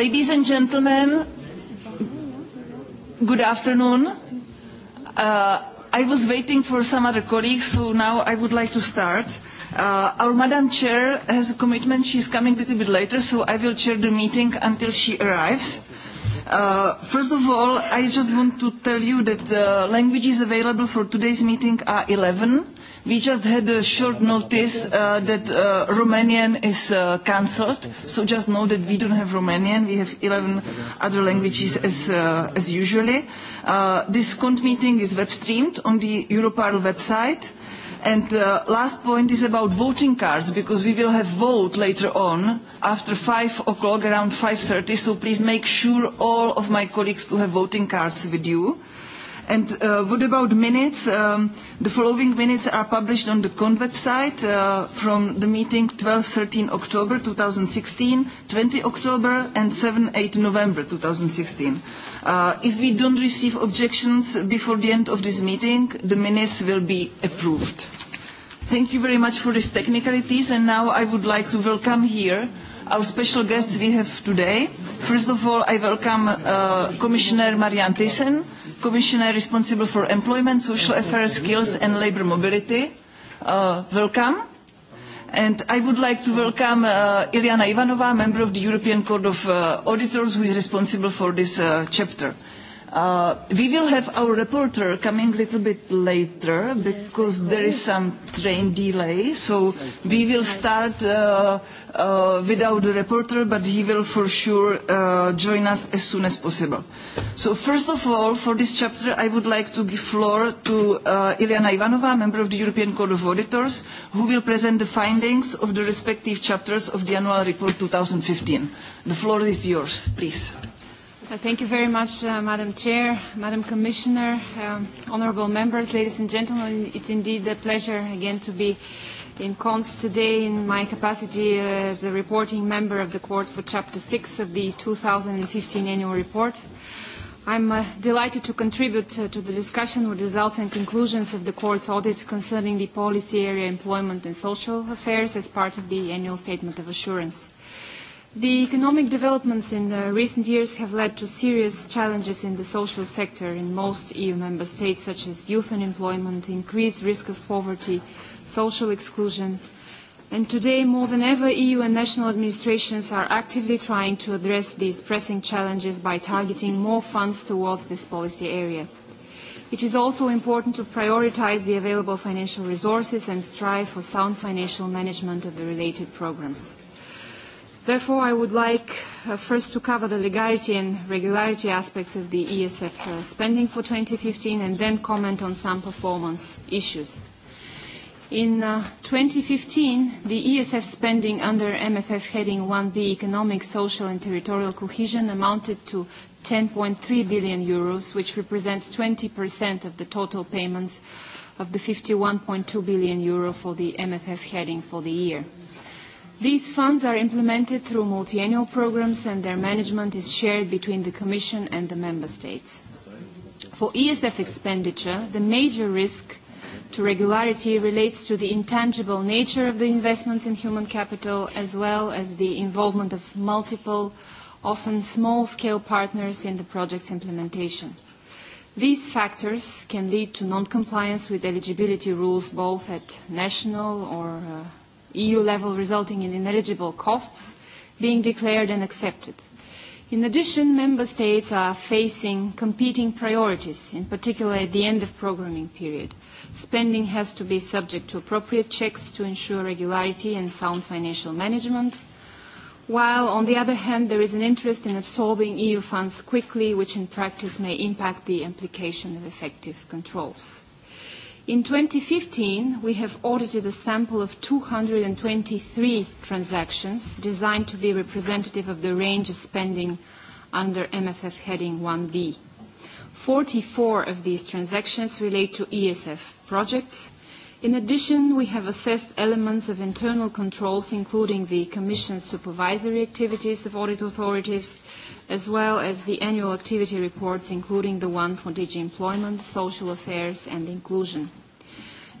Ladies and gentlemen, good afternoon. Uh, I was waiting for some other colleagues, so now I would like to start. Uh, our Madam Chair has a commitment. She's coming a little bit later, so I will chair the meeting until she arrives. Uh, first of all, I just want to tell you that the languages available for today's meeting are 11 We just had a short notice uh, that uh, Romanian is uh, cancelled, so just know that we don't have Romanian. We have 11 other languages as, uh, as usually. Uh, this CONT meeting is web streamed on the Europarl website. And uh, last point is about voting cards, because we will have vote later on after 5 o'clock, around 5.30, so please make sure all of my colleagues to have voting cards with you. And uh, what about minutes? Um, the following minutes are published on the CON website uh, from the meeting 12-13 October 2016, 20 October, and 7-8 November 2016. Uh, if we don't receive objections before the end of this meeting, the minutes will be approved. Thank you very much for these technicalities, and now I would like to welcome here our special guests we have today. First of all, I welcome uh, Commissioner Marianne Thyssen, Commissioner responsible for employment, social affairs, skills and labor mobility. Uh, welcome. And I would like to welcome uh, Iliana Ivanova, member of the European Court of uh, Auditors, who is responsible for this uh, chapter. Uh, we will have our reporter coming a little bit later because there is some train delay. So we will start uh, uh, without the reporter, but he will for sure uh, join us as soon as possible. So first of all, for this chapter, I would like to give floor to uh, Ilyana Ivanova, member of the European Court of Auditors, who will present the findings of the respective chapters of the annual report 2015. The floor is yours, please. Uh, thank you very much, uh, Madam Chair, Madam Commissioner, um, honorable members, ladies and gentlemen. It's indeed a pleasure again to be uh, in COMT today in my capacity as a reporting member of the court for Chapter 6 of the 2015 annual report. I'm uh, delighted to contribute uh, to the discussion with results and conclusions of the court's audit concerning the policy area employment and social affairs as part of the annual statement of assurance. The economic developments in the uh, recent years have led to serious challenges in the social sector in most EU member states, such as youth unemployment, increased risk of poverty, social exclusion. And today, more than ever, EU and national administrations are actively trying to address these pressing challenges by targeting more funds towards this policy area. It is also important to prioritize the available financial resources and strive for sound financial management of the related programs. Therefore, I would like uh, first to cover the legality and regularity aspects of the ESF uh, spending for 2015 and then comment on some performance issues. In uh, 2015, the ESF spending under MFF heading 1B economic, social and territorial cohesion amounted to 10.3 billion euros, which represents 20% of the total payments of the 51.2 billion euro for the MFF heading for the year. These funds are implemented through multi-annual programs and their management is shared between the Commission and the Member States. For ESF expenditure, the major risk to regularity relates to the intangible nature of the investments in human capital as well as the involvement of multiple, often small-scale partners in the project's implementation. These factors can lead to non-compliance with eligibility rules both at national or uh, EU level, resulting in ineligible costs being declared and accepted. In addition, member states are facing competing priorities, in particular at the end of programming period. Spending has to be subject to appropriate checks to ensure regularity and sound financial management. While, on the other hand, there is an interest in absorbing EU funds quickly, which in practice may impact the implication of effective controls. In 2015, we have audited a sample of 223 transactions designed to be representative of the range of spending under MFF heading 1B. 44 of these transactions relate to ESF projects. In addition, we have assessed elements of internal controls, including the Commission's supervisory activities of audit authorities, as well as the annual activity reports, including the one for DG Employment, Social Affairs and Inclusion.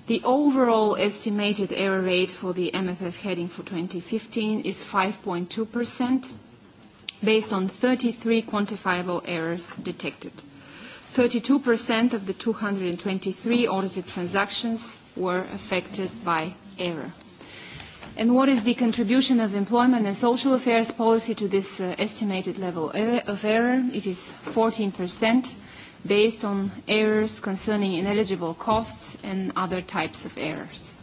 The overall estimated error rate for the MFF heading for 2015 is 5.2%, based on 33 quantifiable errors detected. 32% of the 223 audited transactions were affected by error. And what is the contribution of employment and social affairs policy to this uh, estimated level e-, of error? It is 14% based on errors concerning ineligible costs and other types of errors.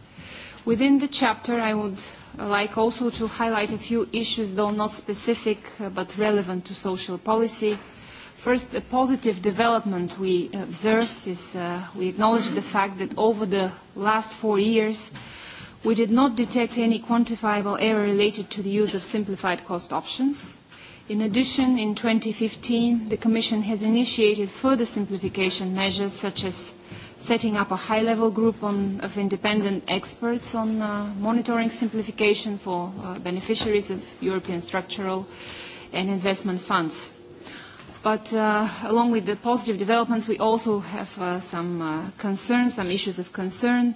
Within the chapter, I would like also to highlight a few issues, though not specific, uh, but relevant to social policy, First, a positive development we observed is uh, we acknowledge the fact that over the last four years, we did not detect any quantifiable error related to the use of simplified cost options. In addition, in 2015, the Commission has initiated further simplification measures such as setting up a high-level group on, of independent experts on uh, monitoring simplification for uh, beneficiaries of European structural and investment funds. But uh, along with the positive developments, we also have uh, some uh, concerns, some issues of concern.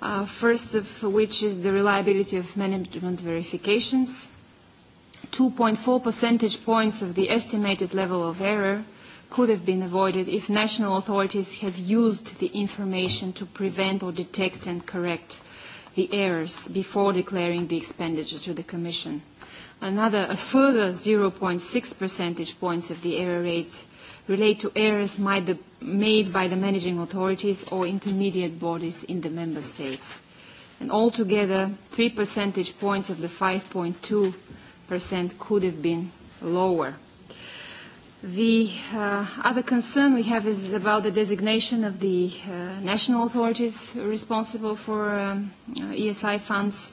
Uh, first of which is the reliability of management verifications. 2.4 percentage points of the estimated level of error could have been avoided if national authorities have used the information to prevent or detect and correct the errors before declaring the expenditure to the Commission another, a further 0.6 percentage points of the error rate relate to errors made by the managing authorities or intermediate bodies in the member states. And altogether, 3 percentage points of the 5.2% could have been lower. The uh, other concern we have is about the designation of the uh, national authorities responsible for um, uh, ESI funds. Uh,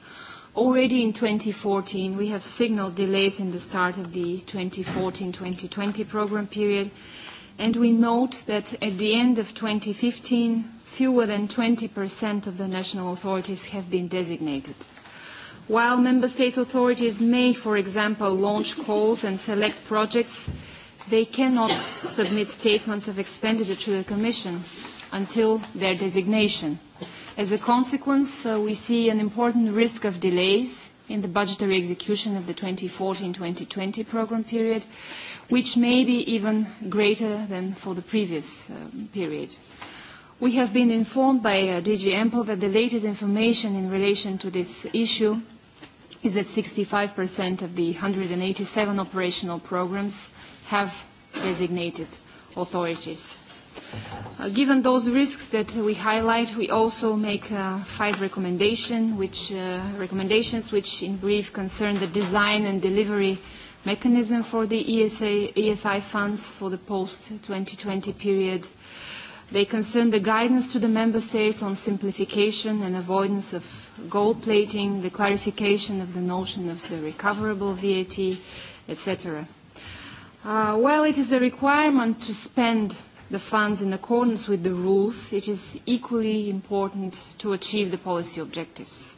Already in 2014, we have signaled delays in the start of the 2014-2020 program period, and we note that at the end of 2015, fewer than 20% of the national authorities have been designated. While member state authorities may, for example, launch calls and select projects, they cannot submit statements of expenditure to the Commission until their designation. As a consequence, uh, we see an important risk of delays in the budgetary execution of the 2014-2020 program period, which may be even greater than for the previous um, period. We have been informed by uh, DG Ample that the latest information in relation to this issue is that 65% of the 187 operational programs have designated authorities. Uh, given those risks that we highlight, we also make uh, five recommendation, which, uh, recommendations which in brief concern the design and delivery mechanism for the ESA, ESI funds for the post-2020 period. They concern the guidance to the member states on simplification and avoidance of gold plating, the clarification of the notion of the recoverable VAT, etc. Uh, while it is a requirement to spend the funds in accordance with the rules, it is equally important to achieve the policy objectives.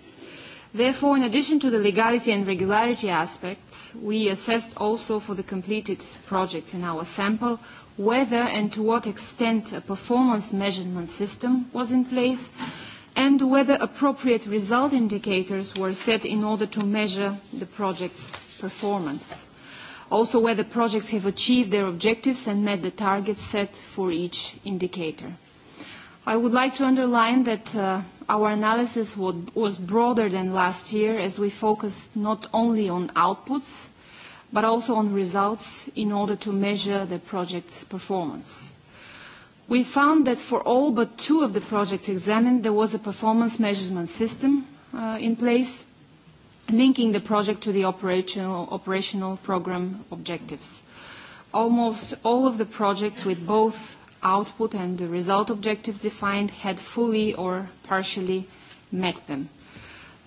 Therefore, in addition to the legality and regularity aspects, we assessed also for the completed projects in our sample whether and to what extent a performance measurement system was in place and whether appropriate result indicators were set in order to measure the project's performance also whether projects have achieved their objectives and met the targets set for each indicator. I would like to underline that uh, our analysis was broader than last year as we focused not only on outputs, but also on results in order to measure the project's performance. We found that for all but two of the projects examined, there was a performance measurement system uh, in place, linking the project to the operational, operational program objectives. Almost all of the projects with both output and the result objectives defined had fully or partially met them.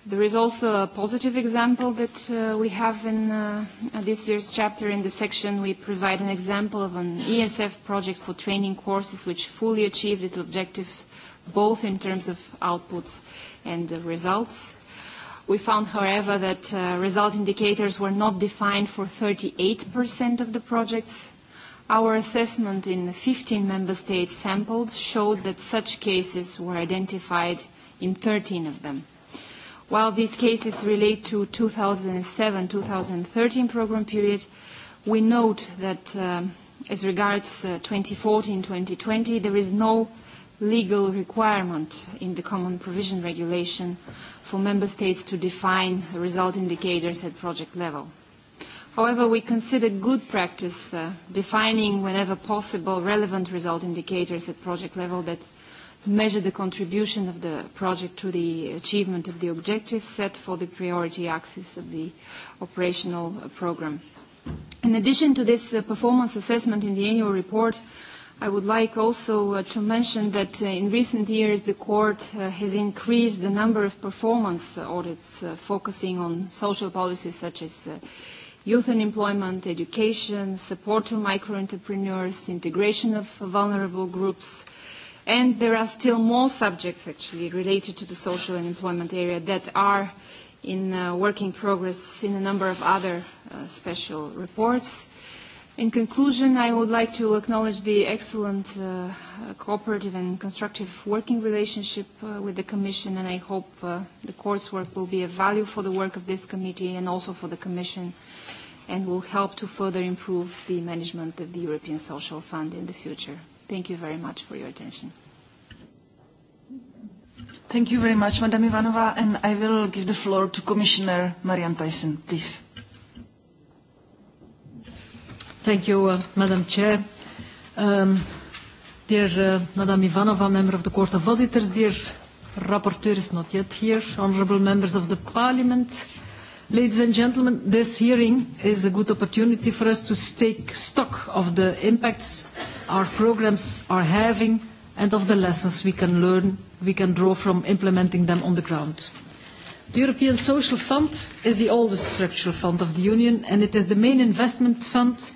There is also a positive example that uh, we have in uh, this year's chapter. In the section, we provide an example of an ESF project for training courses which fully achieved its objectives both in terms of outputs and the results. We found, however, that uh, result indicators were not defined for 38% of the projects. Our assessment in 15 member states sampled showed that such cases were identified in 13 of them. While these cases relate to 2007-2013 program period, we note that um, as regards 2014-2020, uh, there is no legal requirement in the Common Provision Regulation for Member States to define result indicators at project level. However, we consider good practice uh, defining, whenever possible, relevant result indicators at project level that measure the contribution of the project to the achievement of the objectives set for the priority axis of the operational program. In addition to this uh, performance assessment in the annual report, I would like also uh, to mention that uh, in recent years the court uh, has increased the number of performance audits focusing on social policies such as youth unemployment, education, support to micro-entrepreneurs, integration of vulnerable groups, and there are still more subjects actually related to the social and employment area that are in uh, progress in a number of other uh, special reports. In conclusion, I would like to acknowledge the excellent uh, cooperative and constructive working relationship uh, with the Commission, and I hope uh, the Court's work will be of value for the work of this committee and also for the Commission, and will help to further improve the management of the European Social Fund in the future. Thank you very much for your attention. Thank you very much, Madam Ivanova, and I will give the floor to Commissioner Marianne Thyssen, please. Thank you, uh, Madam Chair. Um, dear uh, Madam Ivanova, Member of the Court of Auditors, dear Rapporteur is not yet here, honourable members of the Parliament, ladies and gentlemen, this hearing is a good opportunity for us to take stock of the impacts our programmes are having and of the lessons we can learn, we can draw from implementing them on the ground. The European Social Fund is the oldest structural fund of the Union and it is the main investment fund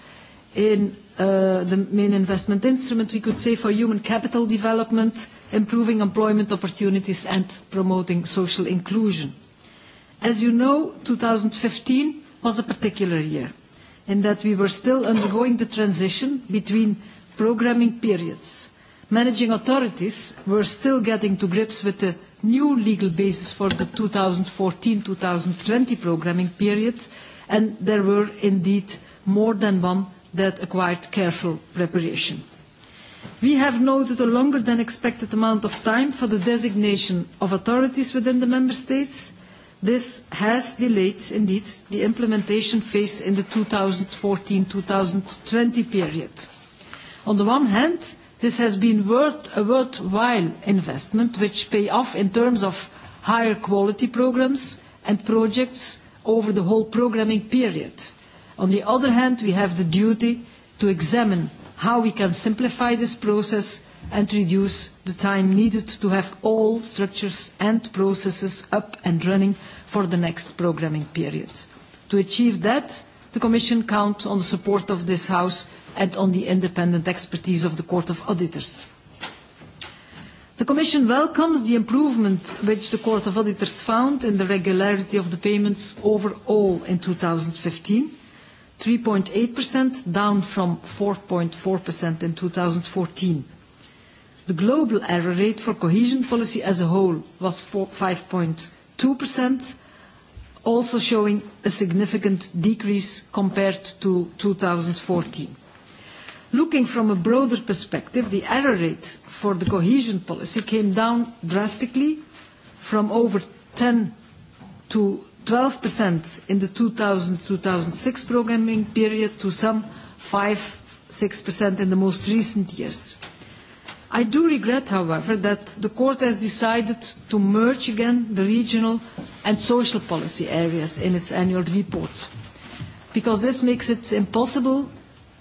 in uh, the main investment instrument, we could say for human capital development, improving employment opportunities and promoting social inclusion. As you know, 2015 was a particular year in that we were still undergoing the transition between programming periods. Managing authorities were still getting to grips with the new legal basis for the 2014-2020 programming period, and there were indeed more than one that required careful preparation. We have noted a longer than expected amount of time for the designation of authorities within the Member States. This has delayed, indeed, the implementation phase in the 2014-2020 period. On the one hand, this has been worth, a worthwhile investment, which pay off in terms of higher quality programmes and projects over the whole programming period. On the other hand, we have the duty to examine how we can simplify this process and reduce the time needed to have all structures and processes up and running for the next programming period. To achieve that, the Commission counts on the support of this House and on the independent expertise of the Court of Auditors. The Commission welcomes the improvement which the Court of Auditors found in the regularity of the payments overall in 2015 3.8%, down from 4.4% in 2014. The global error rate for cohesion policy as a whole was 5.2%, also showing a significant decrease compared to 2014. Looking from a broader perspective, the error rate for the cohesion policy came down drastically from over 10 to 12% in the two two thousand thousand and six programming period to some 5-6% in the most recent years. I do regret, however, that the court has decided to merge again the regional and social policy areas in its annual report, because this makes it impossible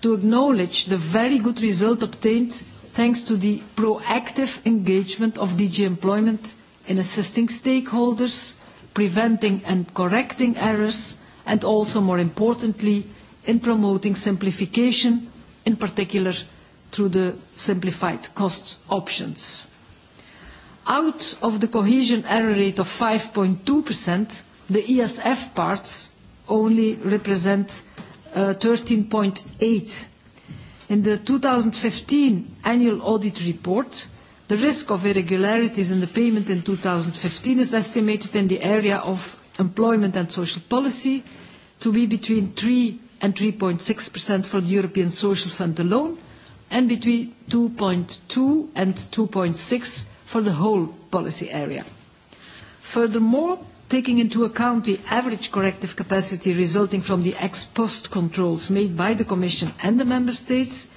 to acknowledge the very good result obtained thanks to the proactive engagement of DG Employment in assisting stakeholders, preventing and correcting errors, and also, more importantly, in promoting simplification, in particular through the simplified cost options. Out of the cohesion error rate of 5.2%, the ESF parts only represent 13.8%. Uh, in the 2015 annual audit report, The risk of irregularities in the payment in 2015 is estimated in the area of employment and social policy to be between 3 and 3.6% for the European Social Fund alone, and between 2.2 and 2.6 for the whole policy area. Furthermore, taking into account the average corrective capacity resulting from the ex post controls made by the Commission and the Member States,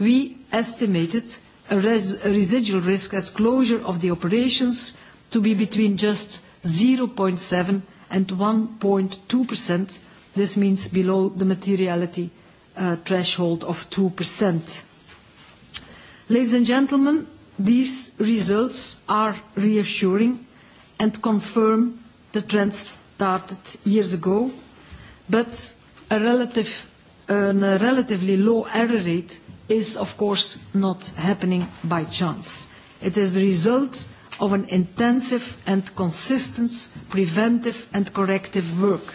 we estimated a res residual risk at closure of the operations to be between just 0.7% and 1.2%. This means below the materiality uh, threshold of 2%. Ladies and gentlemen, these results are reassuring and confirm the trend started years ago, but a, relative, uh, a relatively low error rate is, of course, not happening by chance. It is the result of an intensive and consistent preventive and corrective work.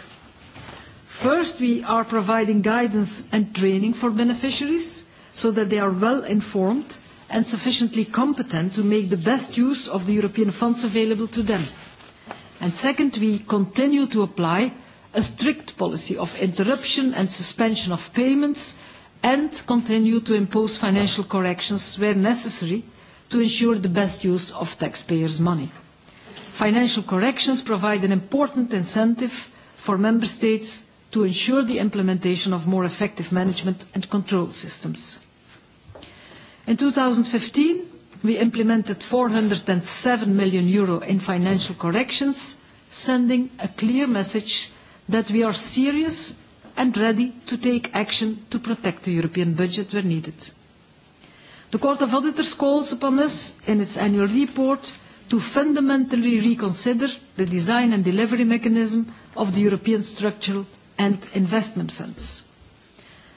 First, we are providing guidance and training for beneficiaries so that they are well informed and sufficiently competent to make the best use of the European funds available to them. And second, we continue to apply a strict policy of interruption and suspension of payments and continue to impose financial corrections where necessary to ensure the best use of taxpayers' money. Financial corrections provide an important incentive for member states to ensure the implementation of more effective management and control systems. In 2015, we implemented 407 million euro in financial corrections, sending a clear message that we are serious and ready to take action to protect the European budget where needed. The Court of Auditors calls upon us in its annual report to fundamentally reconsider the design and delivery mechanism of the European structural and investment funds.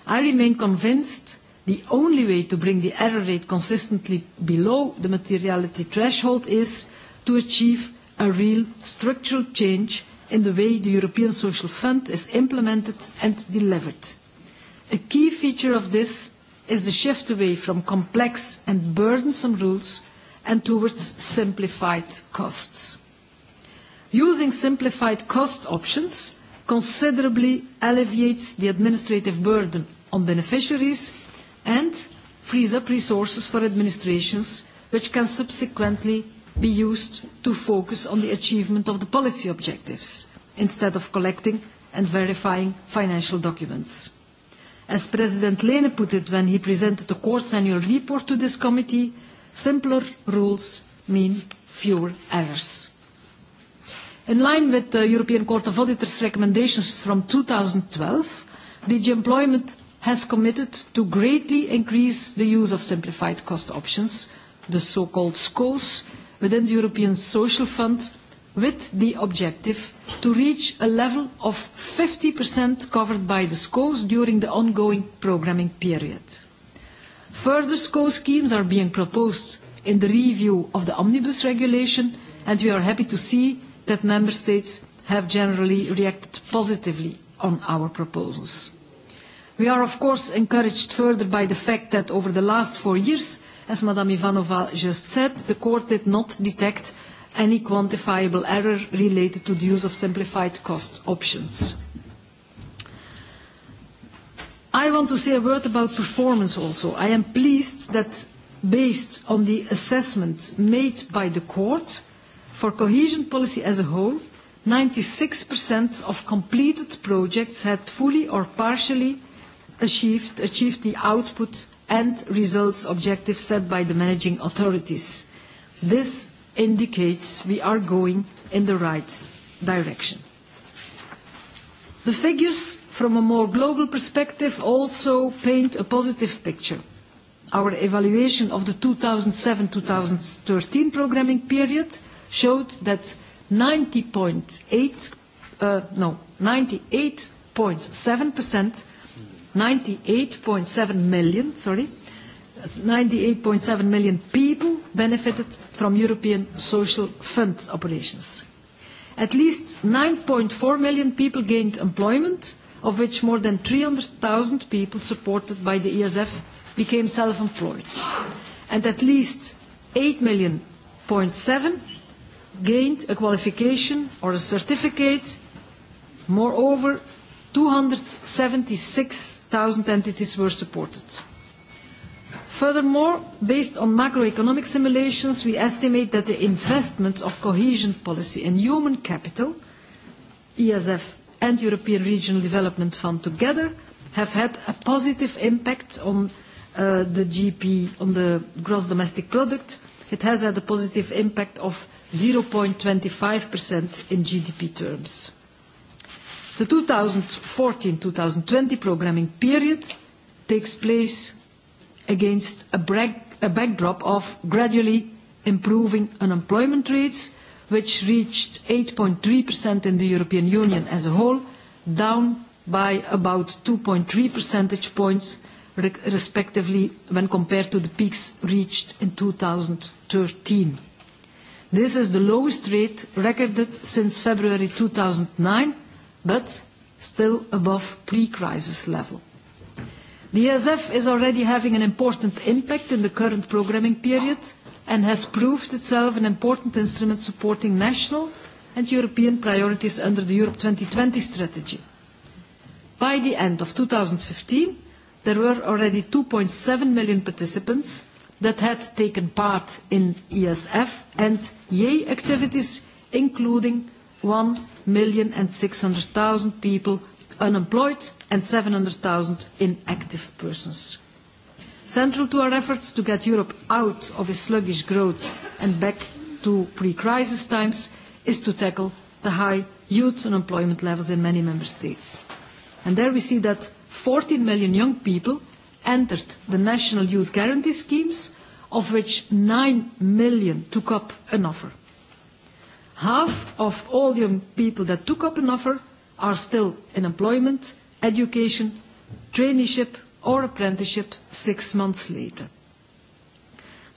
I remain convinced the only way to bring the error rate consistently below the materiality threshold is to achieve a real structural change in the way the European Social Fund is implemented and delivered. A key feature of this is the shift away from complex and burdensome rules and towards simplified costs. Using simplified cost options considerably alleviates the administrative burden on beneficiaries and frees up resources for administrations which can subsequently be used to focus on the achievement of the policy objectives instead of collecting and verifying financial documents. As President Lehne put it when he presented the court's annual report to this committee, simpler rules mean fewer errors. In line with the European Court of Auditors' recommendations from 2012, DG Employment has committed to greatly increase the use of simplified cost options, the so-called SCOs, within the European Social Fund with the objective to reach a level of 50% covered by the schools during the ongoing programming period. Further score schemes are being proposed in the review of the Omnibus regulation, and we are happy to see that member states have generally reacted positively on our proposals. We are, of course, encouraged further by the fact that over the last four years, as Madame Ivanova just said, the court did not detect any quantifiable error related to the use of simplified cost options. I want to say a word about performance also. I am pleased that based on the assessment made by the court, for cohesion policy as a whole, 96% of completed projects had fully or partially achieved, achieved the output and results objectives set by the managing authorities. This indicates we are going in the right direction. The figures from a more global perspective also paint a positive picture. Our evaluation of the 2007-2013 programming period showed that uh, no, 98.7% 98.7 million, people benefited from European Social Fund operations. At least 9.4 million people gained employment, of which more than 300,000 people supported by the ESF became self-employed. And at least 8 million gained a qualification or a certificate. Moreover, 276,000 entities were supported. Furthermore, based on macroeconomic simulations, we estimate that the investments of cohesion policy and human capital, ESF and European Regional Development Fund together, have had a positive impact on uh, the GP, on the gross domestic product. It has had a positive impact of 0.25% in GDP terms. The 2014-2020 programming period takes place against a, backdrop of gradually improving unemployment rates, which reached 8.3% in the European Union as a whole, down by about 2.3 percentage points respectively when compared to the peaks reached in 2013. This is the lowest rate recorded since February 2009 but still above pre-crisis level. The ESF is already having an important impact in the current programming period and has proved itself an important instrument supporting national and European priorities under the Europe 2020 strategy. By the end of 2015, there were already 2.7 million participants that had taken part in ESF and YEI activities, including one million and six hundred thousand people unemployed and seven hundred thousand inactive persons. Central to our efforts to get Europe out of its sluggish growth and back to pre-crisis times is to tackle the high youth unemployment levels in many member states. And there we see that fourteen million young people entered the national youth guarantee schemes, of which nine million took up an offer. Half of all young people that took up an offer are still in employment, education, traineeship or apprenticeship six months later.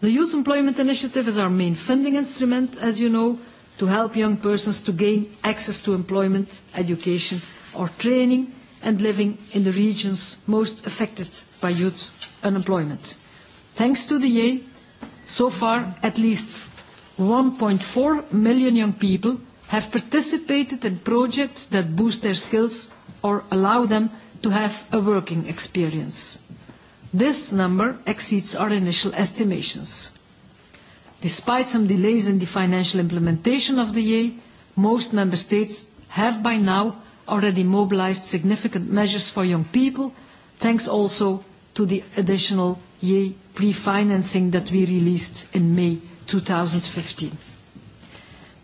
The Youth Employment Initiative is our main funding instrument, as you know, to help young persons to gain access to employment, education or training and living in the regions most affected by youth unemployment. Thanks to the YEI, so far at least 1.4 million young people have participated in projects that boost their skills or allow them to have a working experience. This number exceeds our initial estimations. Despite some delays in the financial implementation of the EA, most member states have by now already mobilised significant measures for young people, thanks also to the additional EA pre-financing that we released in May 2015.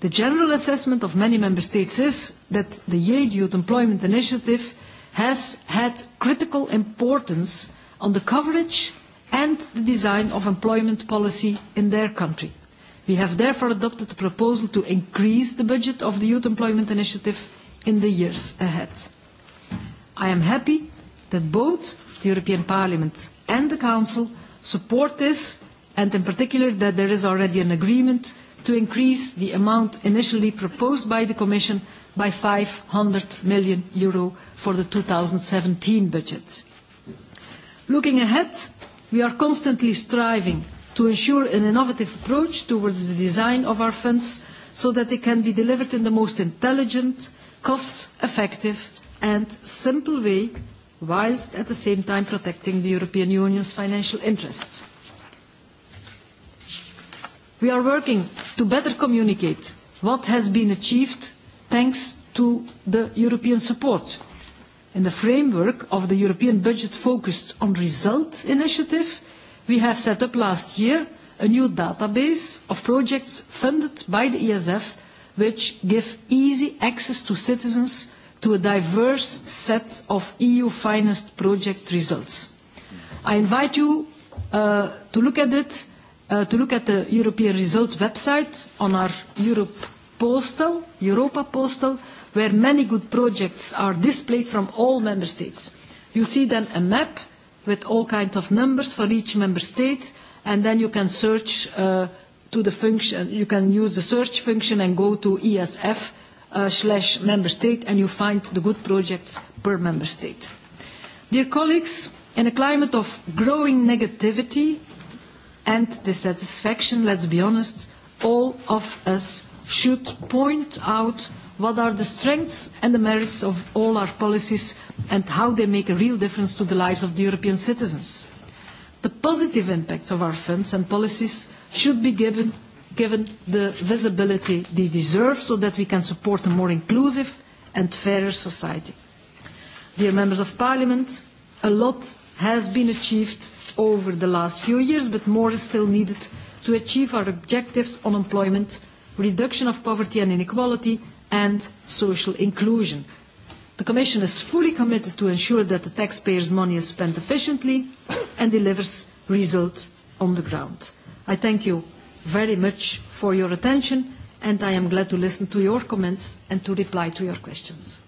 The general assessment of many member states is that the Yale Youth Employment Initiative has had critical importance on the coverage and the design of employment policy in their country. We have therefore adopted a proposal to increase the budget of the Youth Employment Initiative in the years ahead. I am happy that both the European Parliament and the Council support this and in particular that there is already an agreement to increase the amount initially proposed by the Commission by eur five hundred million euro for the two thousand and seventeen budget. Looking ahead, we are constantly striving to ensure an innovative approach towards the design of our funds so that they can be delivered in the most intelligent, cost-effective and simple way, whilst at the same time protecting the European Union's financial interests. We are working to better communicate what has been achieved thanks to the European support. In the framework of the European budget focused on results initiative, we have set up last year a new database of projects funded by the ESF which give easy access to citizens to a diverse set of EU-financed project results. I invite you uh, to look at it uh, to look at the European Result website on our Europe Postal, Europa Postal, where many good projects are displayed from all member states. You see then a map with all kinds of numbers for each member state, and then you can search uh, to the function, you can use the search function and go to ESF uh, slash member state, and you find the good projects per member state. Dear colleagues, in a climate of growing negativity, and dissatisfaction, let's be honest, all of us should point out what are the strengths and the merits of all our policies and how they make a real difference to the lives of the European citizens. The positive impacts of our funds and policies should be given, given the visibility they deserve so that we can support a more inclusive and fairer society. Dear Members of Parliament, a lot has been achieved over the last few years, but more is still needed to achieve our objectives on employment, reduction of poverty and inequality, and social inclusion. The Commission is fully committed to ensure that the taxpayers' money is spent efficiently and delivers results on the ground. I thank you very much for your attention, and I am glad to listen to your comments and to reply to your questions.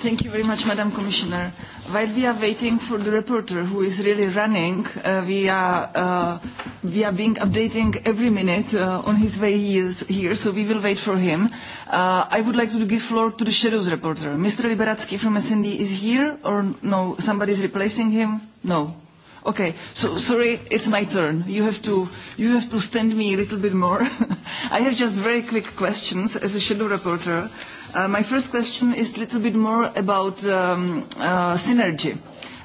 Thank you very much, Madam Commissioner. While we are waiting for the reporter who is really running, uh, we, are, uh, we are being updating every minute uh, on his way he is here, so we will wait for him. Uh, I would like to give floor to the shadows reporter. Mr. Liberatsky from SND is here, or no? Somebody is replacing him? No. Okay, so sorry, it's my turn. You have to, you have to stand me a little bit more. I have just very quick questions as a shadow reporter. Uh, my first question is a little bit more about um, uh, synergy.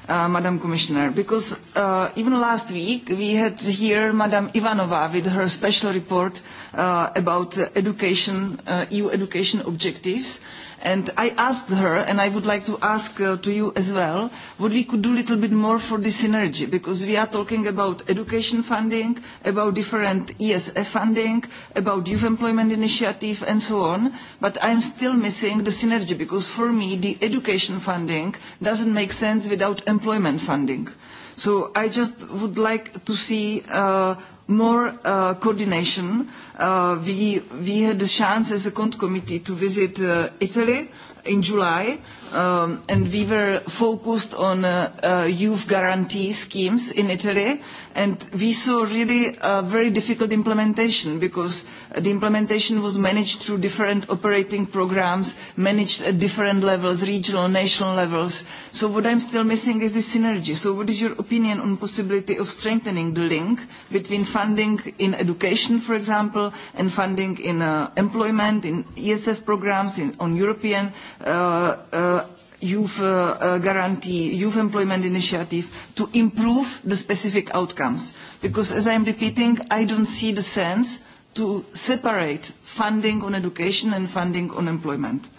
Uh, Madam Commissioner, because uh, even last week we had here Madam Ivanova with her special report uh, about education, uh, EU education objectives, And I asked her, and I would like to ask uh, to you as well, what we could do a little bit more for this synergy, because we are talking about education funding, about different ESF funding, about youth employment initiative, and so on. But I'm still missing the synergy, because for me, the education funding doesn't make sense without employment funding. So I just would like to see uh, more uh, coordination. Uh, we, we had the chance as a CONT committee to visit uh, Italy in July, um, and we were focused on uh, uh, youth guarantee schemes in Italy And we saw really a very difficult implementation because the implementation was managed through different operating programs, managed at different levels, regional, national levels. So what I'm still missing is the synergy. So what is your opinion on possibility of strengthening the link between funding in education, for example, and funding in uh, employment, in ESF programs, in, on European uh, uh, youth uh, uh, guarantee, youth employment initiative to improve the specific outcomes. Because as I'm repeating, I don't see the sense to separate funding on education and funding on employment.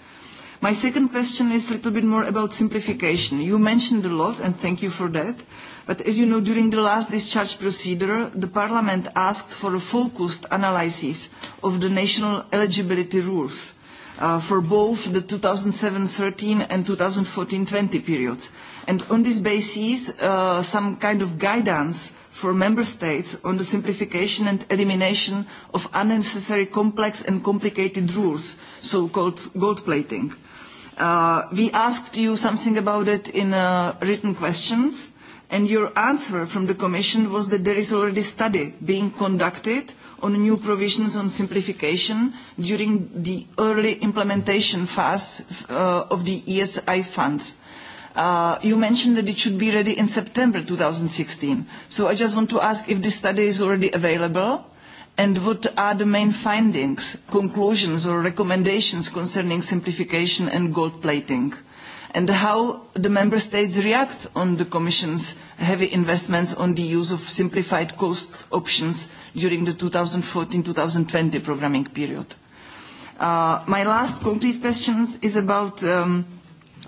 My second question is a little bit more about simplification. You mentioned a lot, and thank you for that. But as you know, during the last discharge procedure, the Parliament asked for a focused analysis of the national eligibility rules Uh, for both the 2007-13 and 2014-20 periods. And on this basis, uh, some kind of guidance for member states on the simplification and elimination of unnecessary complex and complicated rules, so-called gold plating. Uh, we asked you something about it in written questions, and your answer from the Commission was that there is already study being conducted on new provisions on simplification during the early implementation phase uh, of the ESI funds. Uh, you mentioned that it should be ready in September 2016. So I just want to ask if this study is already available and what are the main findings, conclusions or recommendations concerning simplification and gold plating and how the member states react on the Commission's heavy investments on the use of simplified cost options during the 2014-2020 programming period. Uh, my last concrete question is about um,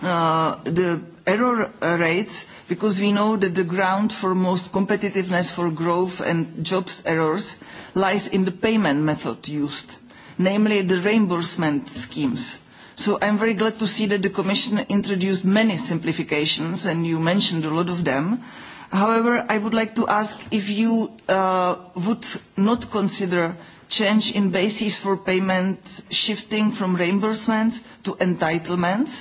uh, the error rates, because we know that the ground for most competitiveness for growth and jobs errors lies in the payment method used, namely the reimbursement schemes So I'm very glad to see that the Commission introduced many simplifications, and you mentioned a lot of them. However, I would like to ask if you uh, would not consider change in basis for payment shifting from reimbursements to entitlements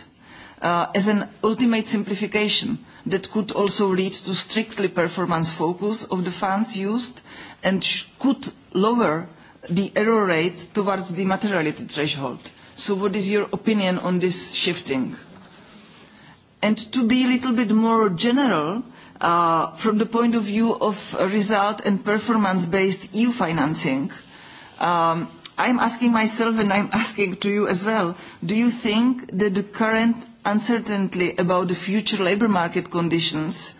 uh, as an ultimate simplification that could also lead to strictly performance focus of the funds used and could lower the error rate towards the materiality threshold. So what is your opinion on this shifting? And to be a little bit more general, uh, from the point of view of result and performance-based EU financing, um, I'm asking myself and I'm asking to you as well, do you think that the current uncertainty about the future labour market conditions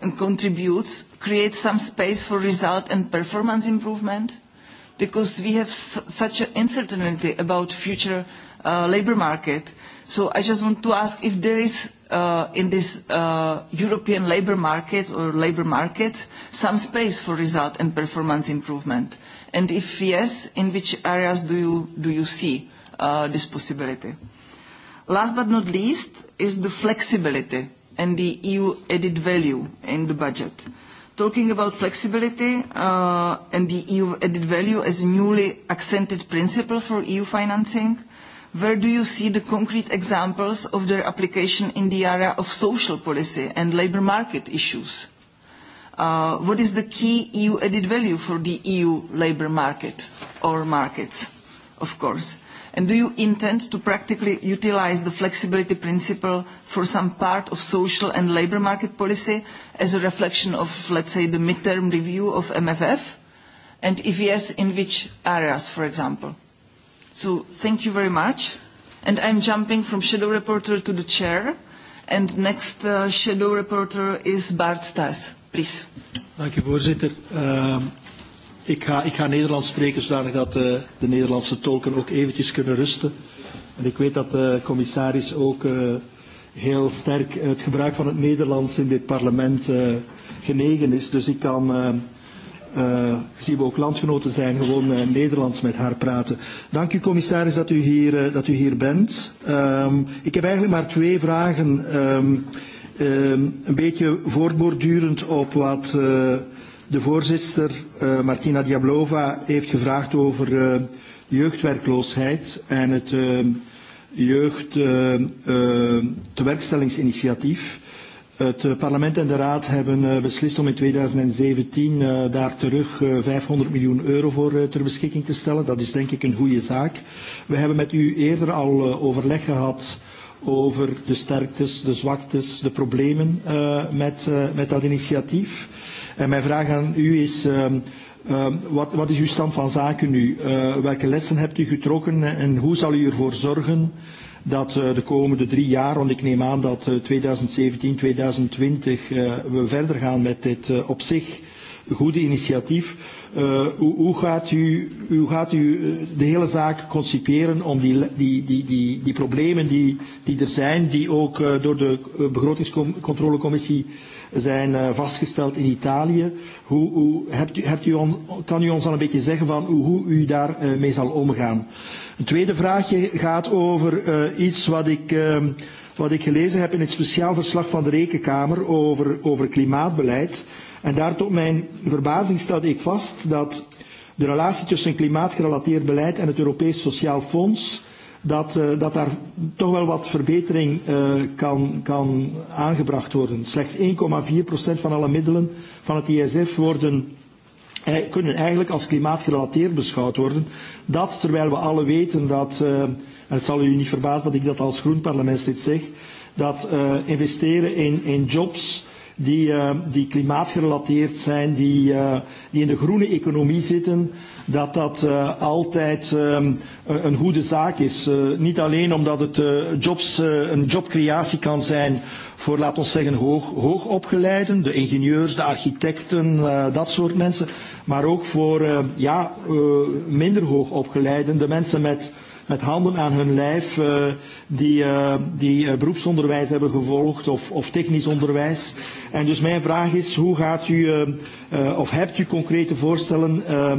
and contributes, creates some space for result and performance improvement? because we have such an uncertainty about future uh, labor market. So I just want to ask if there is uh, in this uh, European labor market or labor markets some space for result and performance improvement. And if yes, in which areas do you, do you see uh, this possibility? Last but not least is the flexibility and the EU added value in the budget talking about flexibility uh, and the EU added value as a newly accented principle for EU financing, where do you see the concrete examples of their application in the area of social policy and labour market issues? Uh, what is the key EU added value for the EU labour market or markets, of course? And do you intend to practically utilise the flexibility principle for some part of social and labour market policy as a reflection of, let's say, the midterm review of MFF? And if yes, in which areas, for example? So thank you very much. And I'm jumping from shadow reporter to the chair. And next uh, shadow reporter is Bart Stas. Please. Thank you, voorzitter. Ehm, Ik ga, ik ga Nederlands spreken zodanig dat uh, de Nederlandse tolken ook eventjes kunnen rusten. En ik weet dat de commissaris ook uh, heel sterk het gebruik van het Nederlands in dit parlement uh, genegen is. Dus ik kan, uh, uh, gezien we ook landgenoten zijn, gewoon uh, Nederlands met haar praten. Dank u commissaris dat u hier, uh, dat u hier bent. Um, ik heb eigenlijk maar twee vragen. Um, um, een beetje voortbordurend op wat... Uh, De voorzitter uh, Martina Diablova heeft gevraagd over uh, jeugdwerkloosheid en het uh, eh, jeugdtewerkstellingsinitiatief. Uh, uh, het parlement en de raad hebben beslist om in 2017 daar terug uh, 500 miljoen euro voor ter beschikking te stellen. Dat is denk ik een goede zaak. We hebben met u eerder al overleg gehad over de sterktes, de zwaktes, de problemen met, dat initiatief. En mijn vraag aan u is, um, um, wat, wat is uw stand van zaken nu? Uh, welke lessen hebt u getrokken en hoe zal u ervoor zorgen dat uh, de komende drie jaar, want ik neem aan dat uh, 2017, 2020 uh, we verder gaan met dit uh, op zich goede initiatief. Uh, hoe, hoe, gaat u, hoe gaat u de hele zaak conciperen om die, die, die, die, die problemen die, die er zijn, die ook uh, door de begrotingscontrolecommissie uh, zijn uh, vastgesteld in Italië. Hoe, hoe, hebt u, hebt u on, kan u ons al een beetje zeggen van hoe, hoe u daarmee eh, uh, zal omgaan? Een tweede vraagje gaat over uh, iets wat ik... Uh, wat ik gelezen heb in het speciaal verslag van de Rekenkamer over, over klimaatbeleid. En daar tot mijn verbazing stelde ik vast dat de relatie tussen klimaatgerelateerd beleid en het Europees Sociaal Fonds uh, dat, uh, dat daar toch wel wat verbetering uh, kan, kan aangebracht worden. Slechts 1,4% van alle middelen van het ISF worden eh, kunnen eigenlijk als klimaatgerelateerd beschouwd worden. Dat terwijl we alle weten dat, uh, en het zal u niet verbazen dat ik dat als groen parlementslid zeg, dat uh, investeren in, in jobs die, uh, die klimaatgerelateerd zijn, die, uh, die in de groene economie zitten, dat dat uh, altijd um, een goede zaak is. Uh, niet alleen omdat het uh, jobs, uh, een jobcreatie kan zijn voor, laten we zeggen, hoog, hoogopgeleiden, de ingenieurs, de architecten, uh, dat soort mensen, maar ook voor uh, ja, uh, minder hoogopgeleiden, de mensen met met handen aan hun lijf uh, die, uh, die uh, beroepsonderwijs hebben gevolgd of, of technisch onderwijs. En dus mijn vraag is, hoe gaat u uh, uh, of hebt u concrete voorstellen uh,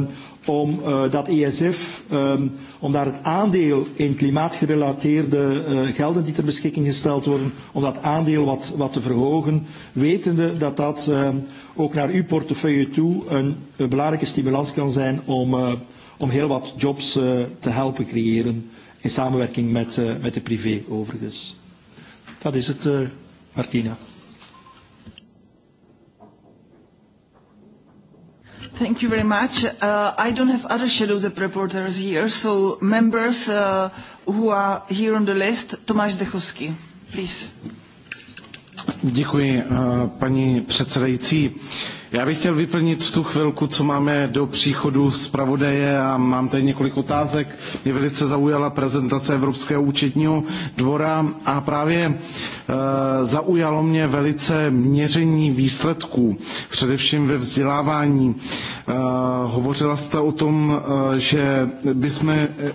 om uh, dat ESF, um, om daar het aandeel in klimaatgerelateerde uh, gelden die ter beschikking gesteld worden, om dat aandeel wat, wat te verhogen, wetende dat dat uh, ook naar uw portefeuille toe een, een belangrijke stimulans kan zijn om... Uh, om heel wat jobs uh, te helpen creëren, in samenwerking met, uh, met de privé overigens. Dat is het, uh, Martina. Thank you very much. Uh, I don't have other shadows of reporters here, so members uh, who are here on the list, Tomáš Dechovský, please. Děkuji, uh, paní předsedající. Uh, Já bych chtěl vyplnit tu chvilku, co máme do příchodu zpravodaje a mám tady několik otázek. Mě velice zaujala prezentace Evropského účetního dvora a právě e, zaujalo mě velice měření výsledků, především ve vzdělávání. E, hovořila jste o tom, e, že, bychom,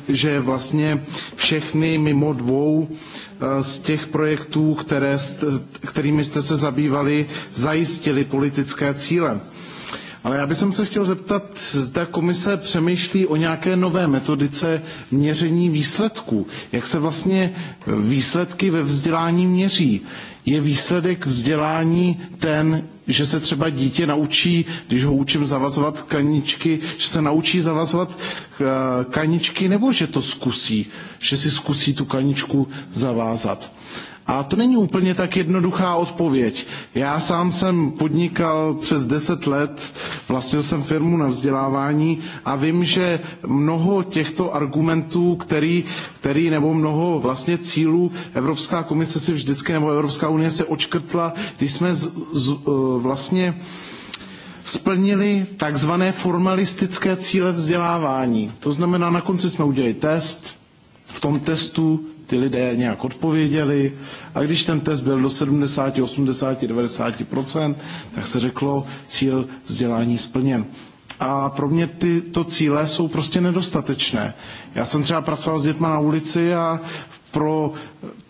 že vlastně všechny mimo dvou e, Eh, z těch projektů, které, kterými jste se zabývali, zajistili politické cíle. Ale já bych se chtěl zeptat, zda komise přemýšlí o nějaké nové metodice měření výsledků. Jak se vlastně výsledky ve vzdělání měří? Je výsledek vzdělání ten, že se třeba dítě naučí, když ho učím zavazovat kaničky, že se naučí zavazovat eh, kaničky, nebo že to zkusí, že si zkusí tu kaničku zavázat? A to není úplně tak jednoduchá odpověď. Já sám jsem podnikal přes 10 let, vlastnil jsem firmu na vzdělávání a vím, že mnoho těchto argumentů, který, který nebo mnoho vlastně cílů Evropská komise si vždycky, nebo Evropská unie se očkrtla, když jsme z, z, e, vlastně splnili takzvané formalistické cíle vzdělávání. To znamená, na konci jsme udělali test, v tom testu ty lidé nějak odpověděli a když ten test byl do 70, 80, 90 tak se řeklo cíl vzdělání splněn. A pro mě tyto cíle jsou prostě nedostatečné. Já jsem třeba pracoval s dětma na ulici a v pro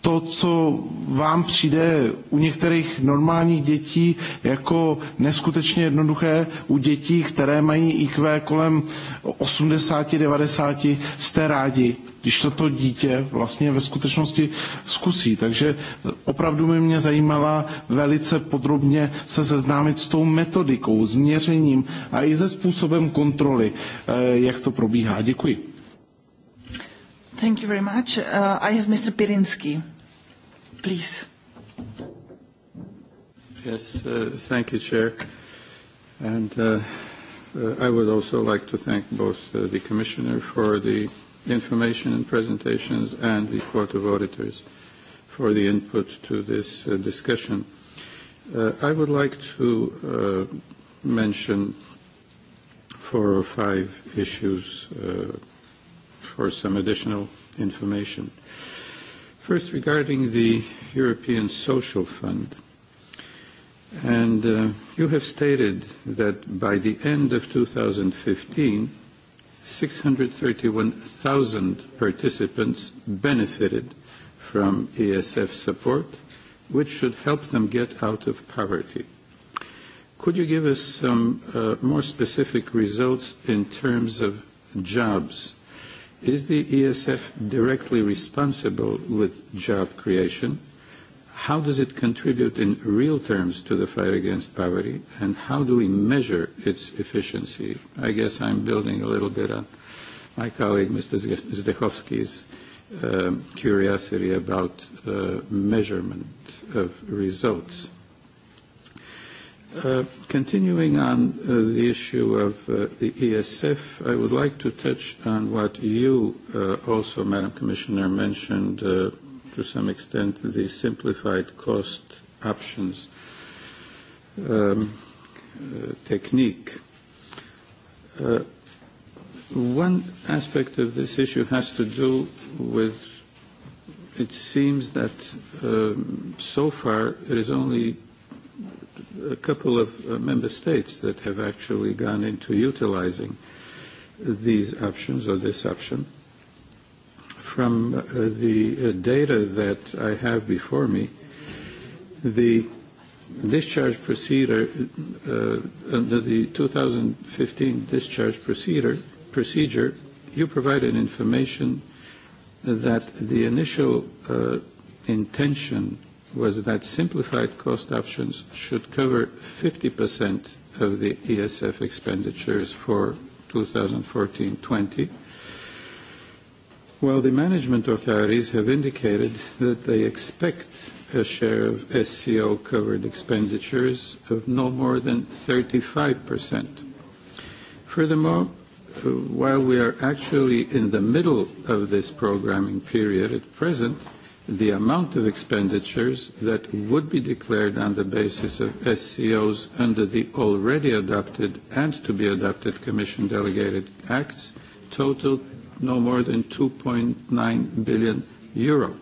to, co vám přijde u některých normálních dětí jako neskutečně jednoduché, u dětí, které mají IQ kolem 80-90, jste rádi, když toto dítě vlastně ve skutečnosti zkusí. Takže opravdu by mě zajímala velice podrobně se seznámit s tou metodikou, s měřením a i se způsobem kontroly, eh, jak to probíhá. Děkuji. Thank you very much. Uh, I have Mr. Pirinski. Please. Yes, uh, thank you, Chair. And uh, uh, I would also like to thank both uh, the Commissioner for the information and presentations and the Court of Auditors for the input to this uh, discussion. Uh, I would like to uh, mention four or five issues uh, for some additional information. First, regarding the European Social Fund, and uh, you have stated that by the end of 2015, 631,000 participants benefited from ESF support, which should help them get out of poverty. Could you give us some uh, more specific results in terms of jobs Is the ESF directly responsible with job creation? How does it contribute in real terms to the fight against poverty? And how do we measure its efficiency? I guess I'm building a little bit on my colleague, Mr. Zdechovsky's um, curiosity about uh, measurement of results. Uh, continuing on uh, the issue of uh, the ESF, I would like to touch on what you uh, also, Madam Commissioner, mentioned uh, to some extent, the simplified cost options um, technique. One aspect of this issue has to do with it seems that um, so far it is only a couple of uh, member states that have actually gone into utilizing these options or this option. From uh, the uh, data that I have before me, the discharge procedure uh, under the 2015 discharge procedure procedure you provided information that the initial uh, intention was that simplified cost options should cover 50% of the ESF expenditures for 2014-20, while the management authorities have indicated that they expect a share of SCO-covered expenditures of no more than 35%. Furthermore, while we are actually in the middle of this programming period at present, the amount of expenditures that would be declared on the basis of SCOs under the already adopted and to be adopted Commission delegated acts totaled no more than 2.9 billion euro.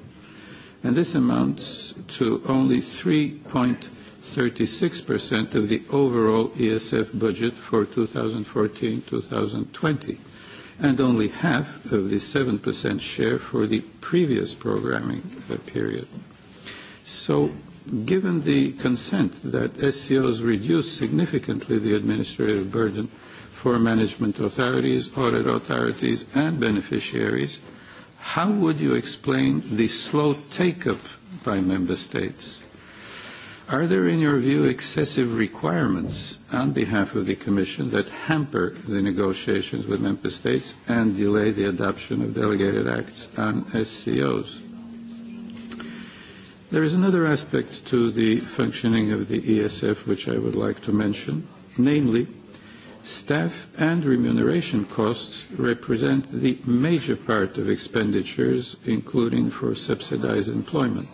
And this amounts to only 3.36% of the overall ESF budget for 2014-2020 and only half of the 7% share for the previous programming uh, period. So given the consent that SCOs reduce significantly the administrative burden for management authorities, audit authorities, and beneficiaries, how would you explain the slow take-up by member states? Are there, in your view, excessive requirements on behalf of the Commission that hamper the negotiations with Member States and delay the adoption of delegated acts on SCOs? There is another aspect to the functioning of the ESF which I would like to mention, namely, staff and remuneration costs represent the major part of expenditures, including for subsidized employment.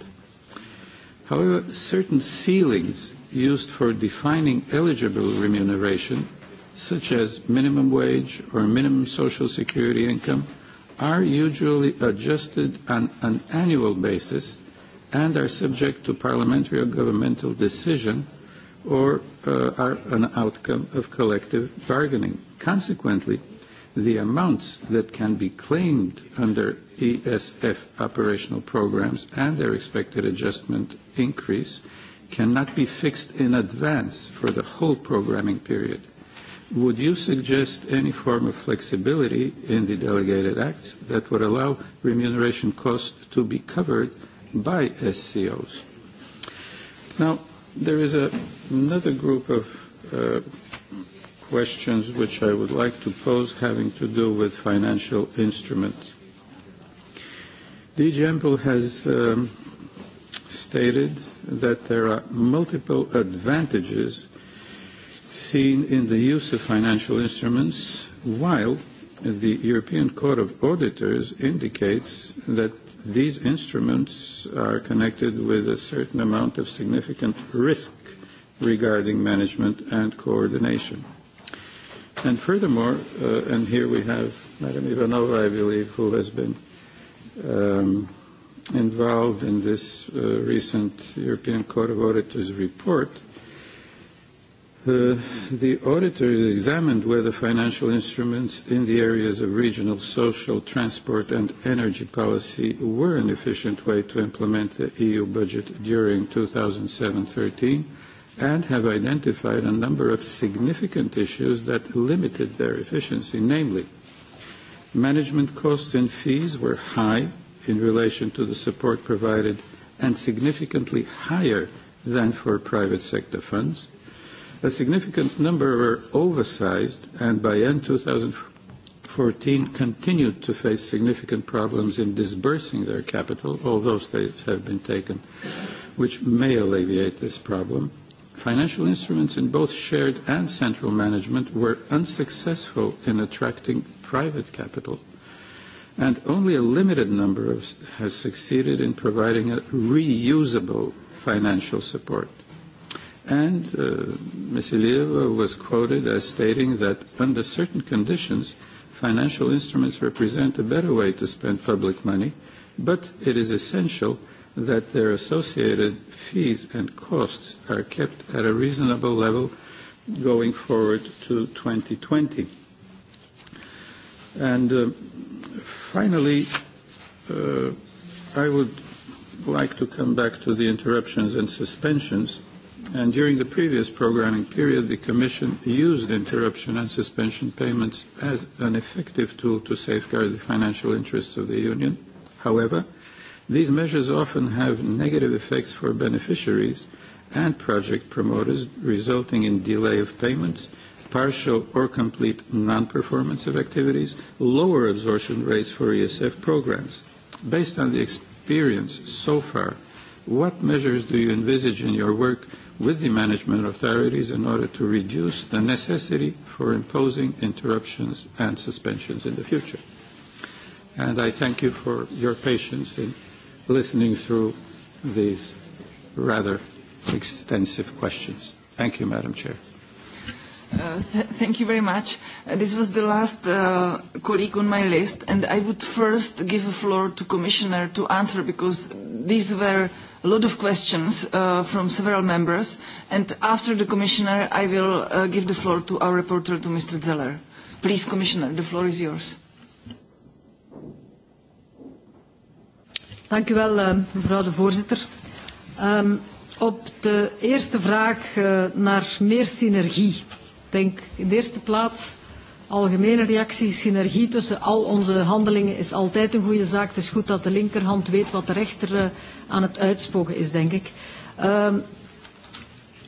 However, certain ceilings used for defining eligible remuneration, such as minimum wage or minimum social security income, are usually adjusted on an annual basis and are subject to parliamentary or governmental decision or uh, are an outcome of collective bargaining. Consequently, the amounts that can be claimed under ESF operational programs and their expected adjustment increase cannot be fixed in advance for the whole programming period. Would you suggest any form of flexibility in the delegated acts that would allow remuneration costs to be covered by SCOs? Now, there is a, another group of uh, questions which I would like to pose having to do with financial instruments. DG has um, stated that there are multiple advantages seen in the use of financial instruments, while the European Court of Auditors indicates that these instruments are connected with a certain amount of significant risk regarding management and coordination. And furthermore, uh, and here we have Madam Ivanova, I believe, who has been um, involved in this uh, recent European Court of Auditors report, uh, the auditor examined whether financial instruments in the areas of regional, social, transport and energy policy were an efficient way to implement the EU budget during 2007-13 and have identified a number of significant issues that limited their efficiency, namely Management costs and fees were high in relation to the support provided and significantly higher than for private sector funds. A significant number were oversized and by end 2014 continued to face significant problems in disbursing their capital, although steps have been taken which may alleviate this problem. Financial instruments in both shared and central management were unsuccessful in attracting private capital, and only a limited number of, has succeeded in providing a reusable financial support. And uh, Ms. Ilieva was quoted as stating that under certain conditions, financial instruments represent a better way to spend public money, but it is essential that their associated fees and costs are kept at a reasonable level going forward to 2020. And uh, finally, uh, I would like to come back to the interruptions and suspensions. And during the previous programming period, the Commission used interruption and suspension payments as an effective tool to safeguard the financial interests of the Union. However, These measures often have negative effects for beneficiaries and project promoters, resulting in delay of payments, partial or complete non-performance of activities, lower absorption rates for ESF programs. Based on the experience so far, what measures do you envisage in your work with the management authorities in order to reduce the necessity for imposing interruptions and suspensions in the future? And I thank you for your patience in listening through these rather extensive questions. Thank you, Madam Chair. Uh, th thank you very much. Uh, this was the last uh, colleague on my list, and I would first give the floor to Commissioner to answer because these were a lot of questions uh, from several members. And after the Commissioner, I will uh, give the floor to our reporter, to Mr. Zeller. Please, Commissioner, the floor is yours. Dank u wel, eh, mevrouw de voorzitter. Um, op de eerste vraag uh, naar meer synergie. Ik denk in de eerste plaats algemene reactie. Synergie tussen al onze handelingen is altijd een goede zaak. Het is goed dat de linkerhand weet wat de rechter uh, aan het uitspoken is, denk ik. Um,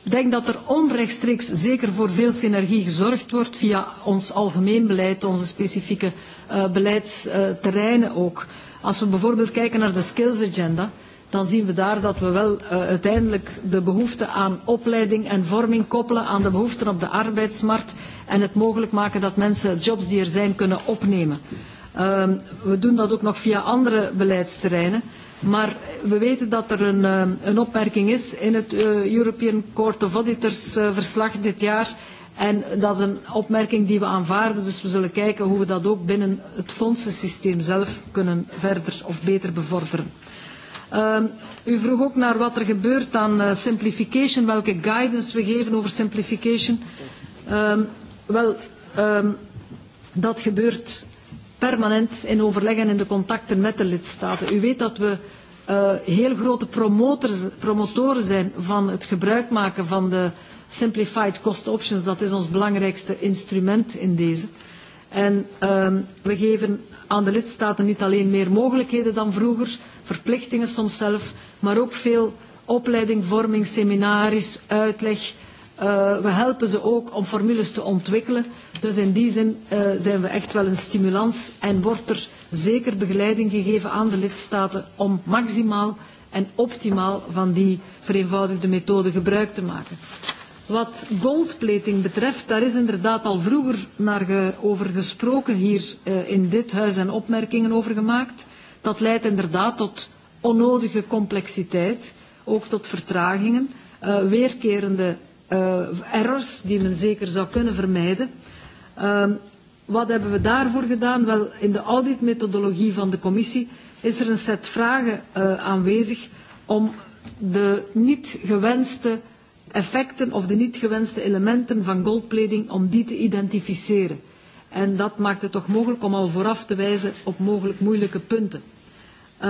Ik denk dat er onrechtstreeks zeker voor veel synergie gezorgd wordt via ons algemeen beleid, onze specifieke uh, beleidsterreinen uh, ook. Als we bijvoorbeeld kijken naar de skills agenda, dan zien we daar dat we wel uh, uiteindelijk de behoefte aan opleiding en vorming koppelen aan de behoeften op de arbeidsmarkt en het mogelijk maken dat mensen jobs die er zijn kunnen opnemen. Uh, we doen dat ook nog via andere beleidsterreinen. Maar we weten dat er een, ehm, een opmerking is in het uh, European Court of Auditors uh, verslag dit jaar en dat is een opmerking die we aanvaarden, dus we zullen kijken hoe we dat ook binnen het fondsensysteem zelf kunnen verder of beter bevorderen. Um, u vroeg ook naar wat er gebeurt aan uh, simplification, welke guidance we geven over simplification. Um, wel, um, dat gebeurt permanent in overleg en in de contacten met de lidstaten. U weet dat we uh, heel grote promotoren zijn van het gebruik maken van de uh, simplified cost options, dat is ons belangrijkste instrument in deze. En um, we geven aan de lidstaten niet alleen meer mogelijkheden dan vroeger, verplichtingen soms zelf, maar ook veel opleiding, vorming, seminaries, uitleg. Uh, we helpen ze ook om formules te ontwikkelen. Dus in die zin uh, zijn we echt wel een stimulans en wordt er zeker begeleiding gegeven aan de lidstaten om maximaal en optimaal van die vereenvoudigde methode gebruik te maken. Wat goldplating betreft, daar is inderdaad al vroeger naar ge, over gesproken hier uh, in dit huis en opmerkingen over gemaakt. Dat leidt inderdaad tot onnodige complexiteit, ook tot vertragingen, uh, weerkerende uh, errors die men zeker zou kunnen vermijden. Uh, wat hebben we daarvoor gedaan? Wel, in de auditmethodologie van de commissie is er een set vragen uh, aanwezig om de niet gewenste effecten of de niet gewenste elementen van goldplating om die te identificeren. En dat maakt het toch mogelijk om al vooraf te wijzen op mogelijk moeilijke punten. Uh,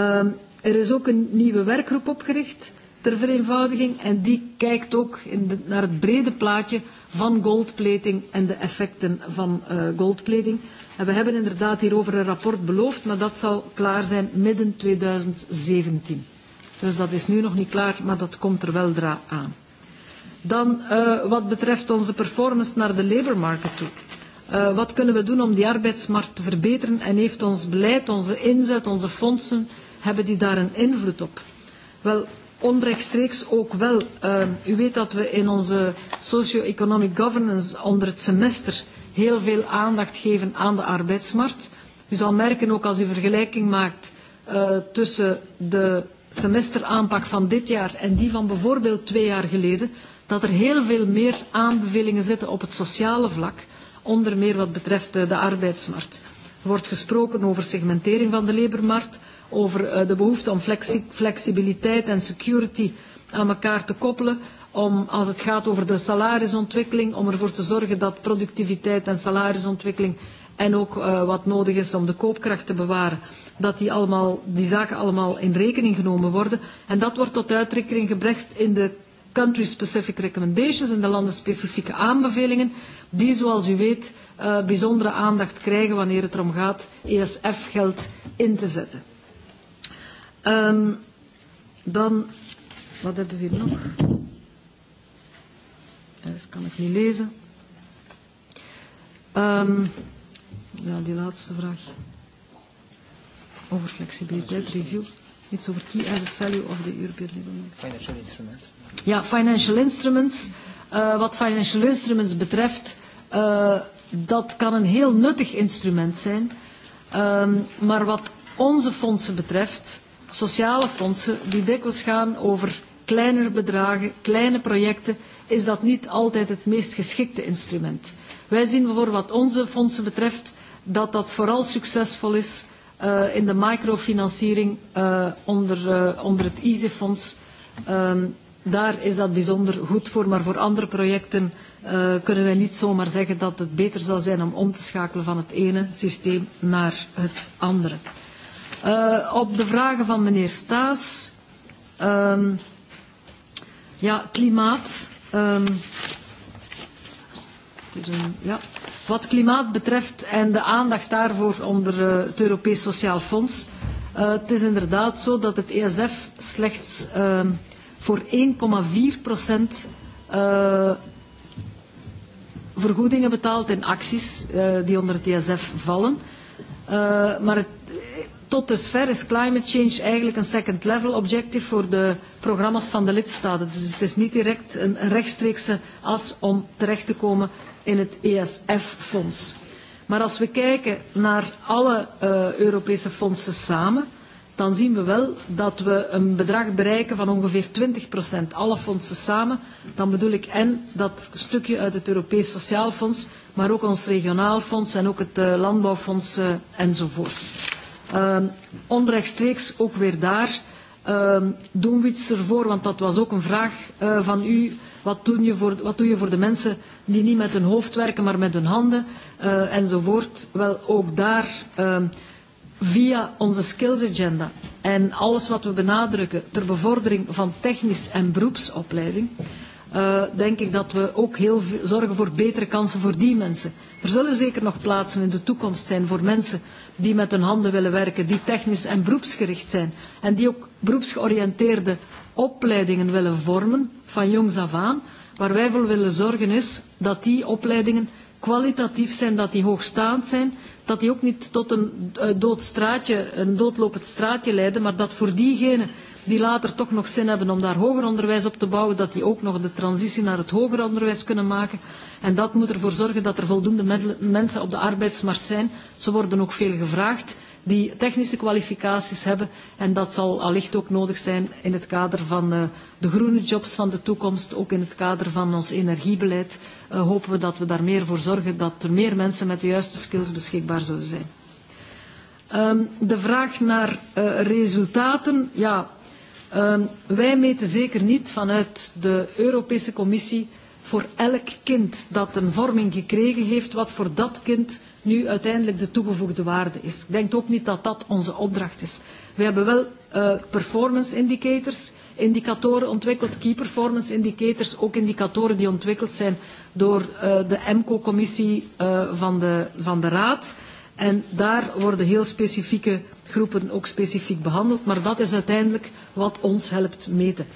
er is ook een nieuwe werkgroep opgericht ter vereenvoudiging en die kijkt ook in de, naar het brede plaatje van goldplating en de effecten van uh, eh, goldplating. En we hebben inderdaad hierover een rapport beloofd, maar dat zal klaar zijn midden 2017. Dus dat is nu nog niet klaar, maar dat komt er weldra aan. Dan uh, wat betreft onze performance naar de market toe. Uh, wat kunnen we doen om die arbeidsmarkt te verbeteren en heeft ons beleid, onze inzet, onze fondsen, hebben die daar een invloed op? Wel, onrechtstreeks ook wel. Uh, u weet dat we in onze socio-economic governance onder het semester heel veel aandacht geven aan de arbeidsmarkt. U zal merken ook als u vergelijking maakt uh, tussen de semesteraanpak van dit jaar en die van bijvoorbeeld twee jaar geleden, dat er heel veel meer aanbevelingen zitten op het sociale vlak, onder meer wat betreft eh, de arbeidsmarkt. Er wordt gesproken over segmentering van de labormarkt, over eh, de behoefte om flexi flexibiliteit en security aan elkaar te koppelen, om als het gaat over de salarisontwikkeling, om ervoor te zorgen dat productiviteit en salarisontwikkeling en ook uh, wat nodig is om de koopkracht te bewaren, dat die, allemaal, die zaken allemaal in rekening genomen worden. En dat wordt tot uitdrukking gebracht in de country-specific recommendations en de landenspecifieke aanbevelingen, die zoals u weet uh, bijzondere aandacht krijgen wanneer het erom gaat ESF-geld in te zetten. Um, dan, wat hebben we hier nog? Dat kan ik niet lezen. Um, ja, die laatste vraag. Over flexibiliteit, review. Iets over key added value of the European Union. Financial instruments financial instruments. Eh, wat financial instruments betreft, eh, dat kan een heel nuttig instrument zijn. Ehm, maar wat onze fondsen betreft, sociale fondsen, die dikwijls gaan over kleinere bedragen, kleine projecten, is dat niet altijd het meest geschikte instrument. Wij zien voor wat onze fondsen betreft dat dat vooral succesvol is uh, in de microfinanciering uh, onder, uh, onder het ISE-fonds. Ehm, Daar is dat bijzonder goed voor, maar voor andere projecten uh, kunnen wij niet zomaar zeggen dat het beter zou zijn om om te schakelen van het ene systeem naar het andere. Uh, op de vragen van meneer Staes. Um, ja, klimaat. Um, ja. Wat klimaat betreft en de aandacht daarvoor onder uh, het Europees Sociaal Fonds. Uh, het is inderdaad zo dat het ESF slechts... Uh, voor 1,4 procent uh, vergoedingen betaald in acties uh, die onder het DSF vallen. Uh, maar het, tot dusver is climate change eigenlijk een second level objective voor de programma's van de lidstaten. Dus het is niet direct een, een rechtstreekse as om terecht te komen in het ESF-fonds. Maar als we kijken naar alle uh, Europese fondsen samen, dan zien we wel dat we een bedrag bereiken van ongeveer 20%, alle fondsen samen. Dan bedoel ik en dat stukje uit het Europees Sociaal Fonds, maar ook ons regionaal fonds en ook het eh, landbouwfonds enzovoort. Uh, onrechtstreeks ook weer daar uh, doen we iets ervoor, want dat was ook een vraag uh, van u. Wat, doen je voor, wat doe je voor de mensen die niet met hun hoofd werken, maar met hun handen uh, enzovoort. Wel, ook daar... Uh, via onze skills agenda en alles wat we benadrukken ter bevordering van technisch en beroepsopleiding, uh, denk ik dat we ook heel veel zorgen voor betere kansen voor die mensen. Er zullen zeker nog plaatsen in de toekomst zijn voor mensen die met hun handen willen werken, die technisch en beroepsgericht zijn en die ook beroepsgeoriënteerde opleidingen willen vormen van jongs af aan. Waar wij voor willen zorgen is dat die opleidingen kwalitatief zijn, dat die hoogstaand zijn, dat die ook niet tot een eh, dood straatje, een doodlopend straatje leiden, maar dat voor diegenen die later toch nog zin hebben om daar hoger onderwijs op te bouwen, dat die ook nog de transitie naar het hoger onderwijs kunnen maken. En dat moet ervoor zorgen dat er voldoende mensen op de arbeidsmarkt zijn. Ze worden ook veel gevraagd die technische kwalificaties hebben. En dat zal allicht ook nodig zijn in het kader van eh, de groene jobs van de toekomst, ook in het kader van ons energiebeleid uh, hopen we dat we daar meer voor zorgen dat er meer mensen met de juiste skills beschikbaar zullen zijn. Um, de vraag naar uh, resultaten. Ja, um, wij meten zeker niet vanuit de Europese Commissie voor elk kind dat een vorming gekregen heeft, wat voor dat kind nu uiteindelijk de toegevoegde waarde is. Ik denk ook niet dat dat onze opdracht is. We hebben wel uh, performance indicators indicatoren ontwikkeld, key performance indicators, ook indicatoren die ontwikkeld zijn door eh, de EMCO-commissie eh, van, de, Raad. En daar worden heel specifieke groepen ook specifiek behandeld, maar dat is uiteindelijk wat ons helpt meten.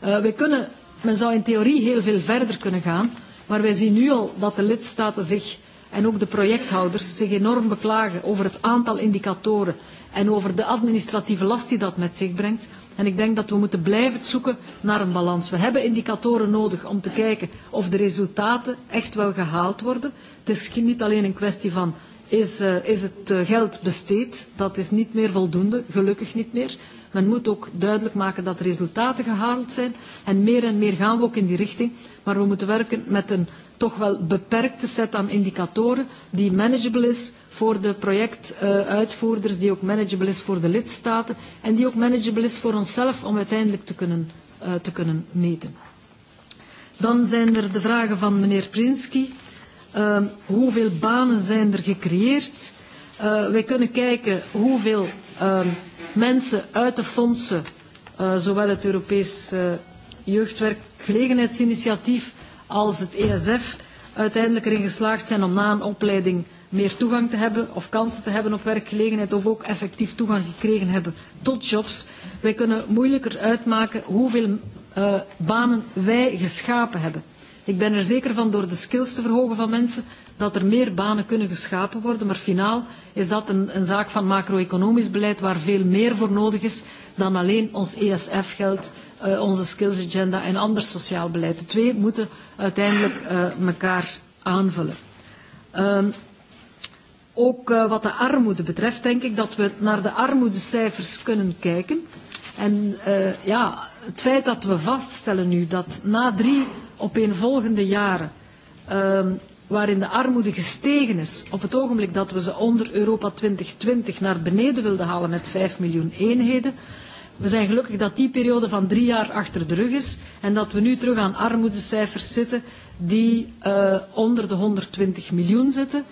Eh, wij kunnen, men zou in theorie heel veel verder kunnen gaan, maar wij zien nu al dat de lidstaten zich en ook de projecthouders zich enorm beklagen over het aantal indicatoren en over de administratieve last die dat met zich brengt. En ik denk dat we moeten blijven zoeken naar een balans. We hebben indicatoren nodig om te kijken of de resultaten echt wel gehaald worden. Het is niet alleen een kwestie van is, uh, is het eh, geld besteed. Dat is niet meer voldoende, gelukkig niet meer. Men moet ook duidelijk maken dat resultaten gehaald zijn. En meer en meer gaan we ook in die richting. Maar we moeten werken met een toch wel beperkte set aan indicatoren die manageable is voor de projectuitvoerders, die ook manageable is voor de lidstaten en die ook manageable is voor onszelf om uiteindelijk te kunnen, uh, te kunnen meten. Dan zijn er de vragen van meneer Prinsky. Uh, hoeveel banen zijn er gecreëerd? Uh, wij kunnen kijken hoeveel uh, mensen uit de fondsen, uh, zowel het Europees uh, jeugdwerkgelegenheidsinitiatief als het ESF uiteindelijk erin geslaagd zijn om na een opleiding meer toegang te hebben of kansen te hebben op werkgelegenheid of ook effectief toegang gekregen hebben tot jobs. Wij kunnen moeilijker uitmaken hoeveel uh, banen wij geschapen hebben. Ik ben er zeker van door de skills te verhogen van mensen dat er meer banen kunnen geschapen worden. Maar finaal is dat een, een zaak van macro-economisch beleid waar veel meer voor nodig is dan alleen ons ESF-geld, uh, eh, onze skills agenda en ander sociaal beleid. De twee moeten uiteindelijk uh, eh, elkaar aanvullen. Um, ook uh, wat de armoede betreft denk ik dat we naar de armoedecijfers kunnen kijken. En uh, ja, het feit dat we vaststellen nu dat na drie opeenvolgende jaren um, waarin de armoede gestegen is, op het ogenblik dat we ze onder Europa 2020 naar beneden wilden halen met 5 miljoen eenheden, We zijn gelukkig dat die periode van drie jaar achter de rug is en dat we nu terug aan armoedecijfers zitten die uh, onder de 120 miljoen zitten.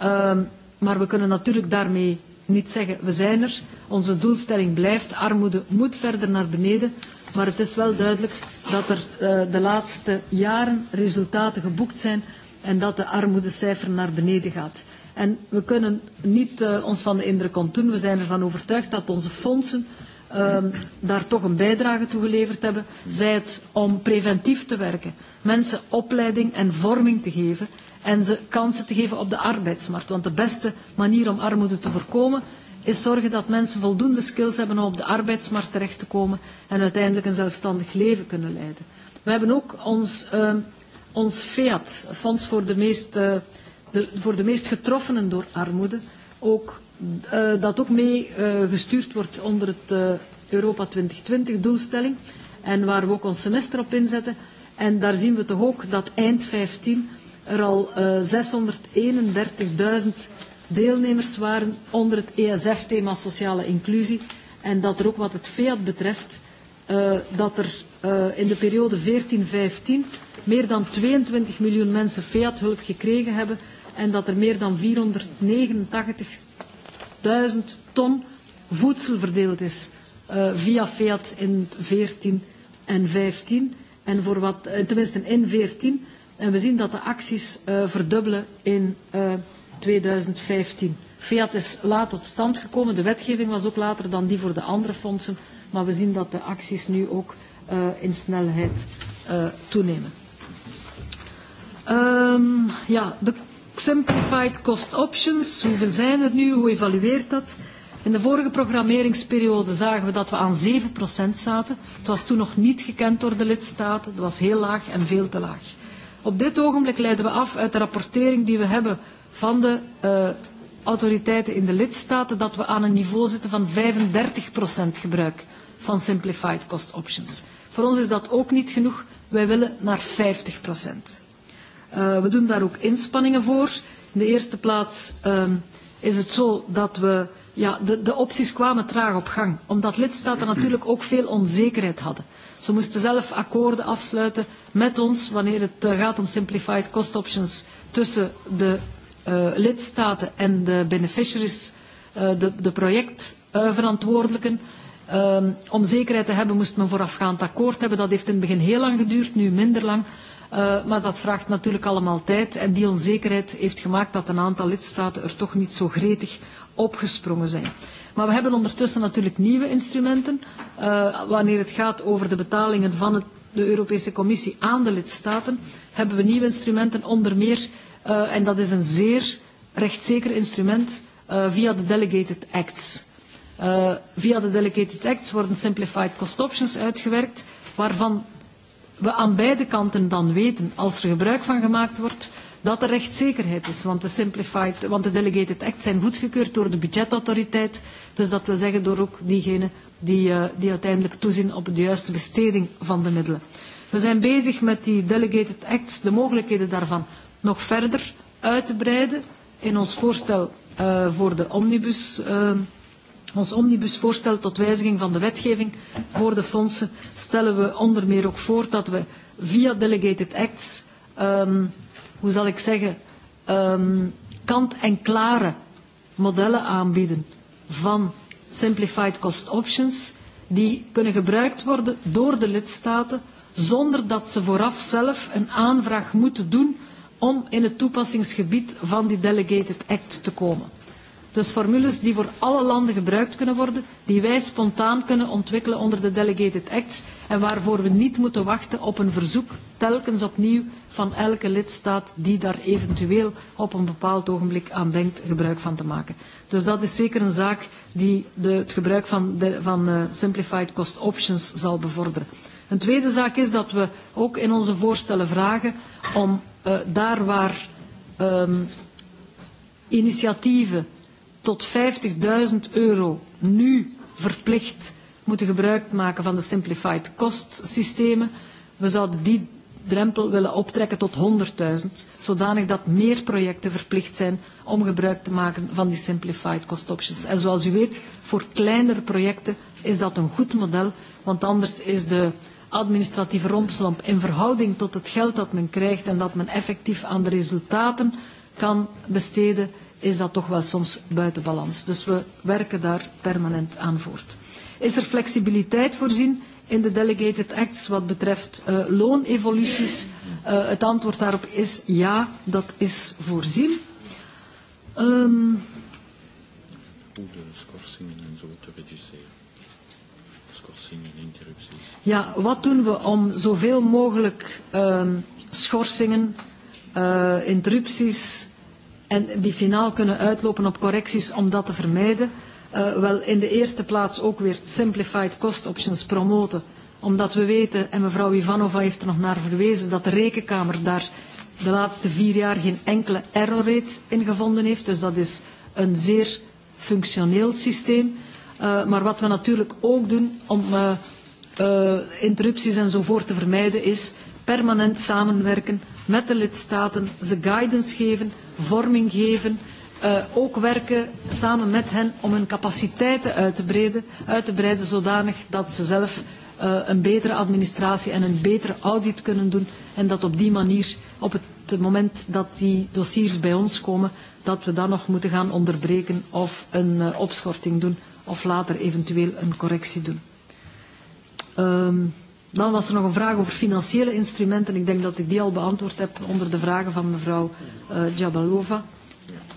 Uh, maar we kunnen natuurlijk daarmee niet zeggen we zijn er. Onze doelstelling blijft, armoede moet verder naar beneden. Maar het is wel duidelijk dat er uh, de laatste jaren resultaten geboekt zijn en dat de armoedecijfer naar beneden gaat. En we kunnen niet uh, ons van de indruk ontdoen. We zijn ervan overtuigd dat onze fondsen um, daar toch een bijdrage toe geleverd hebben, zij het om preventief te werken, mensen opleiding en vorming te geven en ze kansen te geven op de arbeidsmarkt. Want de beste manier om armoede te voorkomen is zorgen dat mensen voldoende skills hebben om op de arbeidsmarkt terecht te komen en uiteindelijk een zelfstandig leven kunnen leiden. We hebben ook ons, uh, ons FEAT, Fonds voor de meest, uh, de, voor de meest getroffenen door armoede, ook uh, dat ook mee uh, gestuurd wordt onder het uh, Europa 2020-doelstelling en waar we ook ons semester op inzetten. En daar zien we toch ook dat eind 15 er al uh, 631.000 deelnemers waren onder het ESF-thema sociale inclusie. En dat er ook wat het FEAD betreft, uh, dat er uh, in de periode 14-15 meer dan 22 miljoen mensen fead hulp gekregen hebben en dat er meer dan 489 duizend ton voedsel verdeeld is uh, via Fiat in 14 en 15. En voor wat, uh, tenminste in 14. En we zien dat de acties uh, verdubbelen in uh, 2015. Fiat is laat tot stand gekomen. De wetgeving was ook later dan die voor de andere fondsen. Maar we zien dat de acties nu ook uh, in snelheid uh, toenemen. Um, ja, de Simplified cost options, hoeveel zijn er nu, hoe evalueert dat? In de vorige programmeringsperiode zagen we dat we aan 7% zaten. Het was toen nog niet gekend door de lidstaten. Het was heel laag en veel te laag. Op dit ogenblik leiden we af uit de rapportering die we hebben van de uh, autoriteiten in de lidstaten dat we aan een niveau zitten van 35% gebruik van simplified cost options. Voor ons is dat ook niet genoeg. Wij willen naar 50%. Uh, we doen daar ook inspanningen voor. In de eerste plaats um, is het zo dat we... Ja, de, de opties kwamen traag op gang, omdat lidstaten natuurlijk ook veel onzekerheid hadden. Ze moesten zelf akkoorden afsluiten met ons wanneer het eh, gaat om simplified cost options tussen de uh, lidstaten en de beneficiaries, uh, de, de projectverantwoordelijken. Uh, um om zekerheid te hebben moest men voorafgaand akkoord hebben. Dat heeft in het begin heel lang geduurd, nu minder lang. Uh, maar dat vraagt natuurlijk allemaal tijd. En die onzekerheid heeft gemaakt dat een aantal lidstaten er toch niet zo gretig opgesprongen zijn. Maar we hebben ondertussen natuurlijk nieuwe instrumenten. Uh, wanneer het gaat over de betalingen van het, de Europese Commissie aan de lidstaten, hebben we nieuwe instrumenten onder meer, uh, en dat is een zeer rechtszeker instrument, uh, via de Delegated Acts. Uh, via de Delegated Acts worden simplified cost options uitgewerkt, waarvan we aan beide kanten dan weten, als er gebruik van gemaakt wordt, dat er rechtszekerheid is. Want de, simplified, want de delegated acts zijn goedgekeurd door de budgetautoriteit. Dus dat wil zeggen door ook diegenen die, uh, die uiteindelijk toezien op de juiste besteding van de middelen. We zijn bezig met die delegated acts, de mogelijkheden daarvan, nog verder uit te breiden. In ons voorstel uh, voor de omnibus... Uh, Ons omnibusvoorstel tot wijziging van de wetgeving voor de fondsen stellen we onder meer ook voor dat we via delegated acts, um, hoe zal ik zeggen, um, ehm, kant-en-klare modellen aanbieden van simplified cost options die kunnen gebruikt worden door de lidstaten zonder dat ze vooraf zelf een aanvraag moeten doen om in het toepassingsgebied van die delegated act te komen. Dus formules die voor alle landen gebruikt kunnen worden, die wij spontaan kunnen ontwikkelen onder de Delegated Acts en waarvoor we niet moeten wachten op een verzoek, telkens opnieuw, van elke lidstaat die daar eventueel op een bepaald ogenblik aan denkt gebruik van te maken. Dus dat is zeker een zaak die de, het gebruik van, de, van uh, Simplified Cost Options zal bevorderen. Een tweede zaak is dat we ook in onze voorstellen vragen om uh, daar waar um, initiatieven tot 50.000 euro nu verplicht moeten gebruik maken van de simplified cost systemen. We zouden die drempel willen optrekken tot 100.000, zodanig dat meer projecten verplicht zijn om gebruik te maken van die simplified cost options. En zoals u weet, voor kleinere projecten is dat een goed model, want anders is de administratieve rompslamp in verhouding tot het geld dat men krijgt en dat men effectief aan de resultaten kan besteden, is dat toch wel soms buiten balans. Dus we werken daar permanent aan voort. Is er flexibiliteit voorzien in de delegated acts wat betreft uh, loonevoluties? Uh, het antwoord daarop is ja, dat is voorzien. Um, ehm, Hoe de scorsingen en zo te reduceren. Scorsingen en interrupties. Ja, wat doen we om zoveel mogelijk uh, schorsingen, uh, interrupties, en die finaal kunnen uitlopen op correcties om dat te vermijden. Uh, wel in de eerste plaats ook weer simplified cost options promoten. Omdat we weten, en mevrouw Ivanova heeft er nog naar verwezen, dat de rekenkamer daar de laatste vier jaar geen enkele error rate in gevonden heeft. Dus dat is een zeer functioneel systeem. Uh, maar wat we natuurlijk ook doen om uh, uh, interrupties enzovoort te vermijden is permanent samenwerken met de lidstaten, ze guidance geven vorming geven, uh, ook werken samen met hen om hun capaciteiten uit te breiden, uit te breiden zodanig dat ze zelf uh, een betere administratie en een betere audit kunnen doen en dat op die manier op het moment dat die dossiers bij ons komen, dat we dan nog moeten gaan onderbreken of een uh, opschorting doen of later eventueel een correctie doen. Um, Dan was er nog een vraag over financiële instrumenten. Ik denk dat ik die al beantwoord heb onder de vragen van mevrouw uh, eh, Djabalova. Um,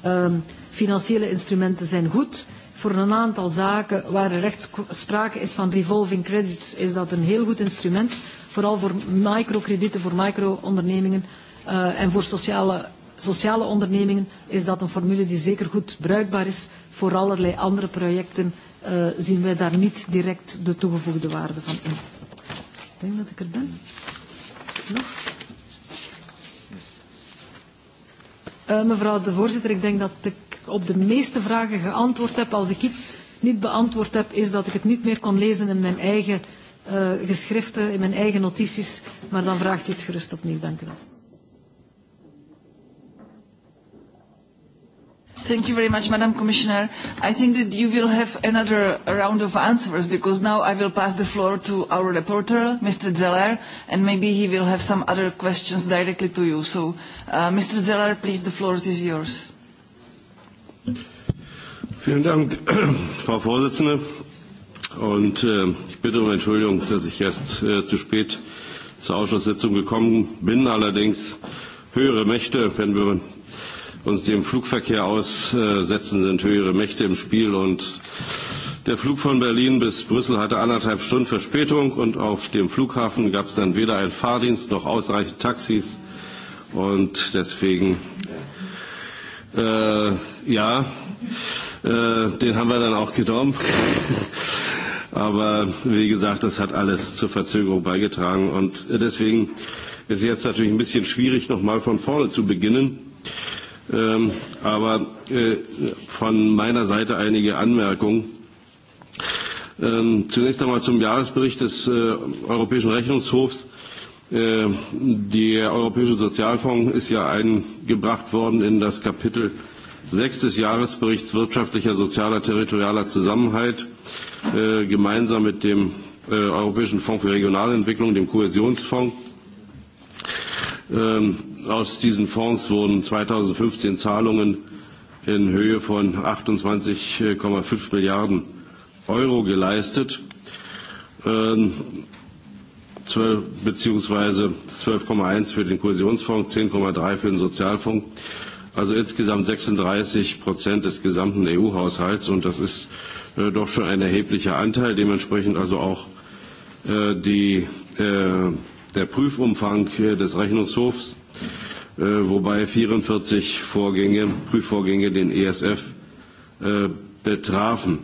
ehm, financiële instrumenten zijn goed. Voor een aantal zaken waar er echt sprake is van revolving credits is dat een heel goed instrument. Vooral voor microkredieten, voor microondernemingen uh, en voor sociale, sociale ondernemingen is dat een formule die zeker goed bruikbaar is. Voor allerlei andere projecten uh, zien wij daar niet direct de toegevoegde waarde van in denk dat ik er ben. Nog? Uh, mevrouw de voorzitter, ik denk dat ik op de meeste vragen geantwoord heb. Als ik iets niet beantwoord heb, is dat ik het niet meer kon lezen in mijn eigen uh, geschriften, in mijn eigen notities. Maar dan vraagt u het gerust opnieuw. Dank u wel. Thank you very much, Madam Commissioner. I think that you will have another round of answers because now I will pass the floor to our reporter, Mr. Zeller, and maybe he will have some other questions directly to you. So, uh, Mr. Zeller, please, the floor is yours. Vielen Dank, Frau Vorsitzende. Und äh, ich bitte um Entschuldigung, dass ich erst äh, zu spät zur Ausschusssitzung gekommen bin. Allerdings höhere Mächte, wenn wir uns dem Flugverkehr aussetzen, sind höhere Mächte im Spiel. Und der Flug von Berlin bis Brüssel hatte anderthalb Stunden Verspätung und auf dem Flughafen gab es dann weder einen Fahrdienst noch ausreichend Taxis. Und deswegen, äh, ja, äh, den haben wir dann auch genommen. Aber wie gesagt, das hat alles zur Verzögerung beigetragen. Und deswegen ist jetzt natürlich ein bisschen schwierig, nochmal von vorne zu beginnen. Ähm, aber äh, von meiner Seite einige Anmerkungen. Ähm, zunächst einmal zum Jahresbericht des äh, Europäischen Rechnungshofs. Äh, der Europäische Sozialfonds ist ja eingebracht worden in das Kapitel 6 des Jahresberichts wirtschaftlicher, sozialer, territorialer Zusammenhalt, äh, gemeinsam mit dem äh, Europäischen Fonds für Regionalentwicklung, dem Kohäsionsfonds. Ähm, aus diesen Fonds wurden 2015 Zahlungen in Höhe von 28,5 Milliarden Euro geleistet, ähm, beziehungsweise 12,1 für den Kohäsionsfonds, 10,3 für den Sozialfonds, also insgesamt 36 Prozent des gesamten EU-Haushalts und das ist äh, doch schon ein erheblicher Anteil, dementsprechend also auch äh, die, äh, der Prüfumfang des Rechnungshofs äh, wobei 44 Vorgänge, Prüfvorgänge den ESF äh, betrafen.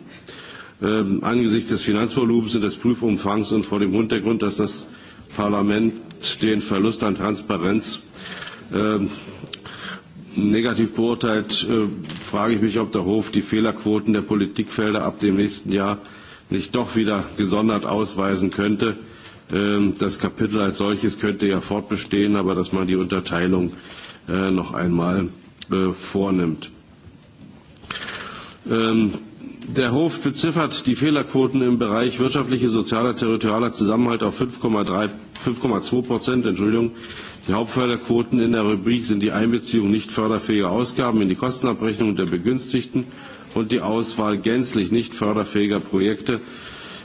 Ähm, angesichts des Finanzvolumens und des Prüfumfangs und vor dem Hintergrund, dass das Parlament den Verlust an Transparenz äh, negativ beurteilt, äh, frage ich mich, ob der Hof die Fehlerquoten der Politikfelder ab dem nächsten Jahr nicht doch wieder gesondert ausweisen könnte. Ähm, das Kapitel als solches könnte ja fortbestehen, aber dass man die Unterteilung äh, noch einmal äh, vornimmt. Ähm, der Hof beziffert die Fehlerquoten im Bereich wirtschaftliche, sozialer, territorialer Zusammenhalt auf 5,2 Prozent. Entschuldigung. Die Hauptförderquoten in der Rubrik sind die Einbeziehung nicht förderfähiger Ausgaben in die Kostenabrechnung der Begünstigten und die Auswahl gänzlich nicht förderfähiger Projekte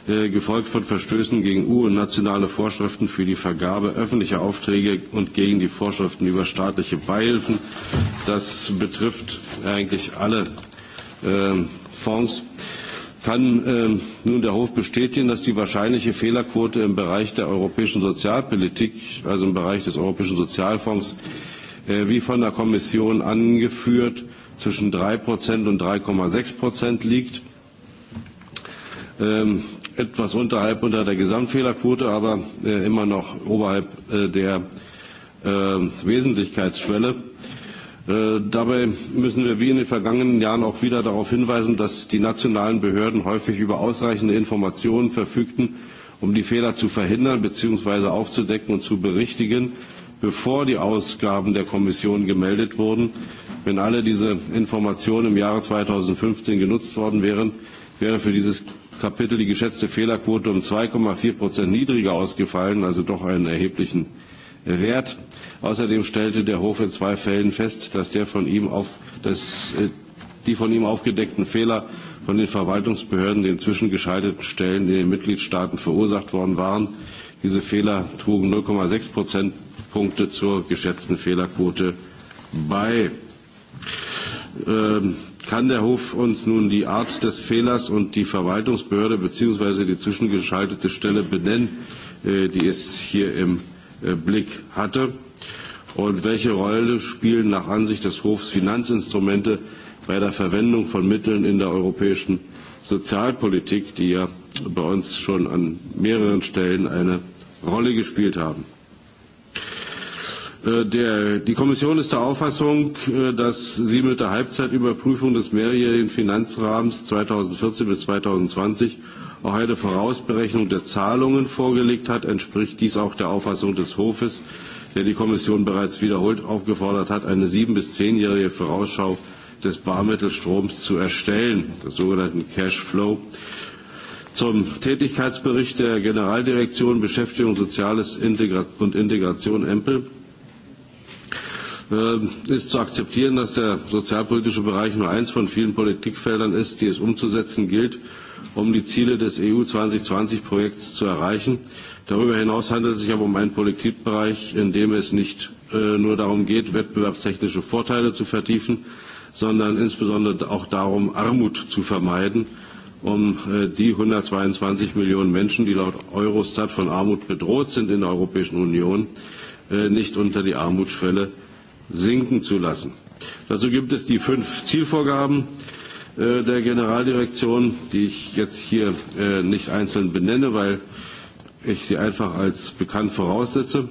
Äh, gefolgt von Verstößen gegen EU- und nationale Vorschriften für die Vergabe öffentlicher Aufträge und gegen die Vorschriften über staatliche Beihilfen. Das betrifft eigentlich alle äh, Fonds. Kann äh, nun der Hof bestätigen, dass die wahrscheinliche Fehlerquote im Bereich der europäischen Sozialpolitik, also im Bereich des Europäischen Sozialfonds, äh, wie von der Kommission angeführt, zwischen 3% und 3,6% liegt? Ähm, etwas unterhalb unter der Gesamtfehlerquote, aber äh, immer noch oberhalb äh, der äh, Wesentlichkeitsschwelle. Äh, dabei müssen wir wie in den vergangenen Jahren auch wieder darauf hinweisen, dass die nationalen Behörden häufig über ausreichende Informationen verfügten, um die Fehler zu verhindern bzw. aufzudecken und zu berichtigen, bevor die Ausgaben der Kommission gemeldet wurden. Wenn alle diese Informationen im Jahre 2015 genutzt worden wären, wäre für dieses Kapitel die geschätzte Fehlerquote um 2,4 Prozent niedriger ausgefallen, also doch einen erheblichen Wert. Außerdem stellte der Hof in zwei Fällen fest, dass, der von ihm auf, dass äh, die von ihm aufgedeckten Fehler von den Verwaltungsbehörden, den zwischengeschalteten Stellen in den Mitgliedstaaten verursacht worden waren. Diese Fehler trugen 0,6 Prozentpunkte zur geschätzten Fehlerquote bei. Ähm, kann der Hof uns nun die Art des Fehlers und die Verwaltungsbehörde bzw. die zwischengeschaltete Stelle benennen, äh, die es hier im äh, Blick hatte? Und welche Rolle spielen nach Ansicht des Hofs Finanzinstrumente bei der Verwendung von Mitteln in der europäischen Sozialpolitik, die ja bei uns schon an mehreren Stellen eine Rolle gespielt haben? Äh, der, die Kommission ist der Auffassung, äh, dass sie mit der Halbzeitüberprüfung des mehrjährigen Finanzrahmens 2014 bis 2020 auch eine Vorausberechnung der Zahlungen vorgelegt hat, entspricht dies auch der Auffassung des Hofes, der die Kommission bereits wiederholt aufgefordert hat, eine sieben- bis zehnjährige Vorausschau des Barmittelstroms zu erstellen, des sogenannten Cashflow. Zum Tätigkeitsbericht der Generaldirektion Beschäftigung, Soziales und Integration EMPEL Ähm, ist zu akzeptieren, dass der sozialpolitische Bereich nur eins von vielen Politikfeldern ist, die es umzusetzen gilt, um die Ziele des EU 2020-Projekts zu erreichen. Darüber hinaus handelt es sich aber um einen Politikbereich, in dem es nicht äh, nur darum geht, wettbewerbstechnische Vorteile zu vertiefen, sondern insbesondere auch darum, Armut zu vermeiden, um äh, die 122 Millionen Menschen, die laut Eurostat von Armut bedroht sind in der Europäischen Union, äh, nicht unter die Armutsschwelle sinken zu lassen. Dazu gibt es die fünf Zielvorgaben äh, der Generaldirektion, die ich jetzt hier äh, nicht einzeln benenne, weil ich sie einfach als bekannt voraussetze.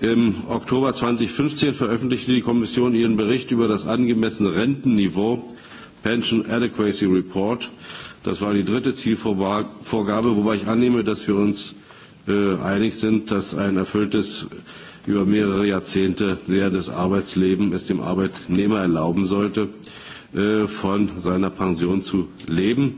Im Oktober 2015 veröffentlichte die Kommission ihren Bericht über das angemessene Rentenniveau, Pension Adequacy Report. Das war die dritte Zielvorgabe, wobei ich annehme, dass wir uns äh, einig sind, dass ein erfülltes über mehrere Jahrzehnte während des Arbeitslebens es dem Arbeitnehmer erlauben sollte, äh, von seiner Pension zu leben.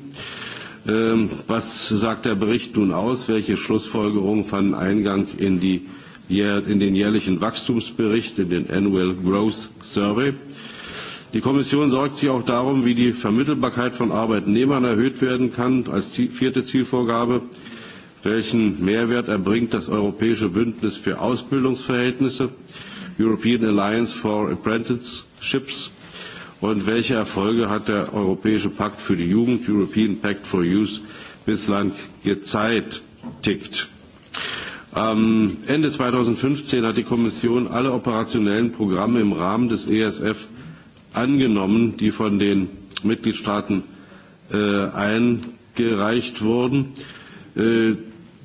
Ähm, was sagt der Bericht nun aus? Welche Schlussfolgerungen fanden Eingang in, die, in den jährlichen Wachstumsbericht, in den Annual Growth Survey? Die Kommission sorgt sich auch darum, wie die Vermittelbarkeit von Arbeitnehmern erhöht werden kann, als vierte Zielvorgabe. Welchen Mehrwert erbringt das Europäische Bündnis für Ausbildungsverhältnisse, European Alliance for Apprenticeships? Und welche Erfolge hat der Europäische Pakt für die Jugend, European Pact for Youth, bislang gezeitigt? Ähm, Ende 2015 hat die Kommission alle operationellen Programme im Rahmen des ESF angenommen, die von den Mitgliedstaaten äh, eingereicht wurden. Äh,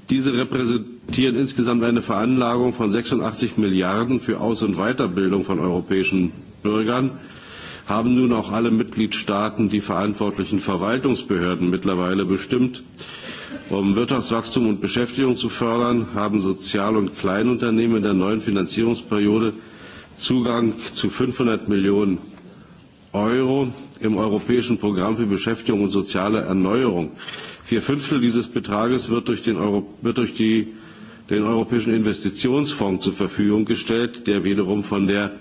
Diese repräsentieren insgesamt eine Veranlagung von 86 Milliarden für Aus- und Weiterbildung von europäischen Bürgern. Haben nun auch alle Mitgliedstaaten die verantwortlichen Verwaltungsbehörden mittlerweile bestimmt. Um Wirtschaftswachstum und Beschäftigung zu fördern, haben Sozial- und Kleinunternehmen in der neuen Finanzierungsperiode Zugang zu 500 Millionen Euro im Europäischen Programm für Beschäftigung und soziale Erneuerung. Vier Fünftel dieses Betrages wird durch, den, Euro, wird durch die, den Europäischen Investitionsfonds zur Verfügung gestellt, der wiederum von der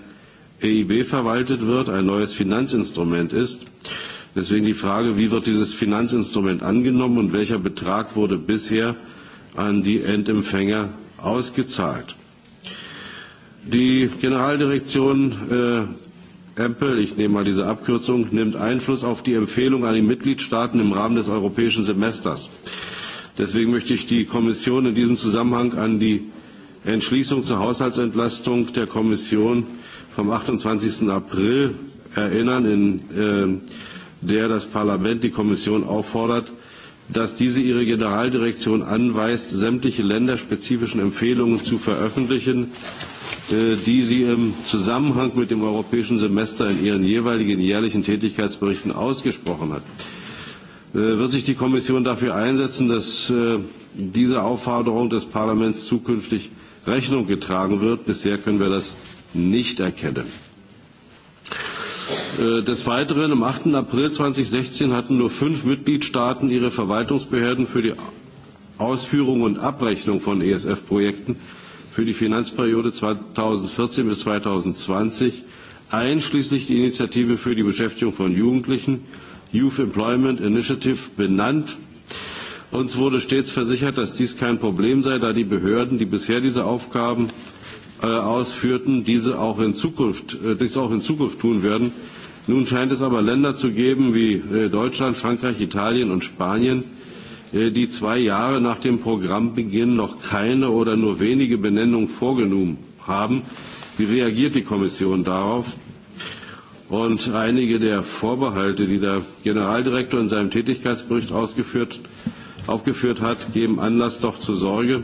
EIB verwaltet wird, ein neues Finanzinstrument ist. Deswegen die Frage, wie wird dieses Finanzinstrument angenommen und welcher Betrag wurde bisher an die Endempfänger ausgezahlt? Die Generaldirektion äh, EMPL, ich nehme mal diese Abkürzung, nimmt Einfluss auf die Empfehlung an die Mitgliedstaaten im Rahmen des europäischen Semesters. Deswegen möchte ich die Kommission in diesem Zusammenhang an die Entschließung zur Haushaltsentlastung der Kommission vom 28. April erinnern, in äh, der das Parlament die Kommission auffordert, dass diese ihre Generaldirektion anweist, sämtliche länderspezifischen Empfehlungen zu veröffentlichen, äh, die sie im Zusammenhang mit dem europäischen Semester in ihren jeweiligen jährlichen Tätigkeitsberichten ausgesprochen hat. Äh, wird sich die Kommission dafür einsetzen, dass äh, dieser Aufforderung des Parlaments zukünftig Rechnung getragen wird? Bisher können wir das nicht erkennen. Äh, des Weiteren, am 8. April 2016 hatten nur fünf Mitgliedstaaten ihre Verwaltungsbehörden für die Ausführung und Abrechnung von ESF-Projekten für die Finanzperiode 2014 bis 2020, einschließlich die Initiative für die Beschäftigung von Jugendlichen, Youth Employment Initiative, benannt. Uns wurde stets versichert, dass dies kein Problem sei, da die Behörden, die bisher diese Aufgaben äh, ausführten, diese auch in Zukunft, äh, dies auch in Zukunft tun werden Nun scheint es aber Länder zu geben wie äh, Deutschland, Frankreich, Italien und Spanien, äh, die zwei Jahre nach dem Programmbeginn noch keine oder nur wenige Benennungen vorgenommen haben. Wie reagiert die Kommission darauf? Und einige der Vorbehalte, die der Generaldirektor in seinem Tätigkeitsbericht ausgeführt, aufgeführt hat, geben Anlass doch zur Sorge,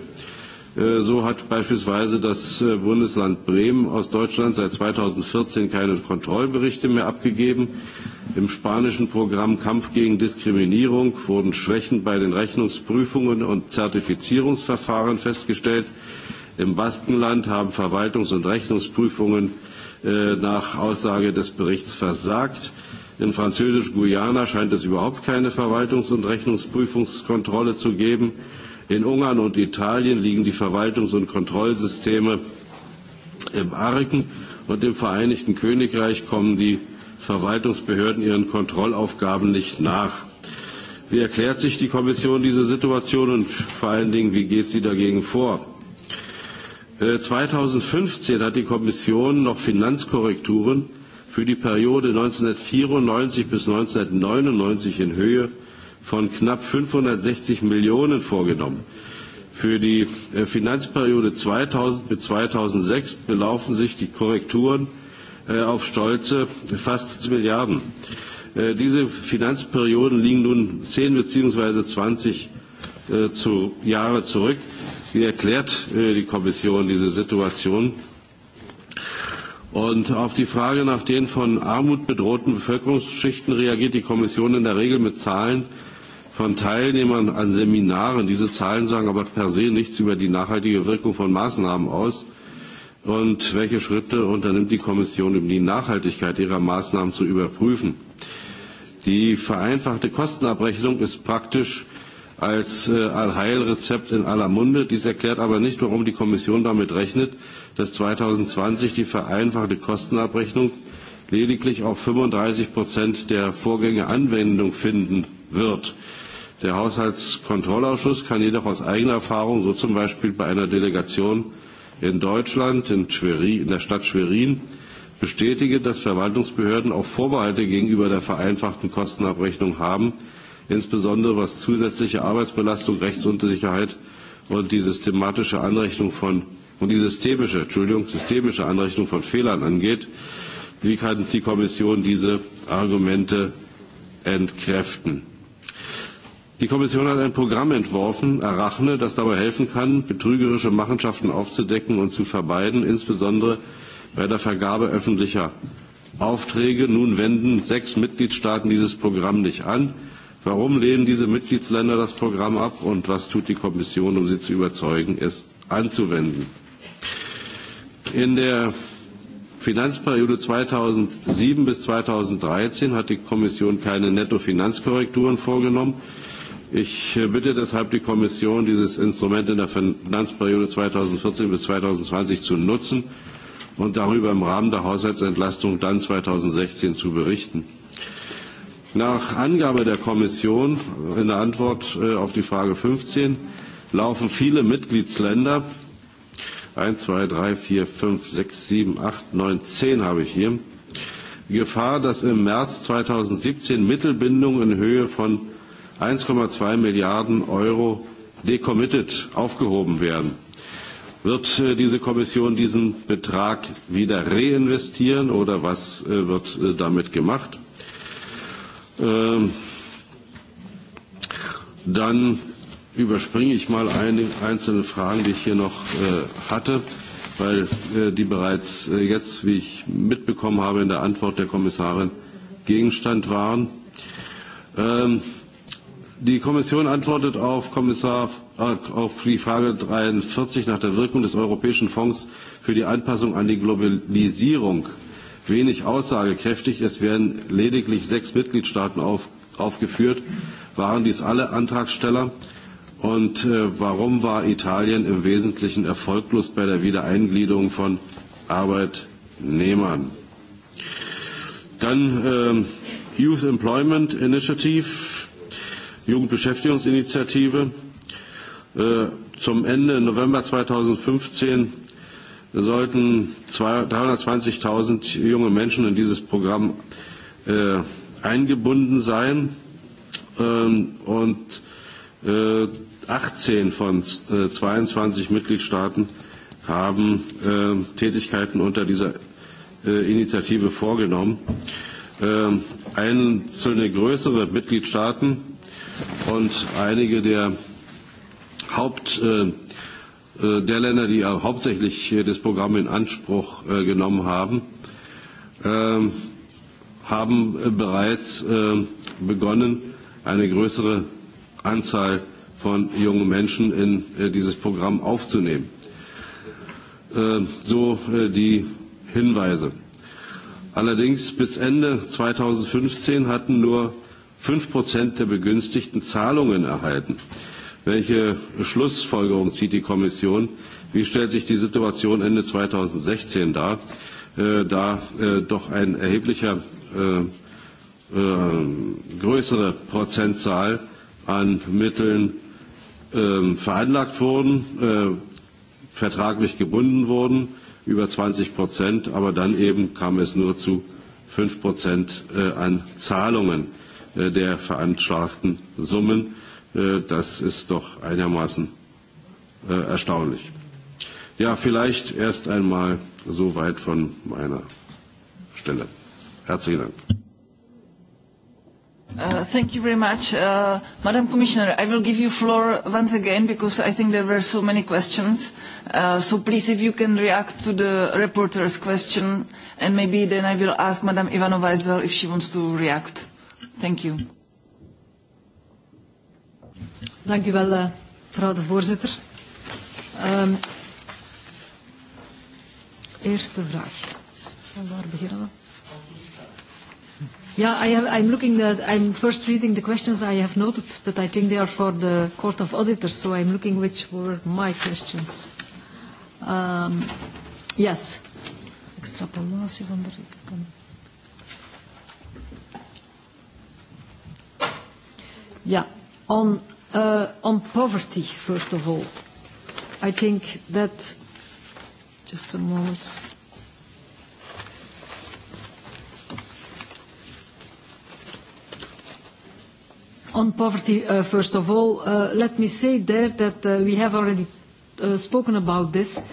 Äh, so hat beispielsweise das äh, Bundesland Bremen aus Deutschland seit 2014 keine Kontrollberichte mehr abgegeben. Im spanischen Programm Kampf gegen Diskriminierung wurden Schwächen bei den Rechnungsprüfungen und Zertifizierungsverfahren festgestellt. Im Baskenland haben Verwaltungs- und Rechnungsprüfungen äh, nach Aussage des Berichts versagt. In Französisch-Guyana scheint es überhaupt keine Verwaltungs- und Rechnungsprüfungskontrolle zu geben. In Ungarn und Italien liegen die Verwaltungs- und Kontrollsysteme im Argen und im Vereinigten Königreich kommen die Verwaltungsbehörden ihren Kontrollaufgaben nicht nach. Wie erklärt sich die Kommission diese Situation und vor allen Dingen, wie geht sie dagegen vor? 2015 äh, hat die Kommission noch Finanzkorrekturen für die Periode 1994 bis 1999 in Höhe von knapp 560 Millionen vorgenommen. Für die äh, Finanzperiode 2000 bis 2006 belaufen sich die Korrekturen äh, auf stolze fast Milliarden. Äh, diese Finanzperioden liegen nun 10 bzw. 20 Jahre zurück. Wie erklärt die Kommission diese Situation? Und auf die Frage nach den von Armut bedrohten Bevölkerungsschichten reagiert die Kommission in der Regel mit Zahlen, von Teilnehmern an Seminaren. Diese Zahlen sagen aber per se nichts über die nachhaltige Wirkung von Maßnahmen aus. Und welche Schritte unternimmt die Kommission, um die Nachhaltigkeit ihrer Maßnahmen zu überprüfen? Die vereinfachte Kostenabrechnung ist praktisch als äh, Allheilrezept in aller Munde. Dies erklärt aber nicht, warum die Kommission damit rechnet, dass 2020 die vereinfachte Kostenabrechnung lediglich auf 35 Prozent der Vorgänge Anwendung finden wird. Der Haushaltskontrollausschuss kann jedoch aus eigener Erfahrung, so zum Beispiel bei einer Delegation in Deutschland, in, Schwerin, in der Stadt Schwerin, bestätigen, dass Verwaltungsbehörden auch Vorbehalte gegenüber der vereinfachten Kostenabrechnung haben, insbesondere was zusätzliche Arbeitsbelastung, Rechtsunsicherheit und die systematische Anrechnung von und die systemische, Entschuldigung, systemische Anrechnung von Fehlern angeht. Wie kann die Kommission diese Argumente entkräften? Die Kommission hat ein Programm entworfen, Arachne, das dabei helfen kann, betrügerische Machenschaften aufzudecken und zu vermeiden, insbesondere bei der Vergabe öffentlicher Aufträge. Nun wenden sechs Mitgliedstaaten dieses Programm nicht an. Warum lehnen diese Mitgliedsländer das Programm ab und was tut die Kommission, um sie zu überzeugen, es anzuwenden? In der Finanzperiode 2007 bis 2013 hat die Kommission keine Nettofinanzkorrekturen vorgenommen. Ich äh, bitte deshalb die Kommission, dieses Instrument in der Finanzperiode 2014 bis 2020 zu nutzen und darüber im Rahmen der Haushaltsentlastung dann 2016 zu berichten. Nach Angabe der Kommission in der Antwort äh, auf die Frage 15 laufen viele Mitgliedsländer 1, 2, 3, 4, 5, 6, 7, 8, 9, 10 habe ich hier. Gefahr, dass im März 2017 Mittelbindungen in Höhe von 1,2 Milliarden Euro decommitted aufgehoben werden. Wird äh, diese Kommission diesen Betrag wieder reinvestieren oder was äh, wird äh, damit gemacht? Ähm, dann überspringe ich mal einige einzelne Fragen, die ich hier noch hatte, weil die bereits jetzt, wie ich mitbekommen habe, in der Antwort der Kommissarin Gegenstand waren. Ähm, Die Kommission antwortet auf, Kommissar, äh, auf die Frage 43 nach der Wirkung des Europäischen Fonds für die Anpassung an die Globalisierung wenig aussagekräftig. Es werden lediglich sechs Mitgliedstaaten auf, aufgeführt. Waren dies alle Antragsteller? Und äh, warum war Italien im Wesentlichen erfolglos bei der Wiedereingliederung von Arbeitnehmern? Dann äh, Youth Employment Initiative Jugendbeschäftigungsinitiative. Äh, zum Ende November 2015 sollten 320.000 junge Menschen in dieses Programm äh, eingebunden sein ähm, und 18 äh, von 22 Mitgliedstaaten haben Tätigkeiten unter dieser Initiative vorgenommen. Ähm, einzelne größere Mitgliedstaaten und einige der Haupt äh, äh, der Länder, die auch hauptsächlich das Programm in Anspruch äh, genommen haben, ähm, äh, haben bereits äh, begonnen, eine größere Anzahl von jungen Menschen in äh, dieses Programm aufzunehmen. Ähm, so äh, die Hinweise. Allerdings bis Ende 2015 hatten nur fünf Prozent der begünstigten Zahlungen erhalten. Welche Schlussfolgerung zieht die Kommission? Wie stellt sich die Situation Ende 2016 dar, äh, da äh, doch ein erheblicher äh, äh, größere Prozentzahl an Mitteln äh, veranlagt wurden, äh, vertraglich gebunden wurden, über 20 Prozent, aber dann eben kam es nur zu 5 Prozent äh, an Zahlungen. Äh, der veranschlagten Summen. Äh, das ist doch einigermaßen äh, erstaunlich. Ja, vielleicht erst einmal so weit von meiner Stelle. Herzlichen Dank. Uh, thank you very much. Uh, Madam Commissioner, I will give you floor once again because I think there were so many questions. Uh, so please, if you can react to the reporter's question, and maybe then I will ask Madam Ivanova as well if she wants to react. Thank you. Dank u wel, uh, de voorzitter. Um, eerste vraag. Van waar beginnen we? Yeah, I have, I'm looking at, I'm first reading the questions I have noted, but I think they are for the Court of Auditors, so I'm looking which were my questions. Um, yes. Extrapolatie van de Yeah. On, poverty, first of all, I think that. Just a moment. On poverty, uh, first of all, uh, let me say there that uh, we have already spoken about this.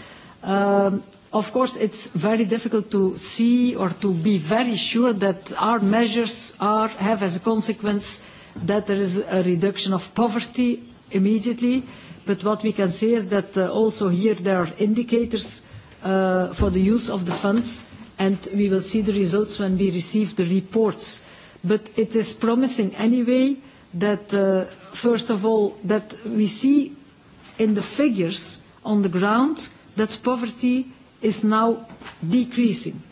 Um, of course, it's very difficult to see or to be very sure that our measures are, have as a consequence that there is a reduction of poverty immediately. But what we can say is that uh, also here there are indicators uh, for the use of the funds, and we will see the results when we receive the reports. But it is promising anyway that, uh, first of all, that we see in the figures on the ground that poverty is now decreasing.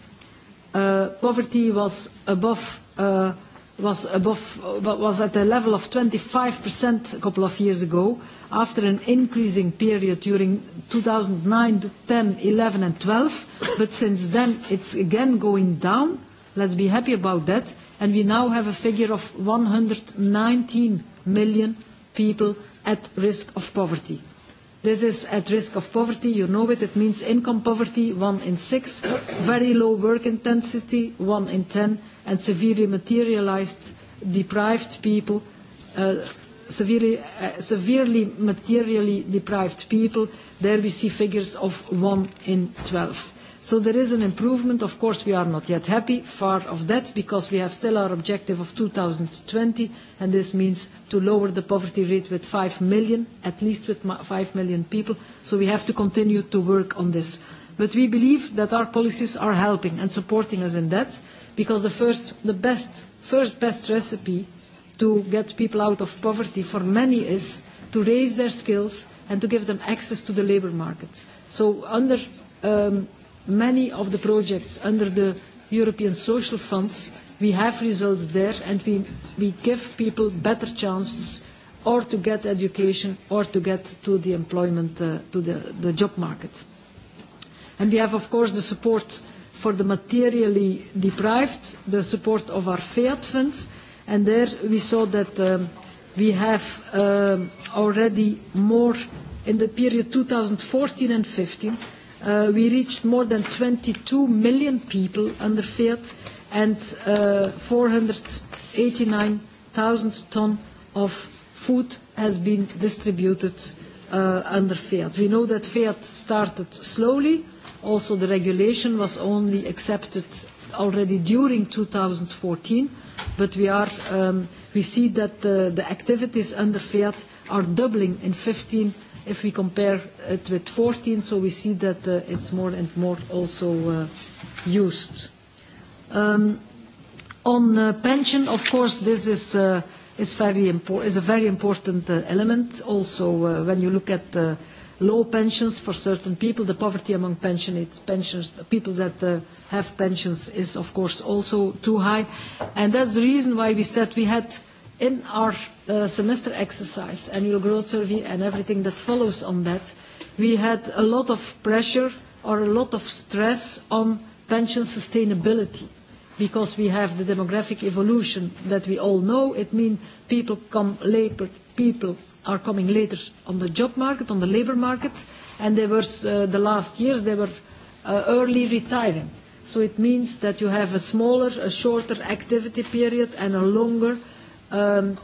Uh, poverty was above uh, was, above, was at a level of 25% a couple of years ago, after an increasing period during 2009, 2010, 2011, and 2012. But since then, it's again going down. Let's be happy about that. And we now have a figure of 119 million people at risk of poverty. This is at risk of poverty, you know it. It means income poverty, one in six, very low work intensity, one in 10, and severely materialized deprived people, uh, severely, uh, severely materially deprived people, there we see figures of 1 in 12. So there is an improvement. Of course, we are not yet happy, far of that, because we have still our objective of 2020, and this means to lower the poverty rate with 5 million, at least with 5 million people. So we have to continue to work on this. But we believe that our policies are helping and supporting us in that because the first, the best, first best recipe to get people out of poverty for many is to raise their skills and to give them access to the labour market. So under um, many of the projects under the European social funds, we have results there and we, we give people better chances or to get education or to get to the employment, uh, to the, the job market. And we have, of course, the support for the materially deprived, the support of our FEAD funds. And there we saw that um, we have uh, already more in the period 2014 and 15. Uh, we reached more than 22 million people under FEAD and uh, 489,000 ton of food has been distributed uh, under FEAD. We know that FEAD started slowly, Also, the regulation was only accepted already during 2014, but we, are, um, we see that the, the activities under FIAT are doubling in 15 if we compare it with 14, so we see that uh, it's more and more also uh, used. Um, on uh, pension, of course, this is, uh, is, very is a very important uh, element. Also, uh, when you look at the low pensions for certain people. The poverty among pensioners, people that uh, have pensions is of course also too high. And that's the reason why we said we had in our uh, semester exercise, annual growth survey and everything that follows on that, we had a lot of pressure or a lot of stress on pension sustainability because we have the demographic evolution that we all know. It means people come later, people are coming later on the job market, on the labour market, and they were, uh, the last years they were uh, early retiring. So it means that you have a smaller, a shorter activity period and a longer um,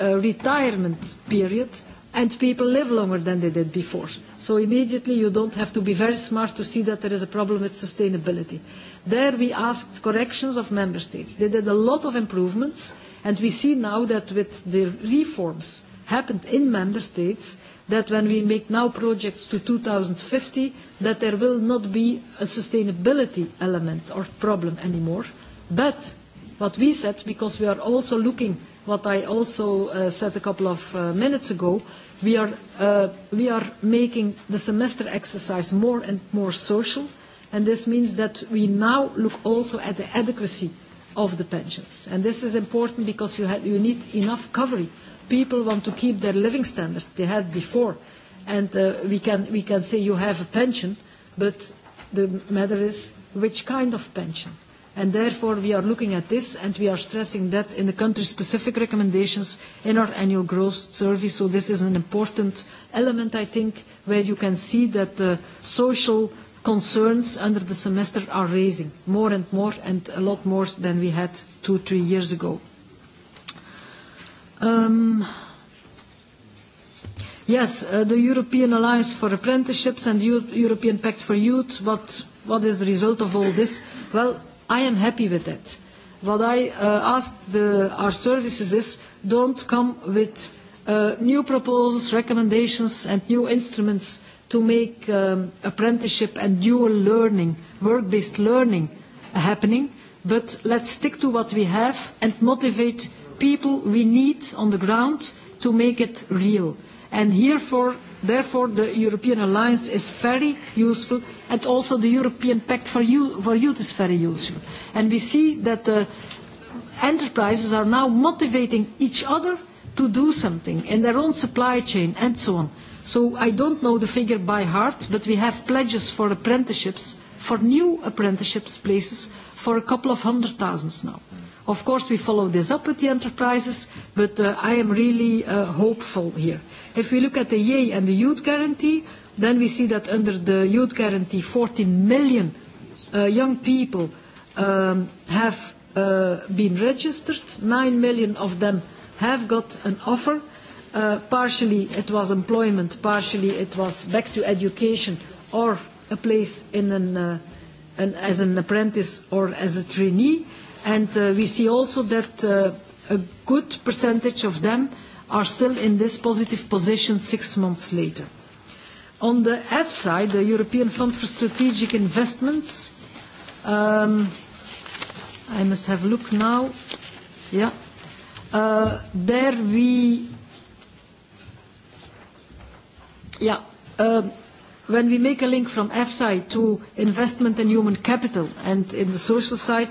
a retirement period, and people live longer than they did before. So immediately you don't have to be very smart to see that there is a problem with sustainability. There we asked corrections of member states. They did a lot of improvements, and we see now that with the reforms happened in member states that when we make now projects to 2050, that there will not be a sustainability element or problem anymore. But what we said, because we are also looking, what I also uh, said a couple of uh, minutes ago, we are, uh, we are making the semester exercise more and more social, and this means that we now look also at the adequacy of the pensions. And this is important because you, ha- you need enough coverage people want to keep their living standard they had before. And uh, we, can, we can say you have a pension, but the matter is which kind of pension. And therefore, we are looking at this, and we are stressing that in the country-specific recommendations in our annual growth survey. So this is an important element, I think, where you can see that the social concerns under the semester are raising more and more, and a lot more than we had two, three years ago. Ehm, yes, eh, the European Alliance for Apprenticeships and the European Pact for Youth, what, what is the result of all this? Well, I am happy with that. What I eh, ask our services is don't come with eh, new proposals, recommendations and new instruments to make ehm, apprenticeship and dual learning, work-based learning happening, but let's stick to what we have and motivate people we need on the ground to make it real. And therefore, the European Alliance is very useful, and also the European Pact for, Youth is very useful. And we see that uh, enterprises are now motivating each other to do something in their own supply chain and so on. So I don't know the figure by heart, but we have pledges for apprenticeships, for new apprenticeships places, for a couple of hundred thousands now. Of course, we follow this up with the enterprises, but uh, I am really uh, hopeful here. If we look at the yay and the youth guarantee, then we see that under the youth guarantee, 14 million uh, young people um, have been registered. 9 million of them have got an offer. partially it was employment, partially it was back to education or a place as an apprentice or as a trainee. And uh, we see also that uh, a good percentage of them are still in this positive position six months later. On the F side, the European Fund for Strategic Investments, um, I must have a look now. Yeah. Uh, there we, yeah, um, when we make a link from F side to investment in human capital and in the social side,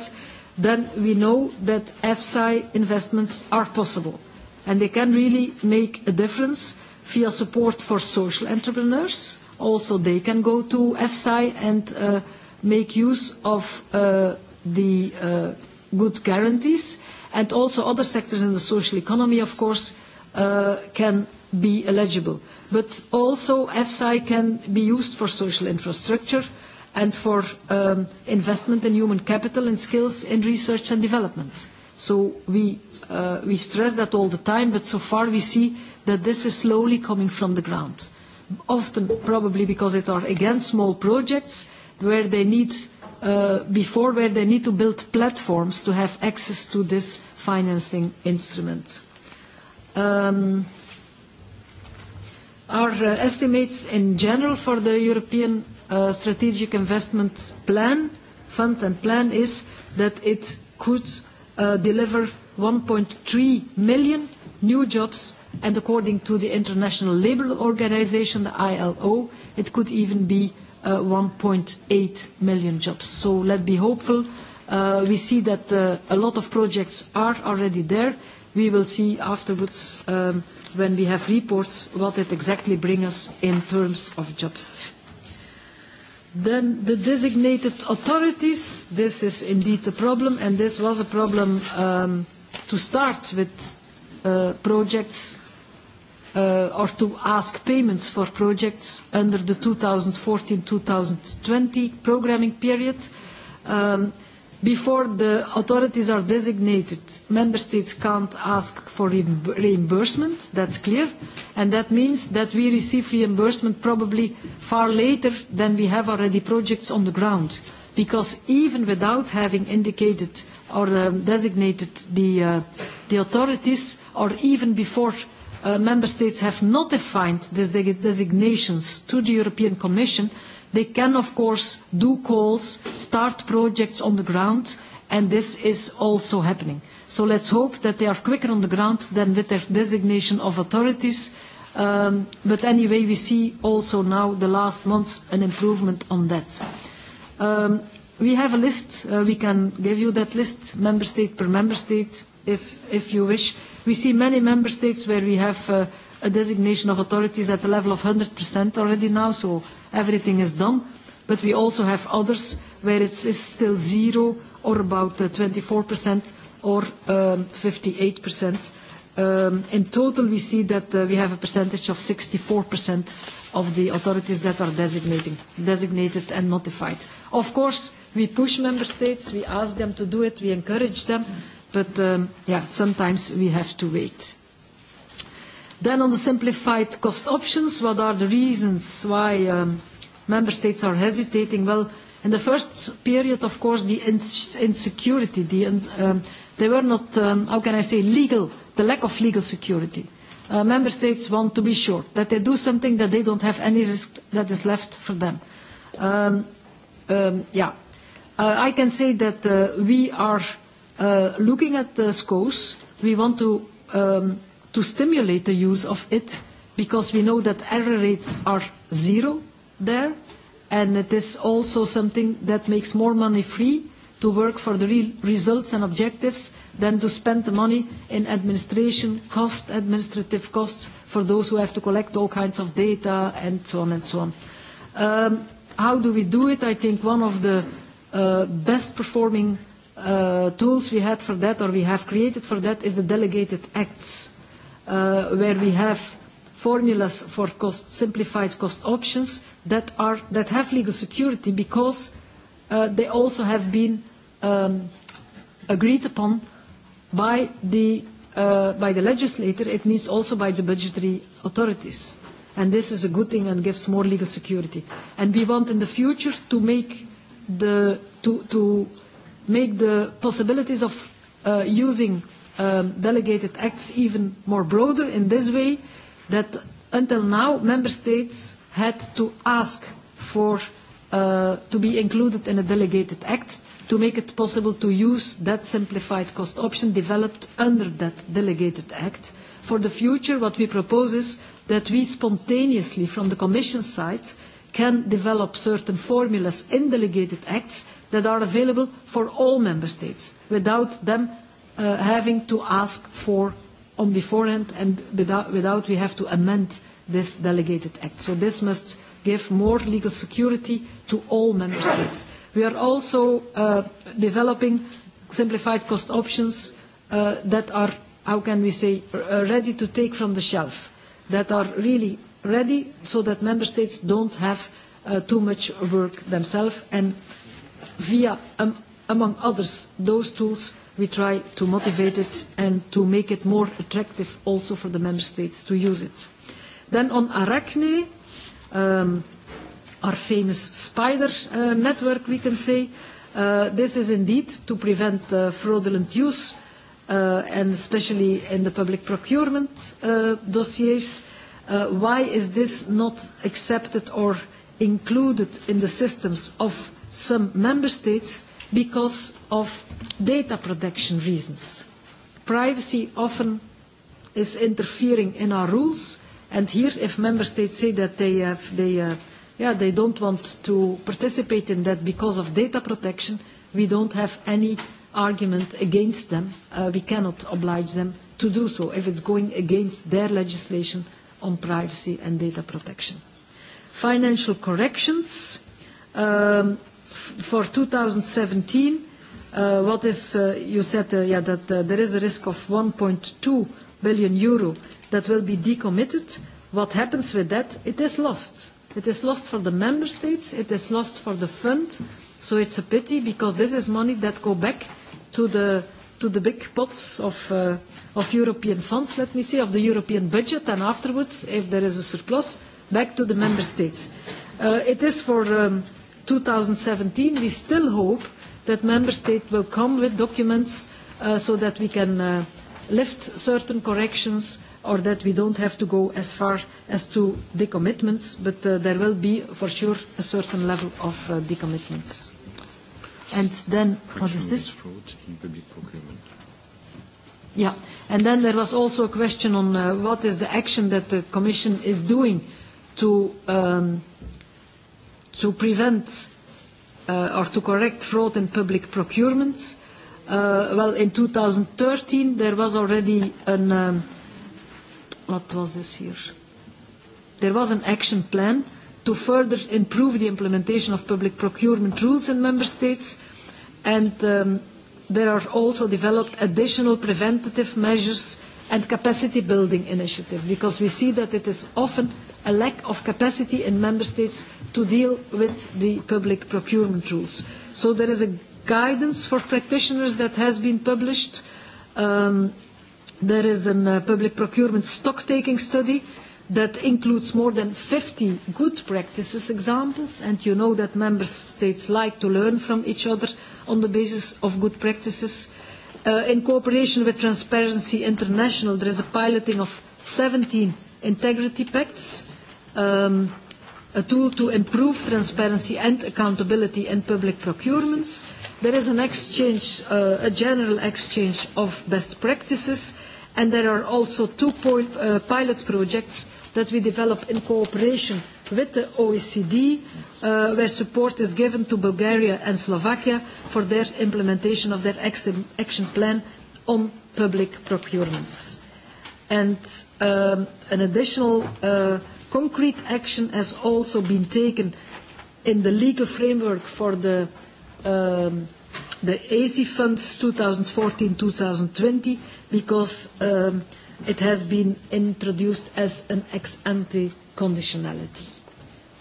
then we know that FSI investments are possible, and they can really make a difference via support for social entrepreneurs. Also, they can go to FSI and uh, make use of uh, the uh, good guarantees. And also other sectors in the social economy, of course, can be eligible. But also, FSI can be used for social infrastructure, and for um, investment in human capital and skills in research and development. So we, uh, we stress that all the time, but so far we see that this is slowly coming from the ground. Often probably because it are again small projects where they need, uh, before where they need to build platforms to have access to this financing instrument. Um, Our uh, estimates in general for the European Eh, strategic investment plan, fund and plan is that it could uh, deliver 1.3 million new jobs and according to the International Labour Organization, the ILO, it could even be uh, eh, 1.8 million jobs. So let's be hopeful. we see that a lot of projects are already there. We will see afterwards um, when we have reports what it exactly brings us in terms of jobs. Then the designated authorities, this is indeed a problem, and this was a problem um, to start with uh, projects uh, or to ask payments for projects under the 2014-2020 programming period. Um, Before the authorities are designated, member states can't ask for reimbursement, that's clear, and that means that we receive reimbursement probably far later than we have already projects on the ground, because even without having indicated or um, designated the, uh, the authorities, or even before uh, member states have notified these designations to the European Commission, They can, of course, do calls, start projects on the ground, and this is also happening. So let's hope that they are quicker on the ground than with their designation of authorities. Um, but anyway, we see also now the last months an improvement on that. Um, we have a list. Uh, we can give you that list, member state per member state, if, if you wish. We see many member states where we have uh, a designation of authorities at the level of 100% already now, so everything is done. But we also have others where it is still zero or about 24% uh, or um, fifty 58%. Um, in total, we see that uh, we have a percentage of 64% of the authorities that are designated and notified. Of course, we push member states, we ask them to do it, we encourage them, but um, yeah, sometimes we have to wait. Then on the simplified cost options, what are the reasons why um, member states are hesitating? Well, in the first period, of course, the insecurity, um, um, they were not, how can I say, legal, the lack of legal security. Uh, member states want to be sure that they do something that they don't have any risk that is left for them. Uh, I can say that uh, we are looking at the scopes. We want to to stimulate the use of it because we know that error rates are zero there and it is also something that makes more money free to work for the real results and objectives than to spend the money in administration costs, administrative costs for those who have to collect all kinds of data and so on and so on. Um, how do we do it? I think one of the uh, best performing uh, tools we had for that or we have created for that is the delegated acts Uh, where we have formulas for simplified cost options that, have legal security because uh, they also have been um, agreed upon by the, uh, by the legislator, it means also by the budgetary authorities. And this is a good thing and gives more legal security. And we want in the future to make the, to, to make the possibilities of uh, using um, delegated acts even more broader in this way that until now member states had to ask for uh, to be included in a delegated act to make it possible to use that simplified cost option developed under that delegated act. For the future, what we propose is that we spontaneously, from the Commission side, can develop certain formulas in delegated acts that are available for all member states without them uh, having to ask for on beforehand and without, without we have to amend this delegated act. So this must give more legal security to all member states. We are also uh, developing simplified cost options uh, that are, how can we say, uh, ready to take from the shelf, that are really ready so that member states don't have uh, too much work themselves and via, um, among others, those tools we try to motivate it and to make it more attractive also for the member states to use it. Then on Arachne, um, our famous spider uh, network, we can say, uh, this is indeed to prevent uh, fraudulent use uh, and especially in the public procurement uh, dossiers. Uh, why is this not accepted or included in the systems of some member states? because of data protection reasons. Privacy often is interfering in our rules, and here if member states say that they, have, they, uh, yeah, they don't want to participate in that because of data protection, we don't have any argument against them. Uh, we cannot oblige them to do so if it's going against their legislation on privacy and data protection. Financial corrections. Um, for 2017, uh, what is, uh, you said, uh, yeah, that there is a risk of 1.2 billion euro that will be decommitted. What happens with that? It is lost. It is lost for the member states, it is lost for the fund. So it's a pity because this is money that go back to the to the big pots of, uh, of European funds, let me say, of the European budget, and afterwards, if there is a surplus, back to the member states. Uh, it is for um, two thousand and seventeen we still hope that member states will come with documents uh, so that we can uh, lift certain corrections or that we don't have to go as far as to decommitments, but uh, there will be for sure a certain level of uh, decommitments. And then, what is this? Yeah, and then there was also a question on uh, what is the action that the Commission is doing to um, to prevent uh, or to correct fraud in public procurement. Uh, well, in 2013, there was already an... Um, what was this here? There was an action plan to further improve the implementation of public procurement rules in member states, and um, there are also developed additional preventative measures and capacity building initiative because we see that it is often a lack of capacity in member states to deal with the public procurement rules. So there is a guidance for practitioners that has been published. Um, there is a uh, public procurement stock-taking study that includes more than 50 good practices examples, and you know that member states like to learn from each other on the basis of good practices. Uh, Uh, in cooperation with Transparency International, there is a piloting of 17 integrity pacts, um, a tool to improve transparency and accountability in public procurements. There is an exchange, uh, a general exchange of best practices, and there are also two uh, pilot projects that we develop in cooperation with the OECD, uh, where support is given to Bulgaria and Slovakia for their implementation of their action, plan on public procurements. And um, an additional uh, concrete action has also been taken in the legal framework for the, um, the AC funds 2014-2020 because um, it has been introduced as an ex-ante conditionality.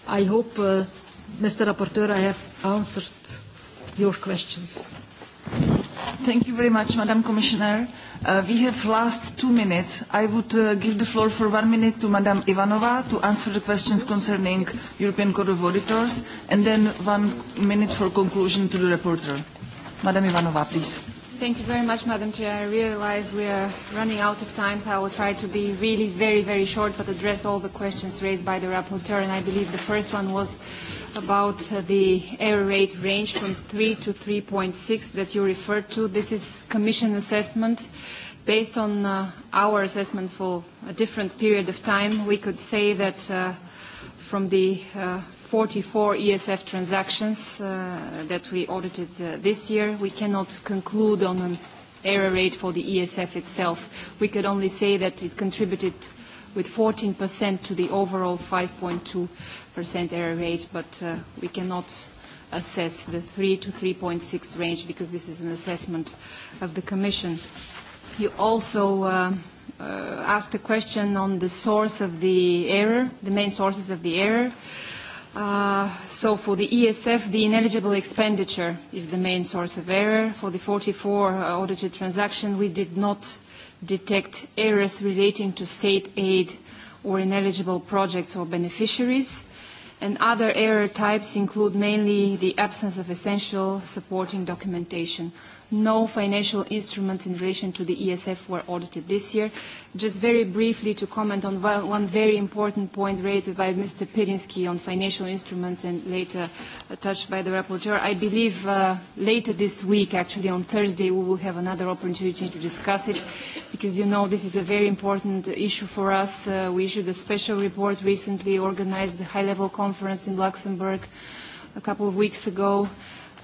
I hope, uh, Mr. Rapporteur, I have answered your questions. Thank you very much, Madam Commissioner. Uh, we have last two minutes. I would uh, give the floor for one minute to Madam Ivanova to answer the questions concerning European Court of Auditors, and then one minute for conclusion to the reporter. Madam Ivanova, please. Thank you very much, Madam Chair. I realize we are running out of time, so I will try to be really very, very short, but address all the questions raised by the rapporteur. And I believe the first one was about uh, the error rate range from 3 to 3.6 that you referred to. This is Commission assessment. Based on uh, our assessment for a different period of time, we could say that uh, from the uh, 44 ESF transactions uh, that we audited uh, this year. We cannot conclude on an error rate for the ESF itself. We could only say that it contributed with 14% to the overall 5.2% error rate, but uh, we cannot assess the 3 3.6 range because this is an assessment of the Commission. You also asked a question on the source of the error, the main sources of the error. Uh, so for the ESF, the ineligible expenditure is the main source of error. For the 44 uh, audited transaction, we did not detect errors relating to state aid or ineligible projects or beneficiaries. And other error types include mainly the absence of essential supporting documentation no financial instruments in relation to the ESF were audited this year. Just very briefly to comment on one very important point raised by Mr. Pirinski on financial instruments and later touched by the rapporteur. I believe uh, later this week, actually on Thursday, we will have another opportunity to discuss it because you know this is a very important issue for us. Uh, we issued a special report recently, organized a high-level conference in Luxembourg a couple of weeks ago.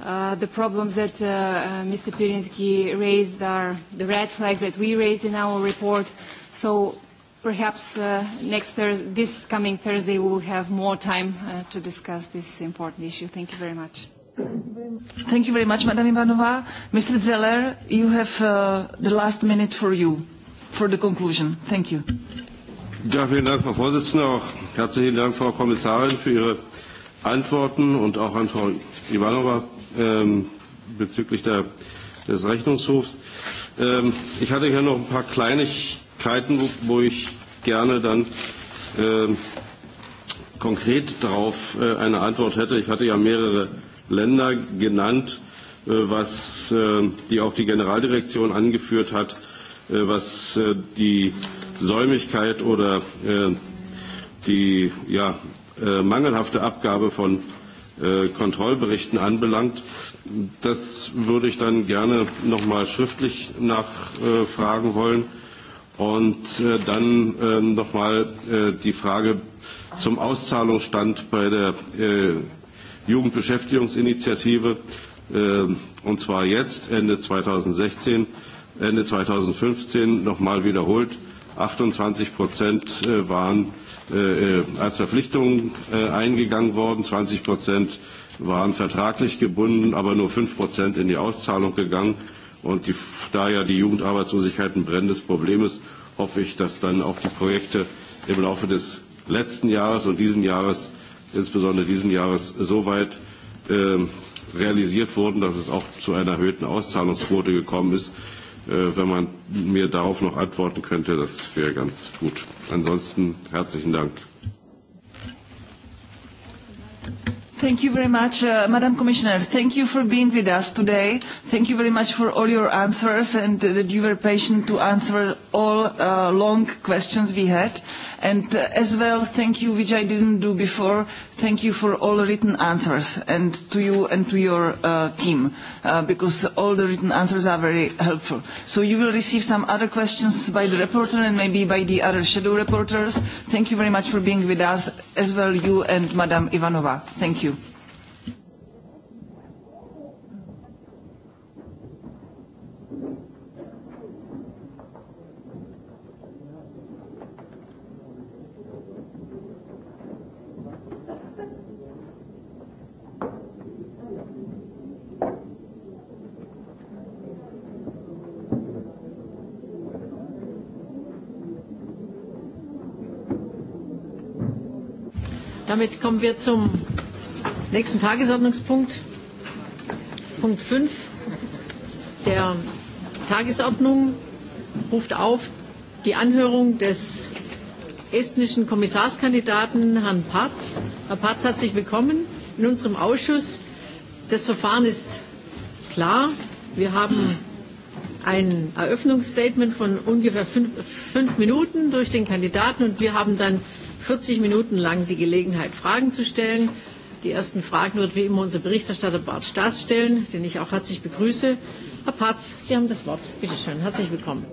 Uh, the problems that uh, uh, Mr. Pirinsky raised are the red flags that we raised in our report. So perhaps uh, next Thursday, this coming Thursday, we will have more time uh, to discuss this important issue. Thank you very much. Thank you very much, Madam Ivanova. Mr. Zeller, you have uh, the last minute for you, for the conclusion. Thank you. Ja, vielen Dank, Frau Vorsitzende. Auch herzlichen Dank, Frau Kommissarin, für Ihre Antworten und auch an Frau Ivanova ähm, bezüglich der, des Rechnungshofs. Ähm, ich hatte hier noch ein paar Kleinigkeiten, wo ich gerne dann ähm, konkret darauf äh, eine Antwort hätte. Ich hatte ja mehrere Länder genannt, äh, was, äh, die auch die Generaldirektion angeführt hat, äh, was äh, die Säumigkeit oder äh, die ja, äh, mangelhafte Abgabe von Äh, Kontrollberichten anbelangt. Das würde ich dann gerne noch mal schriftlich nachfragen wollen. Und äh, dann ähm, noch nochmal äh, die Frage zum Auszahlungsstand bei der Jugendbeschäftigungsinitiative, und zwar jetzt, Ende 2016, Ende 2015 mal wiederholt. 28 Prozent waren Äh, äh, als Verpflichtung äh, eingegangen worden. 20 Prozent waren vertraglich gebunden, aber nur 5 Prozent in die Auszahlung gegangen. Und die, da ja die Jugendarbeitslosigkeit ein brennendes Problem ist, hoffe ich, dass dann auch die Projekte im Laufe des letzten Jahres und diesen Jahres, insbesondere diesen Jahres, so weit äh, realisiert wurden, dass es auch zu einer erhöhten Auszahlungsquote gekommen ist, Äh, wenn man mir darauf noch antworten könnte, das wäre ganz gut. Ansonsten herzlichen Dank. Thank you very much, uh, Madam Commissioner. Thank you for being with us today. Thank you very much for all your answers and uh, that you were patient to answer all uh, long questions we had. And uh, as well, thank you, which I didn't do before, Thank you for all the written answers and to you and to your uh, team uh, because all the written answers are very helpful. So you will receive some other questions by the reporter and maybe by the other shadow reporters. Thank you very much for being with us as well you and Madam Ivanova. Thank you. Damit kommen wir zum nächsten Tagesordnungspunkt, Punkt 5 der Tagesordnung, ruft auf die Anhörung des estnischen Kommissarskandidaten Herrn Parz. Herr Parz, sich willkommen in unserem Ausschuss. Das Verfahren ist klar. Wir haben ein Eröffnungsstatement von ungefähr fünf, fünf Minuten durch den Kandidaten und wir haben dann 40 Minuten lang die Gelegenheit, Fragen zu stellen. Die ersten Fragen wird wie immer unser Berichterstatter Bart Staats stellen, den ich auch herzlich begrüße. Herr Patz, Sie haben das Wort. Bitte schön, herzlich willkommen.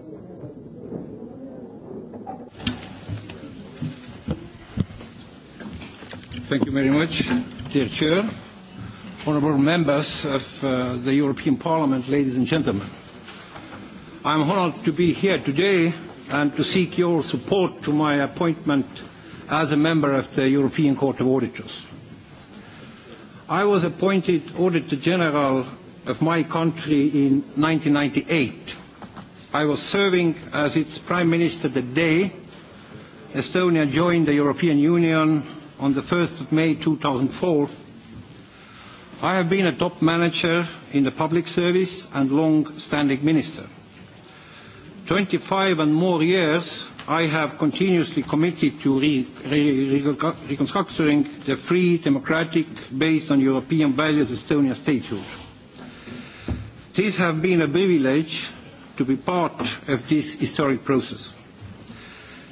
Thank you very much, dear Chair, honorable members of uh, the European Parliament, ladies and gentlemen. I'm honored to be here today and to seek your support to my appointment as a member of the European Court of Auditors. I was appointed Auditor General of my country in 1998. I was serving as its Prime Minister the day Estonia joined the European Union on the 1st of May 2004. I have been a top manager in the public service and long-standing minister. 25 and more years I have continuously committed to re re reconstructing the free, democratic, based on European values Estonian statehood. This has been a privilege to be part of this historic process.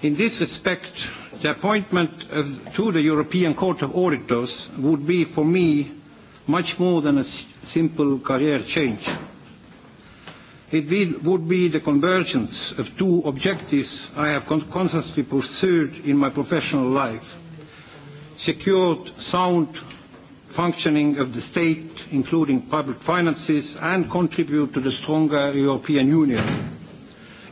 In this respect, the appointment of, to the European Court of Auditors would be for me much more than a simple career change. It be, would be the convergence of two objectives I have con consciously pursued in my professional life. Secured sound functioning of the state, including public finances, and contribute to the stronger European Union.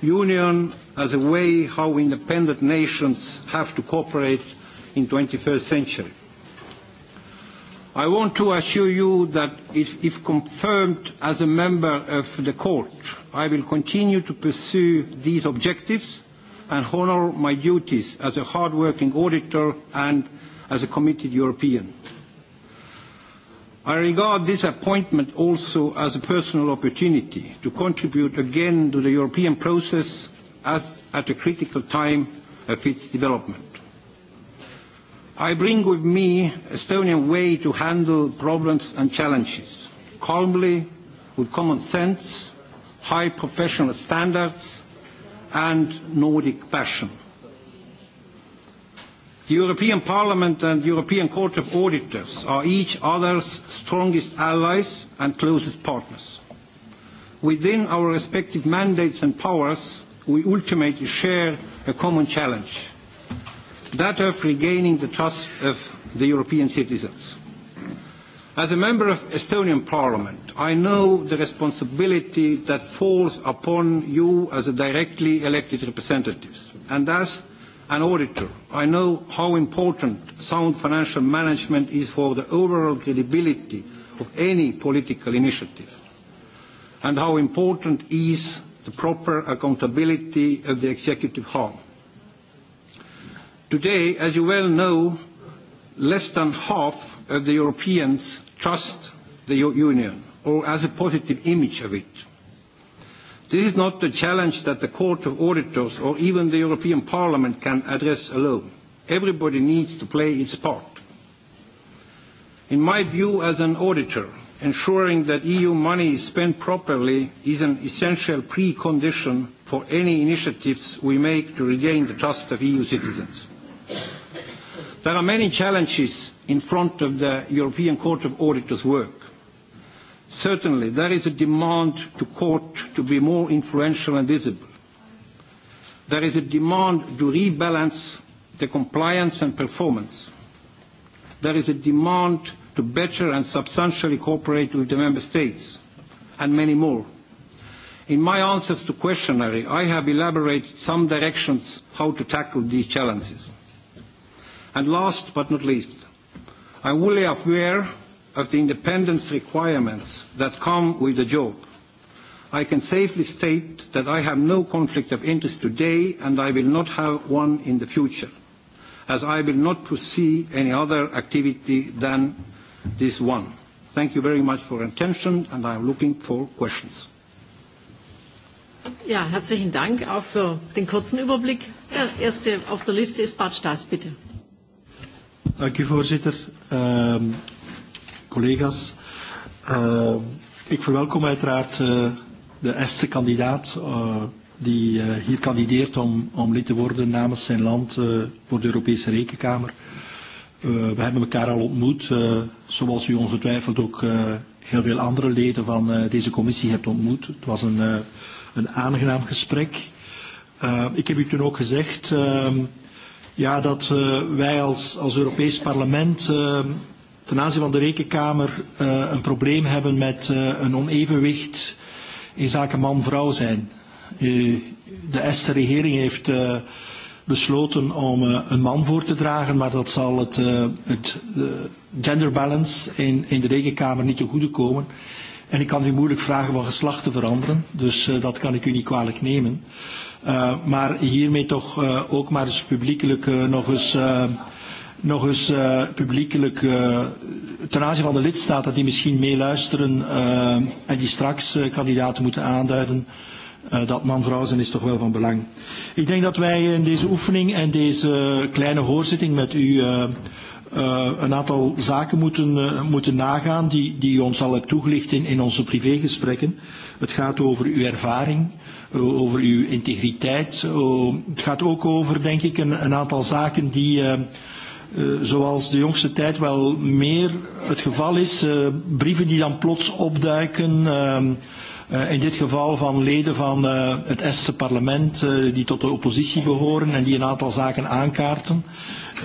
Union as a way how independent nations have to cooperate in 21st century. I want to assure you that if, if confirmed as a member of the court, I will continue to pursue these objectives and honour my duties as a hard-working auditor and as a committed European. I regard this appointment also as a personal opportunity to contribute again to the European process as at a critical time of its development. I bring with me Estonian way to handle problems and challenges, calmly, with common sense, high professional standards, and Nordic passion. The European Parliament and European Court of Auditors are each other's strongest allies and closest partners. Within our respective mandates and powers, we ultimately share a common challenge – that of regaining the trust of the European citizens. As a member of Estonian Parliament, I know the responsibility that falls upon you as a directly elected representatives, and as an auditor, I know how important sound financial management is for the overall credibility of any political initiative, and how important is the proper accountability of the executive arm. Today, as you well know, less than half of the Europeans trust the Union or has a positive image of it. This is not a challenge that the Court of Auditors or even the European Parliament can address alone. Everybody needs to play its part. In my view as an auditor, ensuring that EU money is spent properly is an essential precondition for any initiatives we make to regain the trust of EU citizens. There are many challenges in front of the European Court of Auditors' work. Certainly, there is a demand to court to be more influential and visible. There is a demand to rebalance the compliance and performance. There is a demand to better and substantially cooperate with the member states, and many more. In my answers to questionnaire, I have elaborated some directions how to tackle these challenges. And last but not least, I'm fully aware of the independence requirements that come with the job. I can safely state that I have no conflict of interest today, and I will not have one in the future, as I will not pursue any other activity than this one. Thank you very much for your attention, and I am looking for questions. Ja, herzlichen Dank auch für den kurzen Überblick. Der erste auf der Liste ist Bart Staes, bitte. Dank u voorzitter. Uh, collega's, uh, ik verwelkom uiteraard uh, de Estse kandidaat uh, die uh, hier kandideert om, om lid te worden namens zijn land uh, voor de Europese Rekenkamer. Uh, we hebben elkaar al ontmoet, uh, zoals u ongetwijfeld ook uh, heel veel andere leden van uh, deze commissie hebt ontmoet. Het was een, uh, een aangenaam gesprek. Uh, ik heb u toen ook gezegd... Uh, ja, dat uh, wij als, als Europees parlement uh, ten aanzien van de Rekenkamer uh, een probleem hebben met uh, een onevenwicht in zaken man-vrouw zijn. de Estse regering heeft besloten om een man voor te dragen, maar dat zal het, uh, het gender balance in, in de Rekenkamer niet te goede komen. En ik kan u moeilijk vragen van geslacht te veranderen, dus dat kan ik u niet kwalijk nemen. Uh, Uh, maar hiermee toch uh, ook maar eens publiekelijk uh, nog eens, uh, nog eens uh, publiekelijk uh, ten aanzien van de lidstaten die misschien meeluisteren uh, en die straks uh, kandidaten moeten aanduiden. Uh, dat man-vrouw zijn is toch wel van belang. Ik denk dat wij in deze oefening en deze kleine hoorzitting met u uh, uh, een aantal zaken moeten, uh, moeten nagaan die, die u ons al hebt toegelicht in, in onze privégesprekken. Het gaat over uw ervaring, over uw integriteit. Eh, het gaat ook over, denk ik, een, een aantal zaken die, uh, uh, zoals de jongste tijd wel meer het geval is, uh, brieven die dan plots opduiken. Uh, Uh, in dit geval van leden van uh, het Estse parlement uh, die tot de oppositie behoren en die een aantal zaken aankaarten.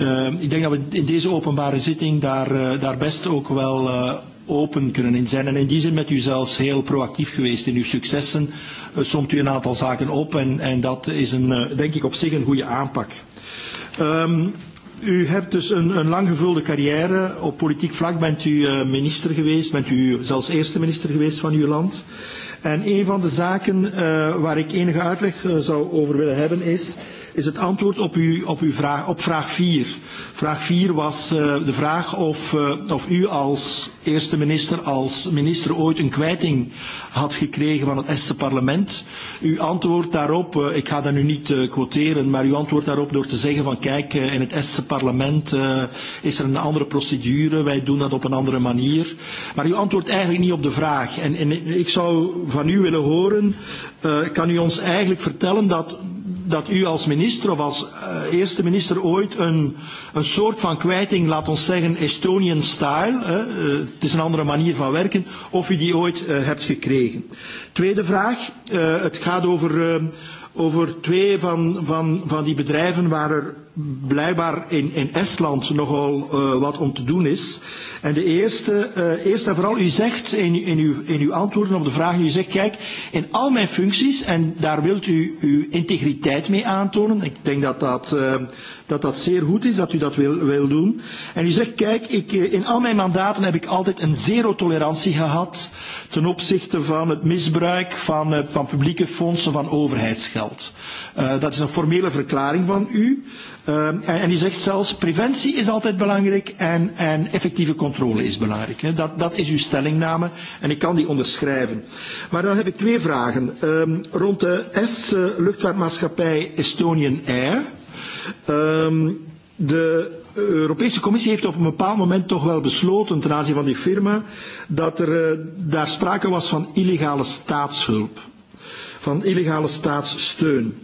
Uh, ik denk dat we in deze openbare zitting daar, uh, daar best ook wel uh, open kunnen in zijn. En in die zin bent u zelfs heel proactief geweest in uw successen. Uh, somt u een aantal zaken op en, en dat is een, uh, denk ik op zich een goede aanpak. Um, u hebt dus een, een lang gevulde carrière. Op politiek vlak bent u uh, minister geweest, bent u zelfs eerste minister geweest van uw land. En een van de zaken uh, waar ik enige uitleg uh, zou over willen hebben is is het antwoord op, uw, op, uw vraag, op vraag 4. Vraag 4 was uh, de vraag of, uh, of u als eerste minister, als minister ooit een kwijting had gekregen van het Estse parlement. Uw antwoord daarop, uh, ik ga dat nu niet uh, quoteren, maar uw antwoord daarop door te zeggen van kijk, uh, in het Estse parlement uh, is er een andere procedure, wij doen dat op een andere manier. Maar u antwoordt eigenlijk niet op de vraag. En, en ik zou van u willen horen, uh, kan u ons eigenlijk vertellen dat dat u als minister of als uh, eerste minister ooit een, een soort van kwijting, laat ons zeggen Estonian style, hè, uh, het is een andere manier van werken, of u die ooit uh, hebt gekregen. Tweede vraag, uh, het gaat over, uh, over twee van, van, van die bedrijven waar er blijkbaar in, in Estland nogal uh, wat om te doen is. En de eerste, uh, eerst en vooral, u zegt in, in, uw, in uw antwoorden op de vragen, u zegt, kijk, in al mijn functies, en daar wilt u uw integriteit mee aantonen, ik denk dat dat, uh, dat, dat zeer goed is dat u dat wil, wil doen. En u zegt, kijk, ik, in al mijn mandaten heb ik altijd een zero-tolerantie gehad ten opzichte van het misbruik van, uh, van publieke fondsen van overheidsgeld. Uh, dat is een formele verklaring van u. Um, en, en u zegt zelfs, preventie is altijd belangrijk en, en effectieve controle is belangrijk. Hè. Dat, dat is uw stellingname en ik kan die onderschrijven. Maar dan heb ik twee vragen. Um, rond de S-luchtvaartmaatschappij eh, Estonian Air. Um, de Europese Commissie heeft op een bepaald moment toch wel besloten ten aanzien van die firma dat er uh, daar sprake was van illegale staatshulp, van illegale staatssteun.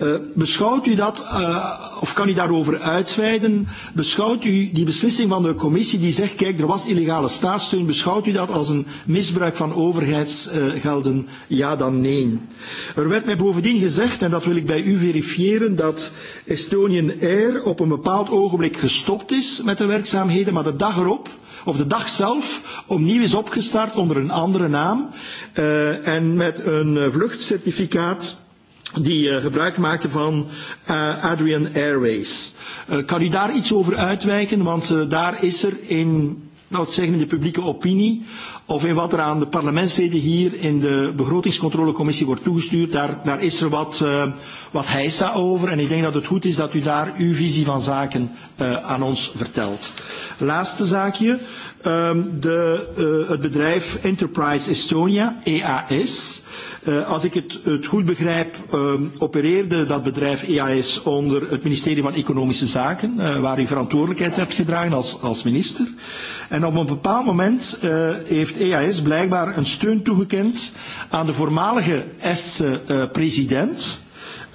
Eh, beschouwt u dat, uh, of kan u daarover uitweiden, beschouwt u die beslissing van de commissie die zegt, kijk, er was illegale staatssteun, beschouwt u dat als een misbruik van overheidsgelden? Uh, ja, dan nee. Er werd mij bovendien gezegd, en dat wil ik bij u verifiëren, dat Estonian Air op een bepaald ogenblik gestopt is met de werkzaamheden, maar de dag erop op de dag zelf opnieuw is opgestart onder een andere naam uh, en met een vluchtcertificaat die uh, gebruik maakten van uh, Adrian Airways. Uh, kan u daar iets over uitwijken? Want uh, daar is er in, nou het zeggen in de publieke opinie, of in wat er aan de parlementsleden hier in de begrotingscontrolecommissie wordt toegestuurd, daar, daar is er wat, uh, wat heisa over. En ik denk dat het goed is dat u daar uw visie van zaken uh, aan ons vertelt. Laatste zaakje. Ehm, de, eh, het bedrijf Enterprise Estonia, EAS. Eh, als ik het, het goed begrijp, ehm, opereerde dat bedrijf EAS onder het ministerie van Economische Zaken, eh, waar u verantwoordelijkheid hebt gedragen als, als minister. En op een bepaald moment heeft EAS blijkbaar een steun toegekend aan de voormalige Estse president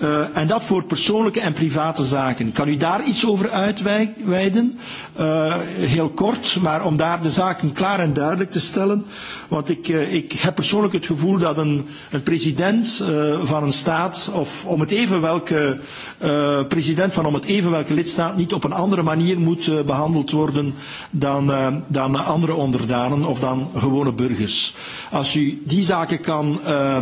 Uh, en dat voor persoonlijke en private zaken. Kan u daar iets over uitweiden? Uh, heel kort, maar om daar de zaken klaar en duidelijk te stellen. Want ik, uh, ik heb persoonlijk het gevoel dat een, een president uh, van een staat, of om het even welke uh, president van om het even welke lidstaat, niet op een andere manier moet uh, behandeld worden dan, uh, dan andere onderdanen of dan gewone burgers. Als u die zaken kan. Uh,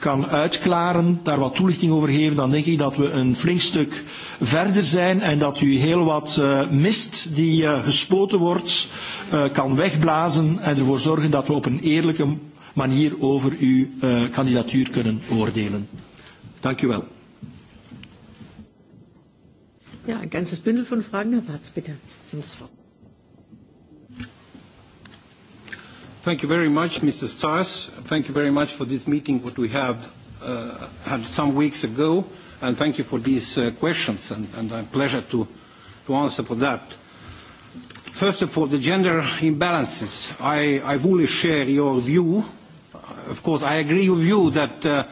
kan uitklaren, daar wat toelichting over geven, dan denk ik dat we een flink stuk verder zijn en dat u heel wat uh, mist die uh, gespoten wordt uh, kan wegblazen en ervoor zorgen dat we op een eerlijke manier over uw uh, kandidatuur kunnen oordelen. Dank u wel. Ja, een ganzes bundel van vragen, Herr Bartz, bitte. Sie haben das Wort. Thank you very much, Mr. Stas. Thank you very much for this meeting, what we have uh, had some weeks ago, and thank you for these uh, questions, and, and a pleasure to, to answer for that. First of all, the gender imbalances. I, I fully share your view. Of course, I agree with you that uh,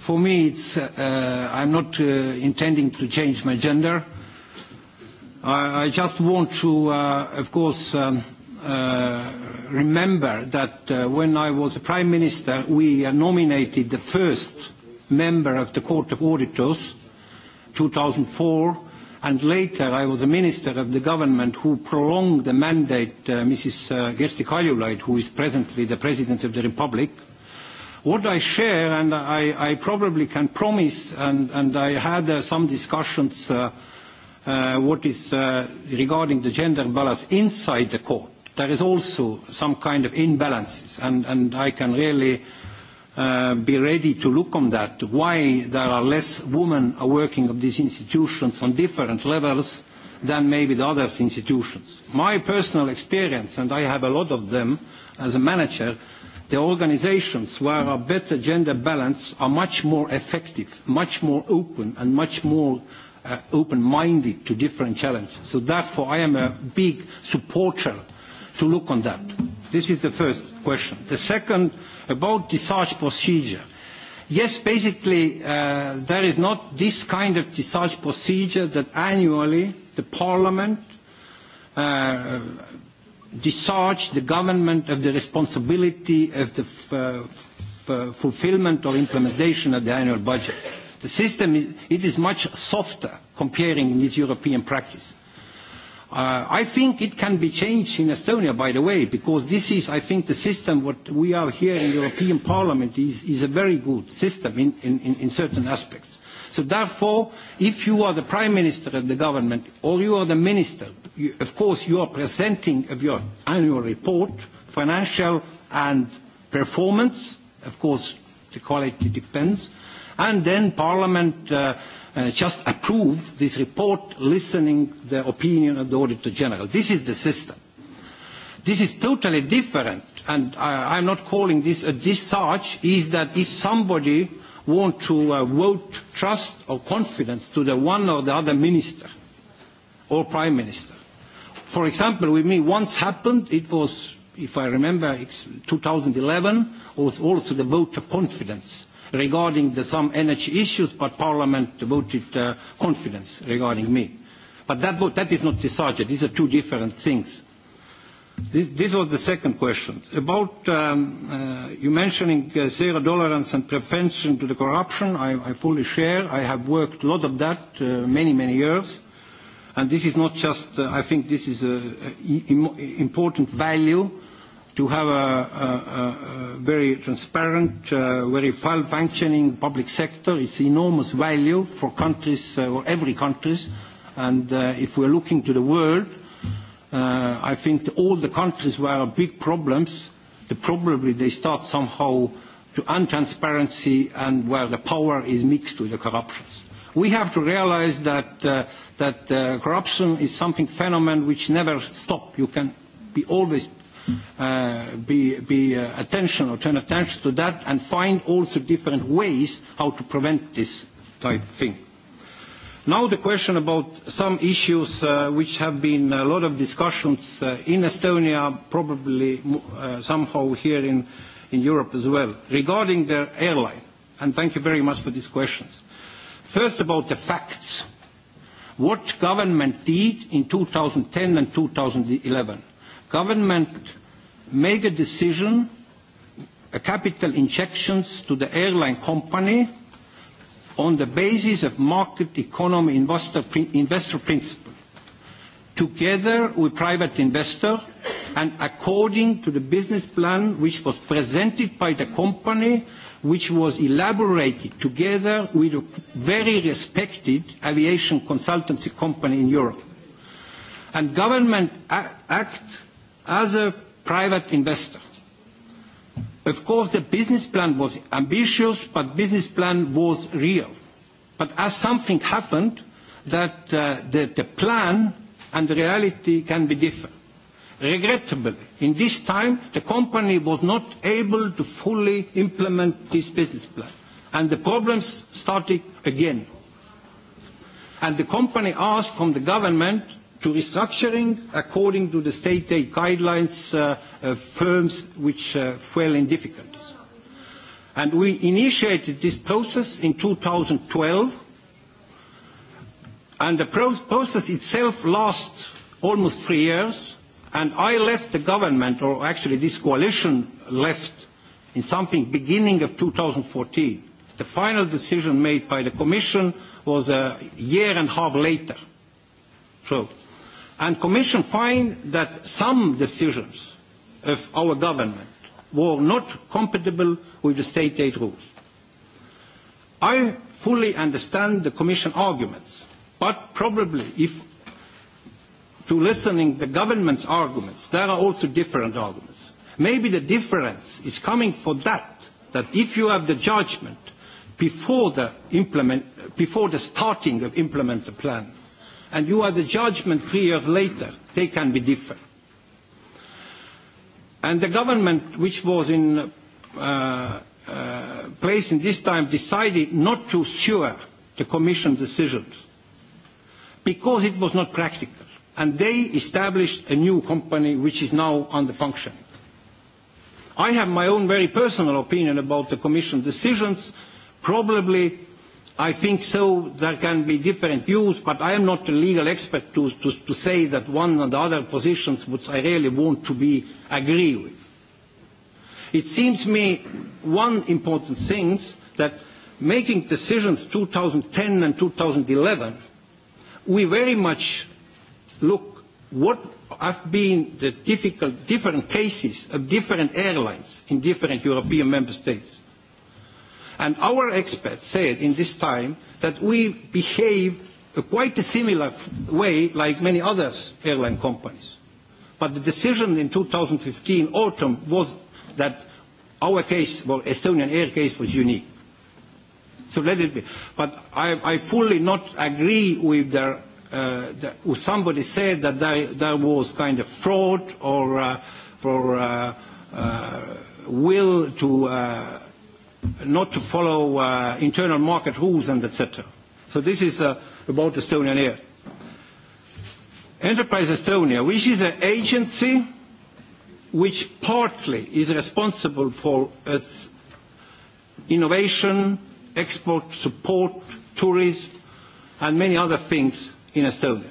for me, it's, uh, I'm not uh, intending to change my gender. I, I just want to, uh, of course, um, Uh, remember that uh, when I was a Prime Minister, we uh, nominated the first member of the Court of Auditors, 2004, and later I was a Minister of the Government who prolonged the mandate, uh, Mrs. Uh, Gersti Kaljulaid, who is presently the President of the Republic. What I share, and I, I probably can promise, and, and I had uh, some discussions uh, uh, what is uh, regarding the gender balance inside the court there is also some kind of imbalances, and, I can really uh, be ready to look on that, why there are less women working of these institutions on different levels than maybe the other institutions. My personal experience, and I have a lot of them as a manager, the organizations where a better gender balance are much more effective, much more open, and much more uh, open-minded to different challenges. So therefore, I am a big supporter to look on that? This is the first question. The second, about discharge procedure. Yes, basically, uh, there is not this kind of discharge procedure that annually the parliament uh, discharge the government of the responsibility of the uh, uh, fulfillment or implementation of the annual budget. The system, is, it is much softer comparing with European practice. Uh, I think it can be changed in Estonia, by the way, because this is, I think, the system what we are here in European Parliament is, is a very good system in, in, in certain aspects. So therefore, if you are the prime minister of the government or you are the minister, you, of course you are presenting of your annual report, financial and performance, of course the quality depends, and then Parliament uh, Uh, just approve this report listening the opinion of the Auditor General. This is the system. This is totally different, and I, I'm not calling this a discharge, is that if somebody want to uh, vote trust or confidence to the one or the other minister or prime minister. For example, with me once happened, it was, if I remember, it's 2011, was also the vote of confidence regarding the, some energy issues, but Parliament voted uh, confidence regarding me. But that, vote, that is not decided. These are two different things. This, this was the second question. About um, uh, you mentioning uh, zero tolerance and prevention to the corruption, I, I fully share. I have worked a lot of that uh, many, many years. And this is not just, uh, I think this is an important value to have a, very transparent, uh, very well-functioning public sector. It's enormous value for countries, uh, or every countries. And uh, if we're looking to the world, I think all the countries where are big problems, the probably they start somehow to untransparency and where the power is mixed with the corruption. We have to realize that, that corruption is something phenomenon which never stop. You can be always Uh, be, be uh, attention or turn attention to that and find also different ways how to prevent this type of thing. Now the question about some issues uh, which have been a lot of discussions uh, in Estonia, probably uh, somehow here in, in Europe as well, regarding their airline. And thank you very much for these questions. First about the facts. What government did in 2010 and 2011? Government make a decision, a capital injections to the airline company on the basis of market economy investor, investor principle, together with private investor and according to the business plan which was presented by the company, which was elaborated together with a very respected aviation consultancy company in Europe. And government act As a private investor, of course the business plan was ambitious, but business plan was real. But as something happened, that uh, the, the plan and the reality can be different. Regrettably, in this time, the company was not able to fully implement this business plan, and the problems started again. And the company asked from the government to restructuring according to the state aid guidelines uh, uh, firms which uh, fell in difficulties. And we initiated this process in 2012, and the process itself lasts almost three years, and I left the government, or actually this coalition left in something beginning of 2014. The final decision made by the Commission was a year and a half later. So And Commission find that some decisions of our government were not compatible with the state aid rules. I fully understand the Commission arguments, but probably if to listening the government's arguments, there are also different arguments. Maybe the difference is coming for that, that if you have the judgment before the, implement, before the starting of implement the plan, and you are the judgment three years later, they can be different. And the government, which was in uh, uh, place in this time, decided not to sue the Commission decisions because it was not practical. And they established a new company which is now under function. I have my own very personal opinion about the Commission decisions. Probably I think so there can be different views, but I am not a legal expert to, to, to say that one and the other positions which I really want to be agree with. It seems to me one important thing that making decisions 2010 and 2011, we very much look what have been the difficult, different cases of different airlines in different European member states And our experts said in this time that we behave quite a similar way like many other airline companies. But the decision in 2015 autumn was that our case, well, Estonian Air case was unique. So let it be. But I, I fully not agree with their, uh, the, somebody said that there, there was kind of fraud or uh, for uh, uh, will to uh, not to follow uh, internal market rules and etc. So this is uh, about Estonian Air. Enterprise Estonia, which is an agency which partly is responsible for its innovation, export support, tourism, and many other things in Estonia.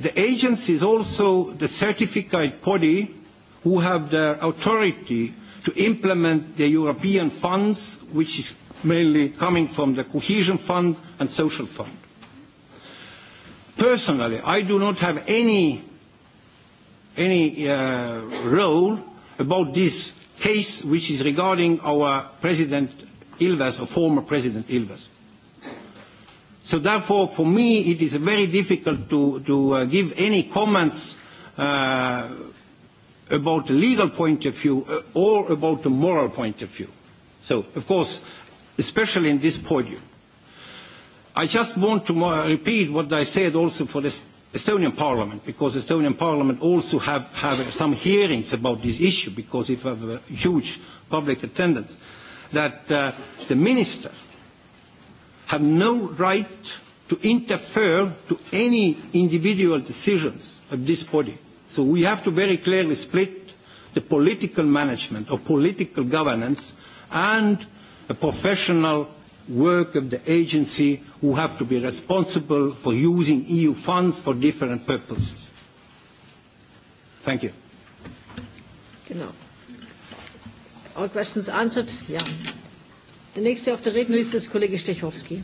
The agency is also the certificate body who have the authority to implement the European funds, which is mainly coming from the Cohesion Fund and Social Fund. Personally, I do not have any, any uh, role about this case which is regarding our President Ilves, or former President Ilves. So therefore, for me, it is very difficult to, to uh, give any comments uh, about the legal point of view uh, or about the moral point of view. So, of course, especially in this podium. I just want to uh, repeat what I said also for the Estonian parliament, because the Estonian parliament also have, have some hearings about this issue, because it have a huge public attendance, that uh, the minister have no right to interfere to any individual decisions of this body So we have to very clearly split the political management or political governance and the professional work of the agency who have to be responsible for using EU funds for different purposes. Thank you. Genau. All questions answered? Ja. Der nächste auf der Rednerliste ist Kollege Stechowski.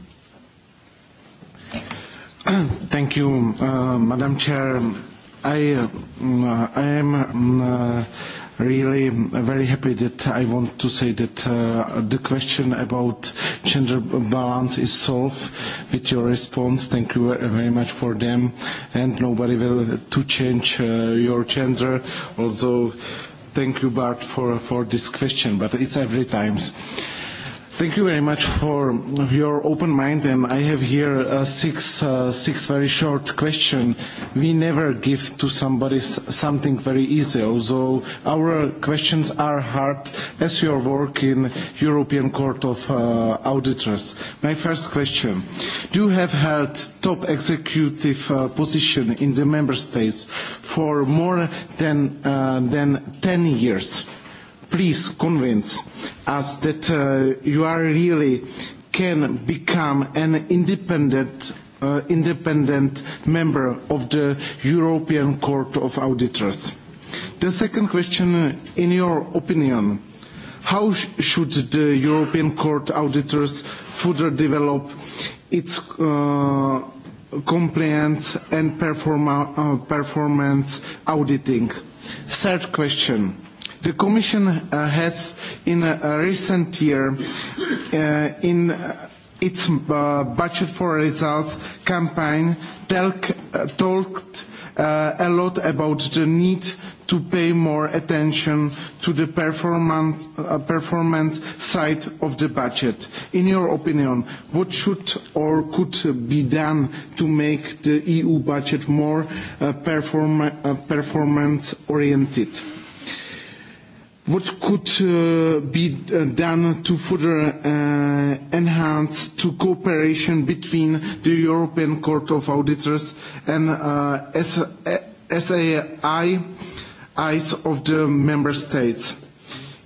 Thank you, uh, Madam Chair. I, um, uh, I am um, uh, really very happy that I want to say that uh, the question about gender balance is solved with your response. Thank you very much for them. And nobody will uh, to change uh, your gender. Also, thank you, Bart, for, for this question. But it's every times. Uh, Thank you very much for your open mind, and I have here uh, six, uh, six very short questions. We never give to somebody something very easy, although our questions are hard as your work in European Court of uh, Auditors. My first question, do you have held top executive uh, position in the member states for more than, uh, than 10 years? please convince us that uh, you are really can become an independent uh, independent member of the European Court of Auditors. The second question, uh, in your opinion, how sh should the European Court Auditors further develop its uh, compliance and performa uh, performance auditing? Third question, The Commission uh, has, in a, a recent year, uh, in uh, its uh, budget for results campaign talk, uh, talked uh, a lot about the need to pay more attention to the performance, uh, performance side of the budget. In your opinion, what should or could be done to make the EU budget more uh, perform uh, performance oriented? What could uh, be uh, done to further uh, enhance to cooperation between the European Court of Auditors and uh, SAI eyes of the member states?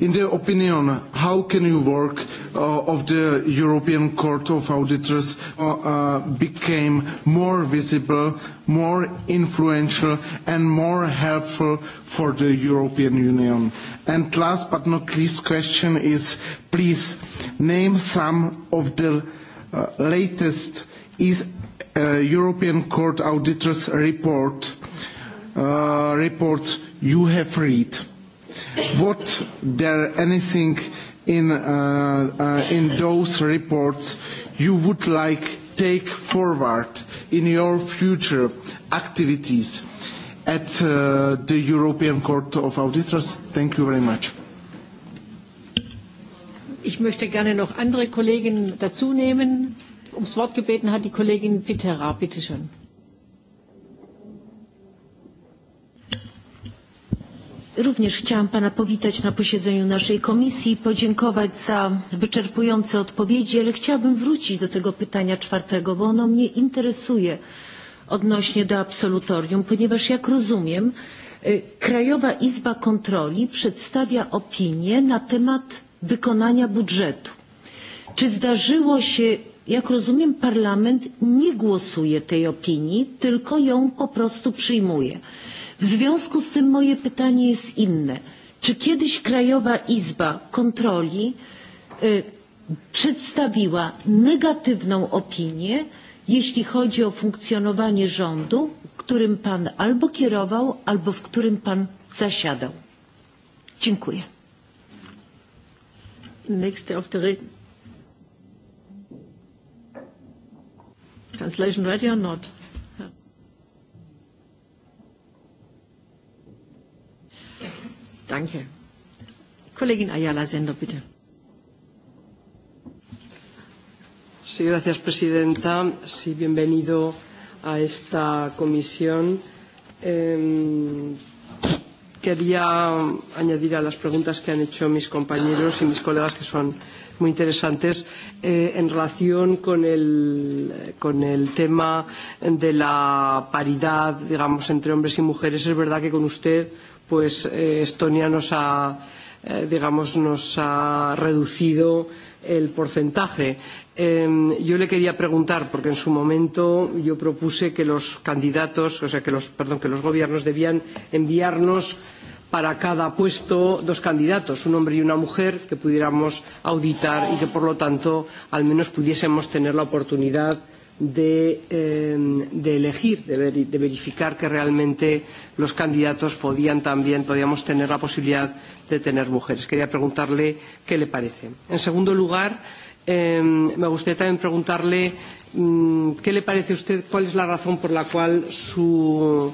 In their opinion, how can you work uh, of the European Court of Auditors uh, uh, became more visible, more influential and more helpful for the European Union? And last but not least question is, please name some of the uh, latest is, uh, European Court Auditors report, uh, reports you have read what there anything in, uh, uh, in those reports you would like take forward in your future activities at uh, the European Court of Auditors? Thank you very much. Ich möchte gerne noch andere Kollegen dazu nehmen. Ums Wort gebeten hat die Kollegin Pitera. Bitte schön. Również chciałam Pana powitać na posiedzeniu naszej komisji i podziękować za wyczerpujące odpowiedzi, ale chciałabym wrócić do tego pytania czwartego, bo ono mnie interesuje odnośnie do absolutorium, ponieważ jak rozumiem, Krajowa Izba Kontroli przedstawia opinię na temat wykonania budżetu. Czy zdarzyło się, jak rozumiem, Parlament nie głosuje tej opinii, tylko ją po prostu przyjmuje. W związku z tym moje pytanie jest inne. Czy kiedyś Krajowa Izba Kontroli y, przedstawiła negatywną opinię, jeśli chodzi o funkcjonowanie rządu, którym Pan albo kierował, albo w którym Pan zasiadał? Dziękuję. Nächste auf der Translation ready or not? Danke. Kollegin Ayala Sender, bitte. Sí, gracias, presidenta. Sí, bienvenido a esta comisión. Eh, quería añadir a las preguntas que han hecho mis compañeros y mis colegas, que son muy interesantes, eh, en relación con el, con el tema de la paridad, digamos, entre hombres y mujeres. Es verdad que con usted pues eh, Estonia nos ha, eh, digamos, nos ha reducido el porcentaje. Eh, yo le quería preguntar, porque en su momento yo propuse que los candidatos, o sea, que los, perdón, que los gobiernos debían enviarnos para cada puesto dos candidatos, un hombre y una mujer, que pudiéramos auditar y que, por lo tanto, al menos pudiésemos tener la oportunidad de, eh, de elegir, de, ver, de verificar que realmente los candidatos podían también, podíamos tener la posibilidad de tener mujeres. Quería preguntarle qué le parece. En segundo lugar, eh, me gustaría también preguntarle mmm, qué le parece a usted, cuál es la razón por la cual su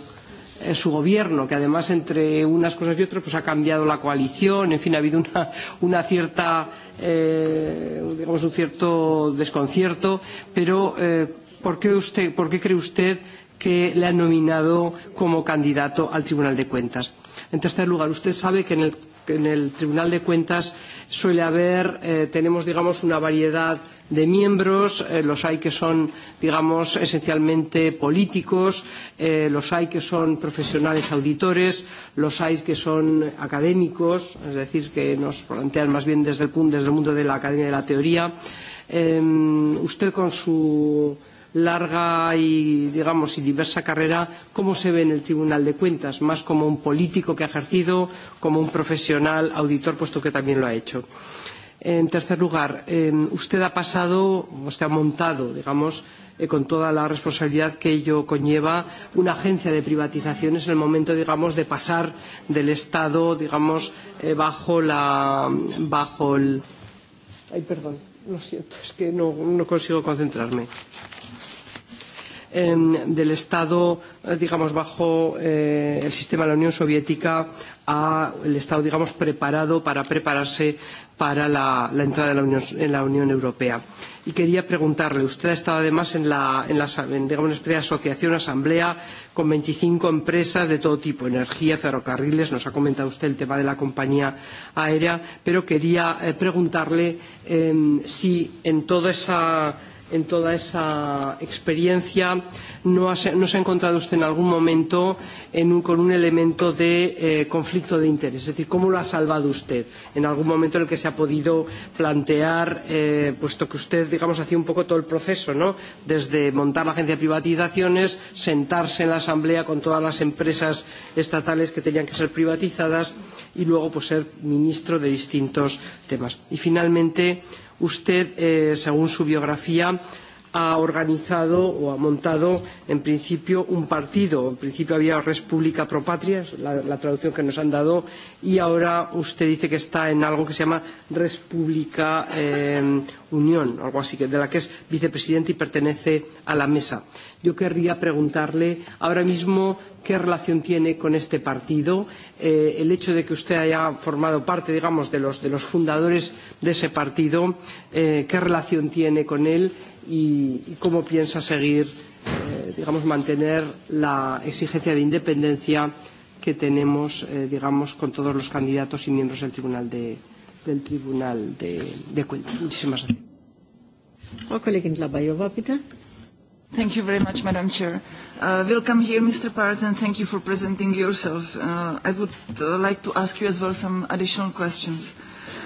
eh, su gobierno, que además entre unas cosas y otras pues ha cambiado la coalición, en fin, ha habido una, una cierta, eh, digamos, un cierto desconcierto, pero eh, ¿por, qué usted, ¿por qué cree usted que le ha nominado como candidato al Tribunal de Cuentas? En tercer lugar, usted sabe que en el, en el Tribunal de Cuentas suele haber, eh, tenemos, digamos, una variedad de miembros, eh, los hay que son, digamos, esencialmente políticos, eh, los hay que son profesionales auditores, los hay que son académicos, es decir, que nos plantean más bien desde el, desde el mundo de la academia de la teoría. Eh, usted con su larga y digamos y diversa carrera cómo se ve en el Tribunal de Cuentas, más como un político que ha ejercido, como un profesional auditor, puesto que también lo ha hecho. En tercer lugar, eh, usted ha pasado, usted ha montado, digamos, eh, con toda la responsabilidad que ello conlleva, una agencia de privatizaciones en el momento, digamos, de pasar del Estado, digamos, eh, bajo la, bajo el, ay, perdón, lo siento, es que no, no consigo concentrarme del Estado, eh, digamos, bajo eh, el sistema de la Unión Soviética al Estado, digamos, preparado para prepararse para la, la entrada en la, Unión, en la Unión Europea. Y quería preguntarle, usted ha estado además en, la, en, la, en digamos, una especie de asociación, asamblea, con 25 empresas de todo tipo, energía, ferrocarriles, nos ha comentado usted el tema de la compañía aérea, pero quería eh, preguntarle eh, si en toda esa en toda esa experiencia, ¿no, has, no se ha encontrado usted en algún momento en un, con un elemento de eh, conflicto de interés? Es decir, ¿cómo lo ha salvado usted en algún momento en el que se ha podido plantear, eh, puesto que usted, digamos, hacía un poco todo el proceso, ¿no? Desde montar la agencia de privatizaciones, sentarse en la asamblea con todas las empresas estatales que tenían que ser privatizadas y luego, pues, ser ministro de distintos temas. Y finalmente, eh, usted, eh, según su biografía, ha organizado o ha montado, en principio, un partido. En principio había República Pro Patria, la, la traducción que nos han dado, y ahora usted dice que está en algo que se llama República eh, Unión, algo así, de la que es vicepresidente y pertenece a la mesa yo querría preguntarle ahora mismo qué relación tiene con este partido eh, el hecho de que usted haya formado parte, digamos, de los, de los fundadores de ese partido, eh, qué relación tiene con él y, y cómo piensa seguir, eh, digamos, mantener la exigencia de independencia que tenemos, eh, digamos, con todos los candidatos y miembros del Tribunal de, del Tribunal de, de Cuentas. Muchísimas gracias. Thank you very much, Madam Chair. Uh, welcome here, Mr. Parts, and thank you for presenting yourself. Uh, I would uh, like to ask you as well some additional questions.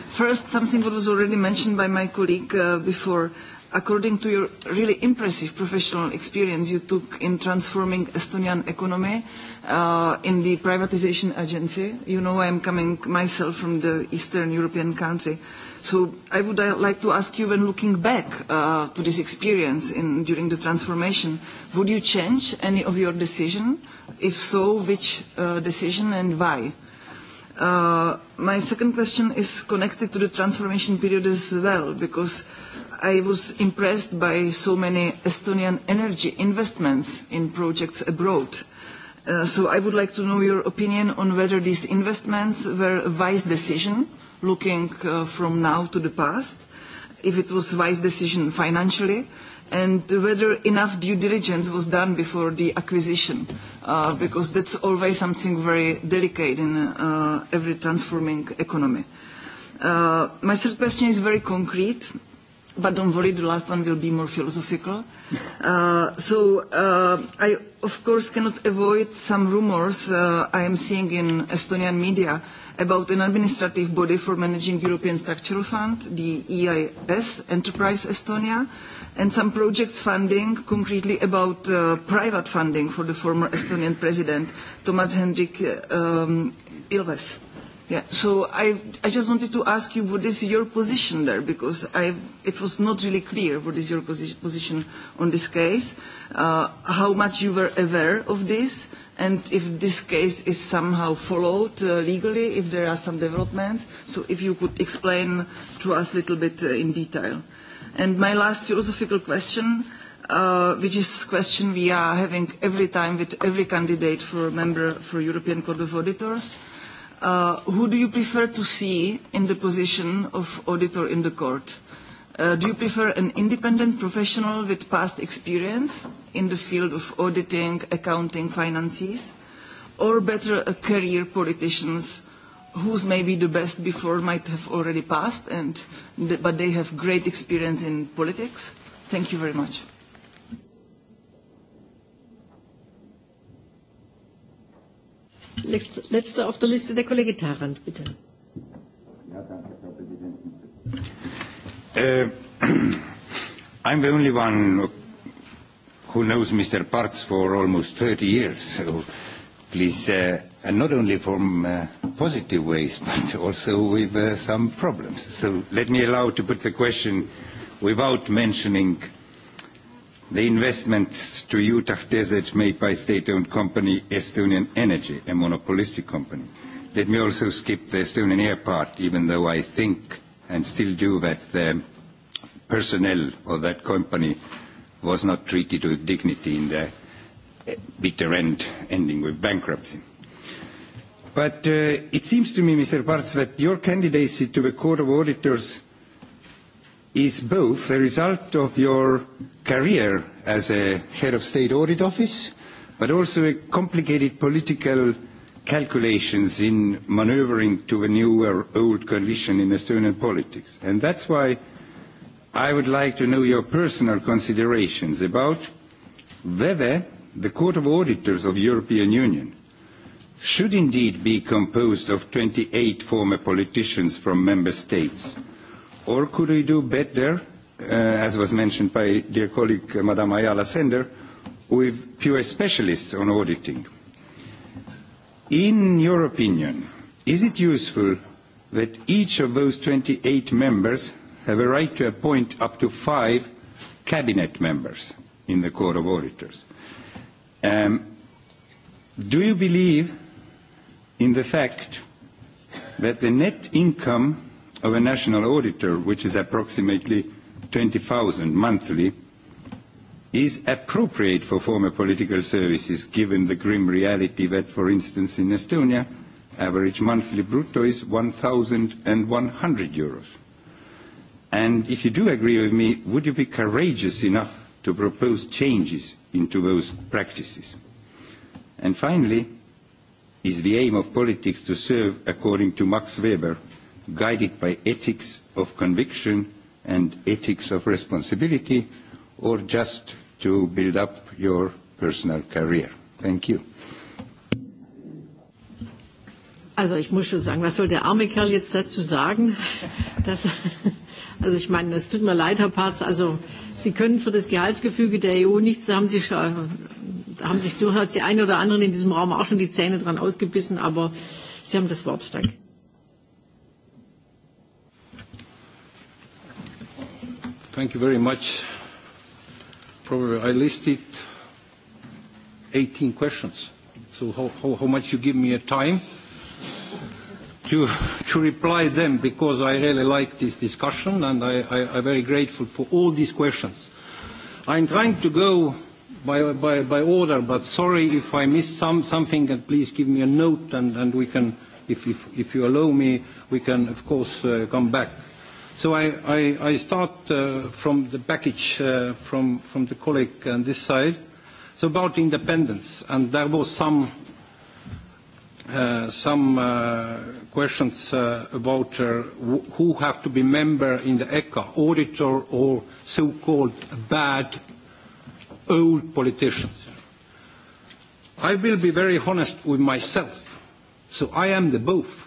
First, something that was already mentioned by my colleague uh, before. According to your really impressive professional experience you took in transforming Estonian economy uh, in the privatization agency, you know I am coming myself from the Eastern European country. Uh, So I would uh, like to ask you, when looking back uh, to this experience in, during the transformation, would you change any of your decision? If so, which uh, decision and why? Uh, my second question is connected to the transformation period as well, because I was impressed by so many Estonian energy investments in projects abroad. Uh, so I would like to know your opinion on whether these investments were a wise decision looking uh, from now to the past, if it was wise decision financially, and whether enough due diligence was done before the acquisition, uh, because that's always something very delicate in uh, every transforming economy. Uh, my third question is very concrete, but don't worry, the last one will be more philosophical. Uh, so uh, I, of course, cannot avoid some rumors uh, I am seeing in Estonian media about an administrative body for managing European Structural Fund, the EIS, Enterprise Estonia, and some projects funding, concretely about uh, private funding for the former Estonian president, Thomas Hendrik uh, um, Ilves. Yeah, so I, I just wanted to ask you what is your position there, because I, it was not really clear what is your posi position on this case, uh, how much you were aware of this, and if this case is somehow followed uh, legally, if there are some developments. So if you could explain to us a little bit uh, in detail. And my last philosophical question, uh, which is question we are having every time with every candidate for member for European Court of Auditors. Uh, who do you prefer to see in the position of auditor in the court? Uh, do you prefer an independent professional with past experience? in the field of auditing, accounting, finances, or better a uh, career politicians who's maybe the best before might have already passed, and, but they have great experience in politics. Thank you very much. Letzter auf der Liste der Kollege Tarand, bitte. Ja, danke, Frau Präsidentin. Äh, I'm the only one who knows Mr. Parks for almost 30 years. So please, uh, and not only from um, uh, positive ways, but also with uh, some problems. So let me allow to put the question without mentioning the investments to Utah Desert made by state-owned company Estonian Energy, a monopolistic company. Let me also skip the Estonian air part, even though I think and still do that the um, personnel of that company was not treated with dignity in the bitter end, ending with bankruptcy. But uh, it seems to me, Mr. Parts, that your candidacy to the Court of Auditors is both a result of your career as a head of state audit office, but also a complicated political calculations in manoeuvring to a or old coalition in Estonian politics. And that's why I would like to know your personal considerations about whether the Court of Auditors of European Union should indeed be composed of 28 former politicians from member states, or could we do better, uh, as was mentioned by dear colleague Madam uh, Madame Ayala Sender, with pure specialists on auditing? In your opinion, is it useful that each of those 28 members have a right to appoint up to five cabinet members in the Court of Auditors. Um, do you believe in the fact that the net income of a national auditor, which is approximately 20,000 monthly, is appropriate for former political services given the grim reality that, for instance, in Estonia, average monthly brutto is 1,100 euros? And if you do agree with me, would you be courageous enough to propose changes into those practices? And finally, is the aim of politics to serve, according to Max Weber, guided by ethics of conviction and ethics of responsibility, or just to build up your personal career? Thank you. Also ich muss schon sagen, was soll der arme Kerl jetzt dazu sagen? Das Also ich meine, es tut mir leid, Herr Parz, also Sie können für das Gehaltsgefüge der EU nichts, da haben Sie schon, äh, da haben sich durchaus die einen oder anderen in diesem Raum auch schon die Zähne dran ausgebissen, aber Sie haben das Wort, danke. Thank you very much. Probably I listed 18 questions. So how, how, how much you give me a time? to, to reply them because I really like this discussion and I, I, I'm very grateful for all these questions. I'm trying to go by, by, by order, but sorry if I missed some, something, and please give me a note and, and we can, if, if, if you allow me, we can, of course, uh, come back. So I, I, I start uh, from the package uh, from, from the colleague on this side. So about independence, and there was some Uh, some uh, questions uh, about uh, who have to be member in the ECA, auditor or so-called bad old politicians. I will be very honest with myself, so I am the both.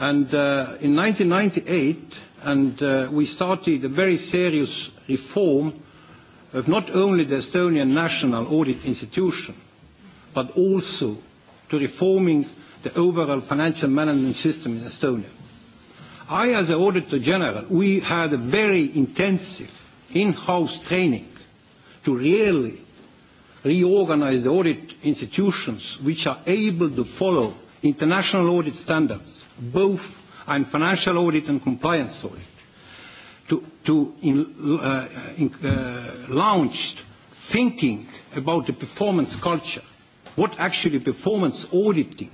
And uh, in 1998, and we started a very serious reform of not only the Estonian National Audit Institution, but also to reforming the overall financial management system in Estonia. I, as an Auditor General, we had a very intensive in-house training to really reorganize the audit institutions which are able to follow international audit standards, both on financial audit and compliance audit, to, to in, uh, in, uh, launch thinking about the performance culture what actually performance auditing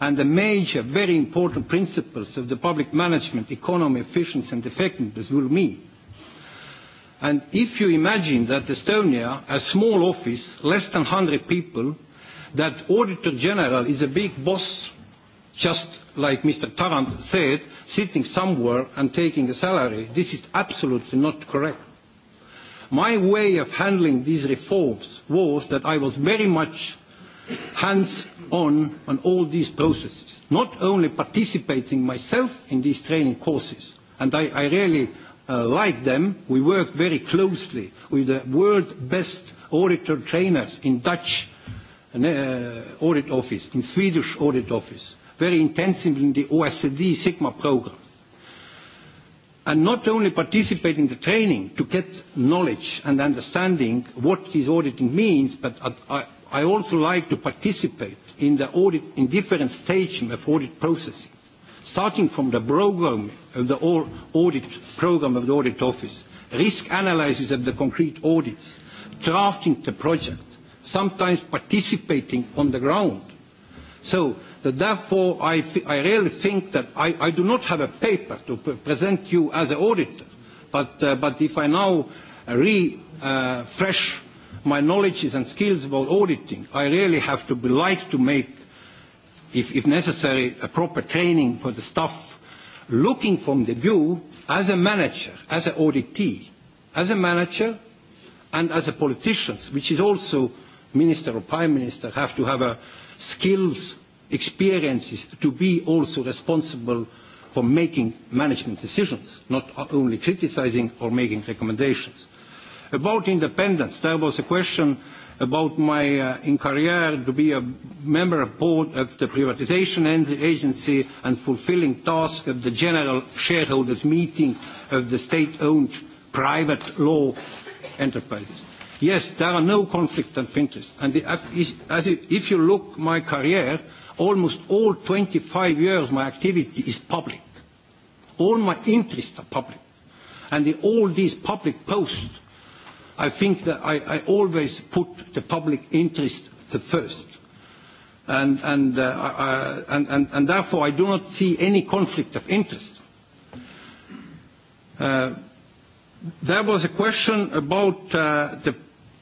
and the major, very important principles of the public management, economy, efficiency and effectiveness will mean. And if you imagine that Estonia, a small office, less than 100 people, that Auditor General is a big boss, just like Mr. Tarant said, sitting somewhere and taking a salary, this is absolutely not correct. My way of handling these reforms was that I was very much hands-on on all these processes, not only participating myself in these training courses. And I, I really uh, like them. We work very closely with the world best auditor trainers in Dutch uh, audit office, in Swedish audit office, very intensively in the OECD Sigma program and not only participating in the training to get knowledge and understanding what this auditing means, but uh, I also like to participate in the audit in different stages of audit processing, starting from the program of uh, the audit program of the audit office, risk analysis of the concrete audits, drafting the project, sometimes participating on the ground. So that therefore I, I really think that I, I do not have a paper to pre present you as an auditor, but, uh, but if I now refresh uh, my knowledge and skills about auditing, I really have to be like to make, if, if necessary, a proper training for the staff, looking from the view as a manager, as an auditee, as a manager and as a politician, which is also minister or prime minister, have to have a skills, experiences to be also responsible for making management decisions, not only criticizing or making recommendations. About independence, there was a question about my uh, in career to be a member of board of the privatization agency and fulfilling task of the general shareholders meeting of the state-owned private law enterprises. Yes, there are no conflicts of interest. And the, as if you look my career, almost all 25 years my activity is public. All my interests are public. And the, all these public posts I think that I, I always put the public interest the first. And, and, uh, I, and, and, and therefore I do not see any conflict of interest. Uh, there was a question about uh, the,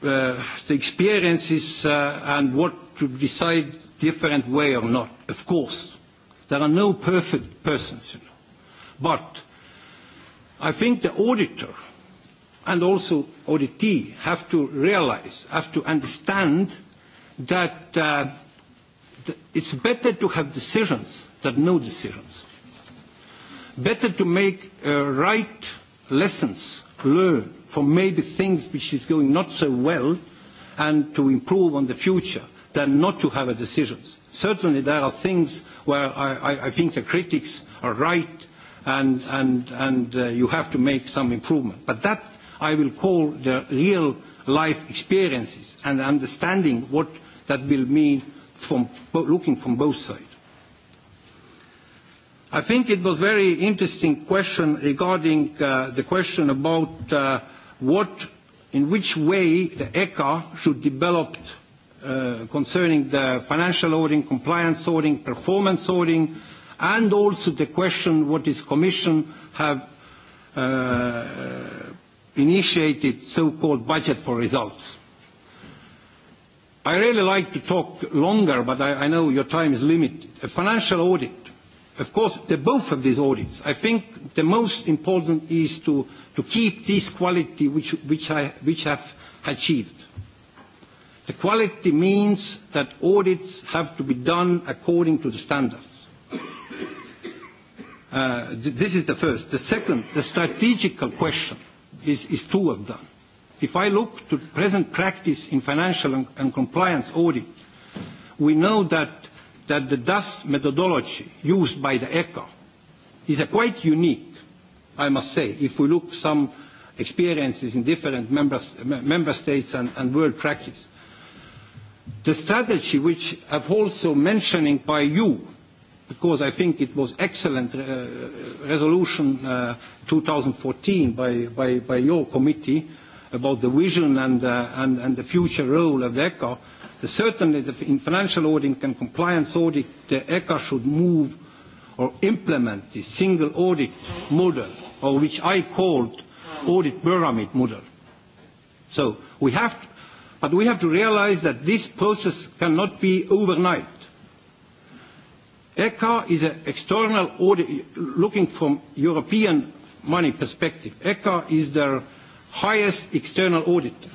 uh, the experiences uh, and what to decide different way or not. Of course, there are no perfect persons. You know. But I think the auditor and also ODT have to realize, have to understand that uh, it's better to have decisions than no decisions. Better to make uh, right lessons learned from maybe things which is going not so well and to improve on the future than not to have decisions. Certainly there are things where I, think the critics are right and, uh, you have to make some improvement. But that I will call the real life experiences and understanding what that will mean from looking from both sides. I think it was very interesting question regarding uh, the question about uh, what, in which way the ECA should develop uh, concerning the financial auditing, compliance auditing, performance auditing, and also the question what is Commission have uh, initiated so-called budget for results. I really like to talk longer, but I, I know your time is limited. A financial audit. Of course, the, both of these audits, I think the most important is to, to keep this quality which, which, I, which have achieved. The quality means that audits have to be done according to the standards. Uh, th this is the first. The second, the strategical question is, is two of them. If I look to present practice in financial and, and compliance audit, we know that, that the DAS methodology used by the ECA is a quite unique, I must say, if we look some experiences in different members, member states and, and world practice. The strategy which I've also mentioning by you because I think it was excellent uh, resolution uh, 2014 by, by, by your committee about the vision and, uh, and, and the future role of the ECA. The, uh, certainly the, in financial auditing and compliance audit, the ECA should move or implement the single audit model, or which I called audit pyramid model. So we have, to, but we have to realize that this process cannot be overnight ECHA is an external audit looking from European money perspective. ECHA is their highest external auditor.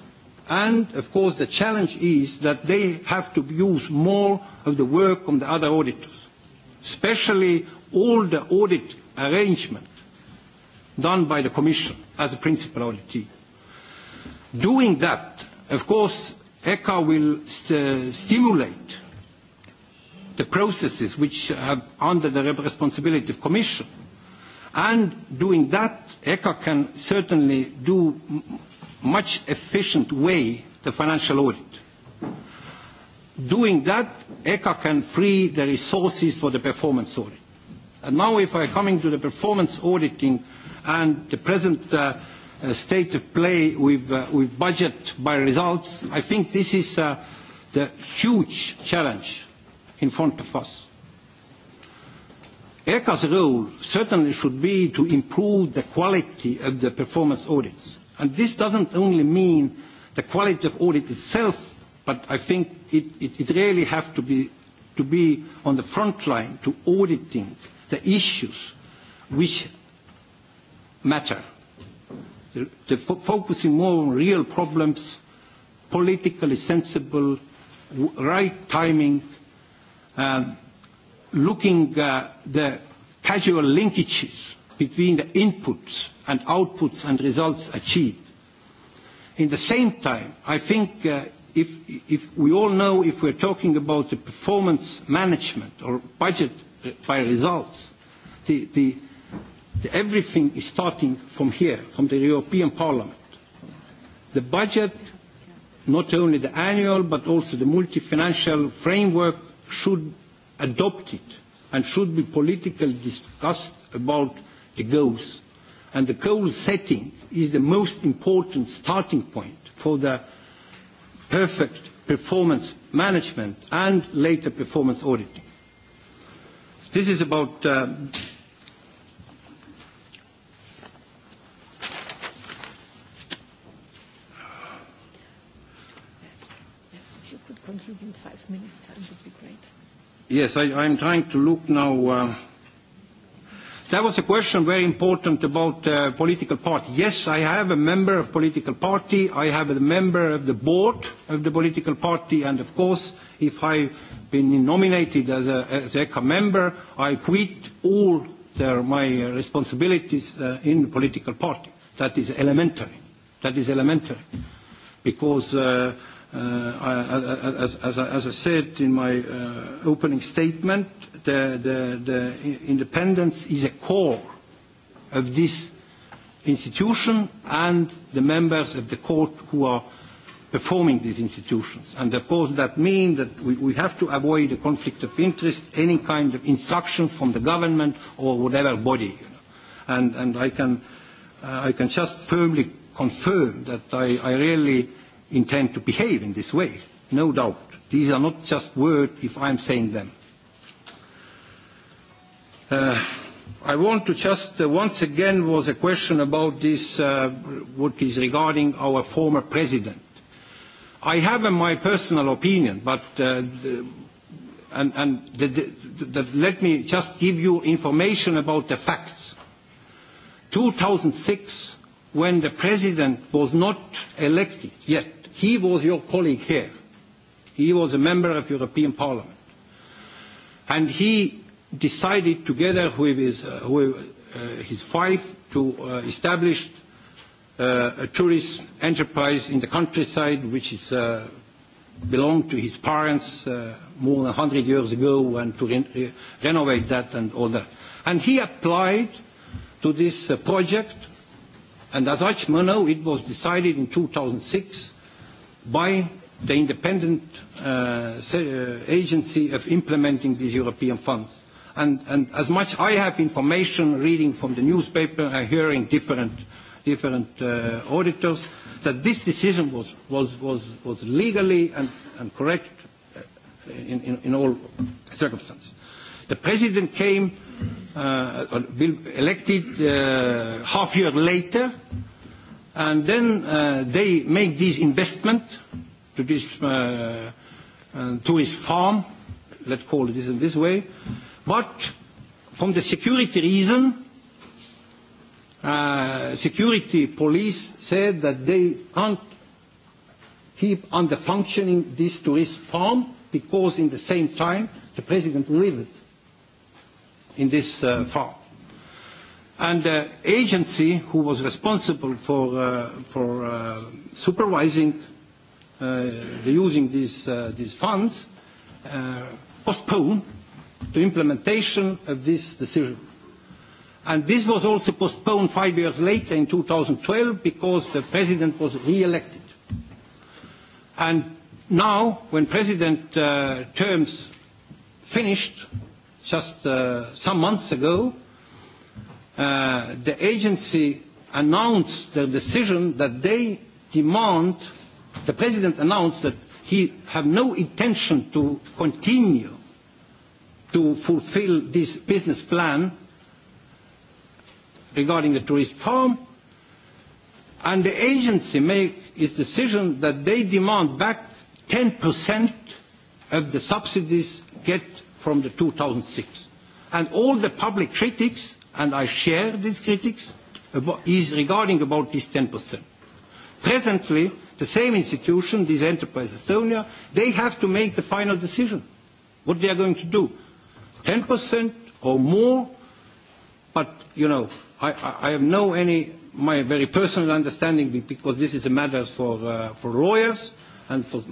And of course, the challenge is that they have to use more of the work of the other auditors, especially all the audit arrangement done by the Commission as a principal auditee. Doing that, of course, ECHA will stimulate the processes which are under the responsibility of Commission. And doing that, ECA can certainly do much efficient way the financial audit. Doing that, ECA can free the resources for the performance audit. And now if I coming to the performance auditing and the present uh, uh, state of play with, uh, with budget by results, I think this is uh, the huge challenge in front of us. ECA's role certainly should be to improve the quality of the performance audits. And this doesn't only mean the quality of audit itself, but I think it, it, it really has to be, to be on the front line to auditing the issues which matter. The, the fo focusing more on real problems, politically sensible, right timing, Uh, looking at uh, the causal linkages between the inputs and outputs and results achieved. In the same time, I think uh, if, we all know if we're talking about the performance management or budget by results, everything is starting from here, from the European Parliament. The budget, not only the annual but also the multi-financial framework should adopt it and should be politically discussed about the goals. And the goal setting is the most important starting point for the perfect performance management and later performance auditing. This is about uh, Yes, I, I'm trying to look now. Uh, there was a question very important about uh, political party. Yes, I have a member of political party. I have a member of the board of the political party. And of course, if I've been nominated as a, as ECA member, I quit all their, my responsibilities uh, in the political party. That is elementary. That is elementary. Because uh, Uh, as, I said in my uh, opening statement, the, independence is a core of this institution and the members of the court who are performing these institutions. And of course that means that we, have to avoid a conflict of interest, any kind of instruction from the government or whatever body. and, uh, I, can, just firmly confirm that I really intend to behave in this way, no doubt. These are not just words if I'm saying them. Uh, I want to just, uh, once again, was a question about this, uh, what is regarding our former president. I have uh, my personal opinion, but uh, the, and, and the, the, the, let me just give you information about the facts. 2006, when the president was not elected yet, he was your colleague here. He was a member of European Parliament. And he decided together with his, uh, with, uh, his wife to uh, establish uh, a tourist enterprise in the countryside which is, uh, belonged to his parents uh, more than 100 years ago and to re- re- renovate that and all that. And he applied to this uh, project and as I it was decided in 2006 by the independent uh, uh, agency of implementing these European funds. And, and as much I have information reading from the newspaper and hearing different, different uh, auditors, that this decision was, was, was, was legally and, and correct uh, in, in, in all circumstances. The president came, uh, elected uh, half year later, and then uh, they make this investment to this uh, uh, tourist farm, let's call it this in this way, but from the security reason, uh, security police said that they can't keep under functioning this tourist farm because in the same time the president lived in this uh, farm. And the uh, agency who was responsible for, uh, for uh, supervising uh, the using these, uh, these funds uh, postponed the implementation of this decision. And this was also postponed five years later in 2012 because the president was re-elected. And now, when president uh, terms finished just uh, some months ago, Uh, the agency announced their decision that they demand, the president announced that he have no intention to continue to fulfill this business plan regarding the tourist farm, and the agency make its decision that they demand back 10% of the subsidies get from the 2006. And all the public critics and I share these critics, about, is regarding about this 10%. Presently, the same institution, this enterprise Estonia, they have to make the final decision what they are going to do. 10% or more, but, you know, I, I, I have no any, my very personal understanding, because this is a matter for, uh, for lawyers and for,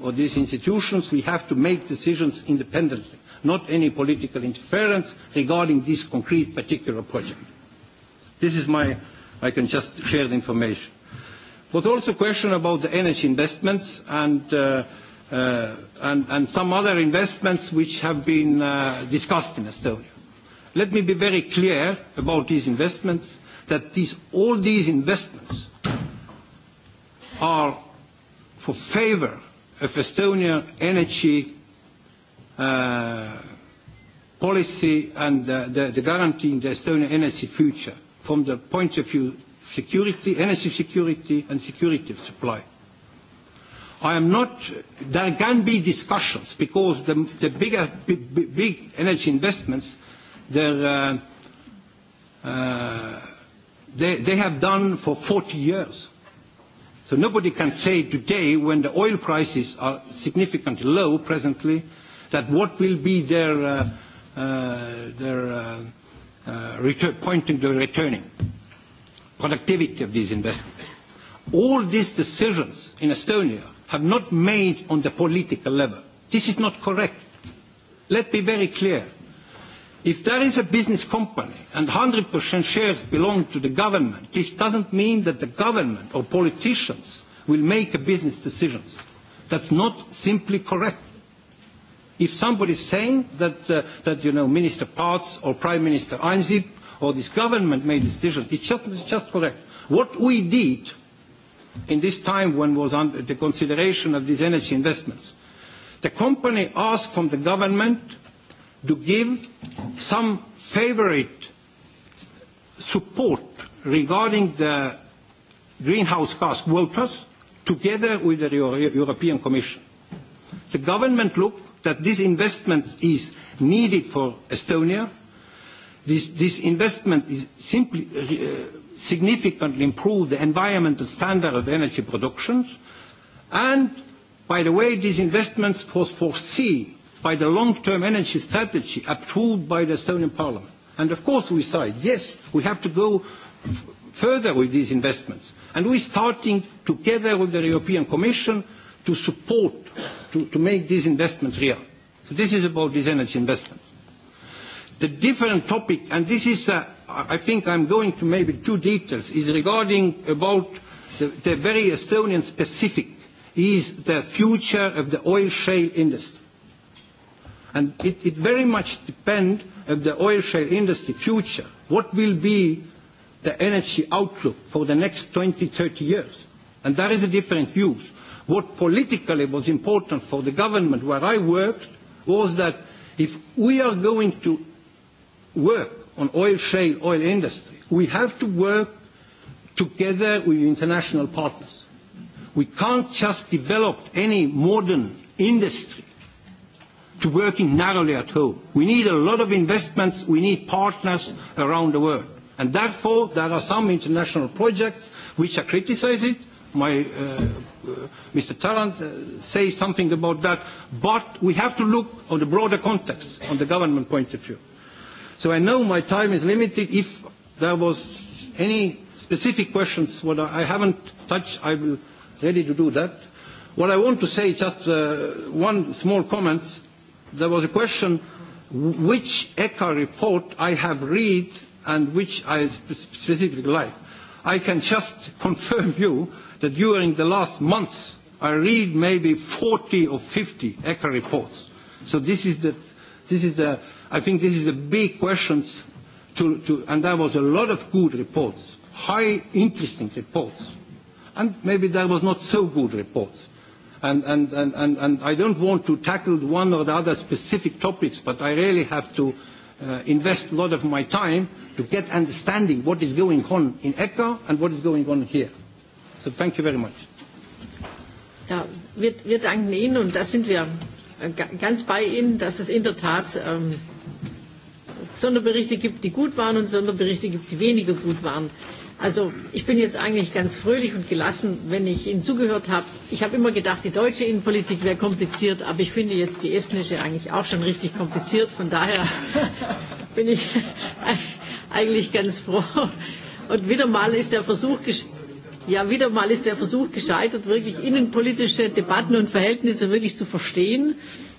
for these institutions, we have to make decisions independently not any political interference regarding this concrete particular project. This is my, I can just share the information. Was also a question about the energy investments and, uh, uh, and, and some other investments which have been uh, discussed in Estonia. Let me be very clear about these investments, that these, all these investments are for favor of Estonian energy Uh, policy and uh, the, the guaranteeing the Estonian energy future from the point of view security, energy security and security of supply. I am not, there can be discussions because the, the bigger, big, big energy investments, uh, uh, they, they have done for 40 years. So nobody can say today when the oil prices are significantly low presently that what will be their, uh, uh, their uh, return, pointing to returning, productivity of these investments. All these decisions in Estonia have not made on the political level. This is not correct. Let me be very clear. If there is a business company and 100% shares belong to the government, this doesn't mean that the government or politicians will make a business decisions. That's not simply correct. If somebody is saying that, uh, that you know, Minister Parts or Prime Minister Einzip or this government made this decision, it's just, it's just correct. What we did in this time when was under the consideration of these energy investments, the company asked from the government to give some favorite support regarding the greenhouse gas quotas together with the European Commission. The government looked that this investment is needed for Estonia. This, this investment is simply uh, significantly improve the environmental standard of energy production. And by the way, these investments was foreseen by the long-term energy strategy approved by the Estonian parliament. And of course we said, yes, we have to go further with these investments. And we're starting together with the European Commission to support, to, to make this investment real. So this is about this energy investment. The different topic, and this is, uh, I think I'm going to maybe two details, is regarding about the, the very Estonian specific, is the future of the oil shale industry. And it, it very much depends on the oil shale industry future. What will be the energy outlook for the next 20, 30 years? And there is a different views. What politically was important for the government where I worked was that if we are going to work on oil shale oil industry, we have to work together with international partners. We can't just develop any modern industry to working narrowly at home. We need a lot of investments. We need partners around the world. And therefore, there are some international projects which are criticized, my uh, uh Mr. Tarrant uh, say something about that, but we have to look on the broader context, on the government point of view. So I know my time is limited. If there was any specific questions what I haven't touched, I will ready to do that. What I want to say, just uh, one small comment. There was a question which ECHA report I have read and which I specifically like. I can just confirm you that during the last months, I read maybe 40 or 50 ECHA reports. So this is the, this is the I think this is the big questions, to, to, and there was a lot of good reports, high interesting reports, and maybe there was not so good reports. And, and, and, and, and I don't want to tackle one or the other specific topics, but I really have to uh, invest a lot of my time to get understanding what is going on in ECHA and what is going on here. So thank you very much. Ja, wir, wir danken Ihnen und da sind wir äh, ganz bei Ihnen, dass es in der Tat ähm, Sonderberichte gibt, die gut waren und Sonderberichte gibt, die weniger gut waren. Also ich bin jetzt eigentlich ganz fröhlich und gelassen, wenn ich Ihnen zugehört habe. Ich habe immer gedacht, die deutsche Innenpolitik wäre kompliziert, aber ich finde jetzt die estnische eigentlich auch schon richtig kompliziert. Von daher bin ich eigentlich ganz froh. Und wieder mal ist der Versuch ja, wieder mal ist der Versuch gescheitert, wirklich innenpolitische Debatten und Verhältnisse wirklich zu verstehen.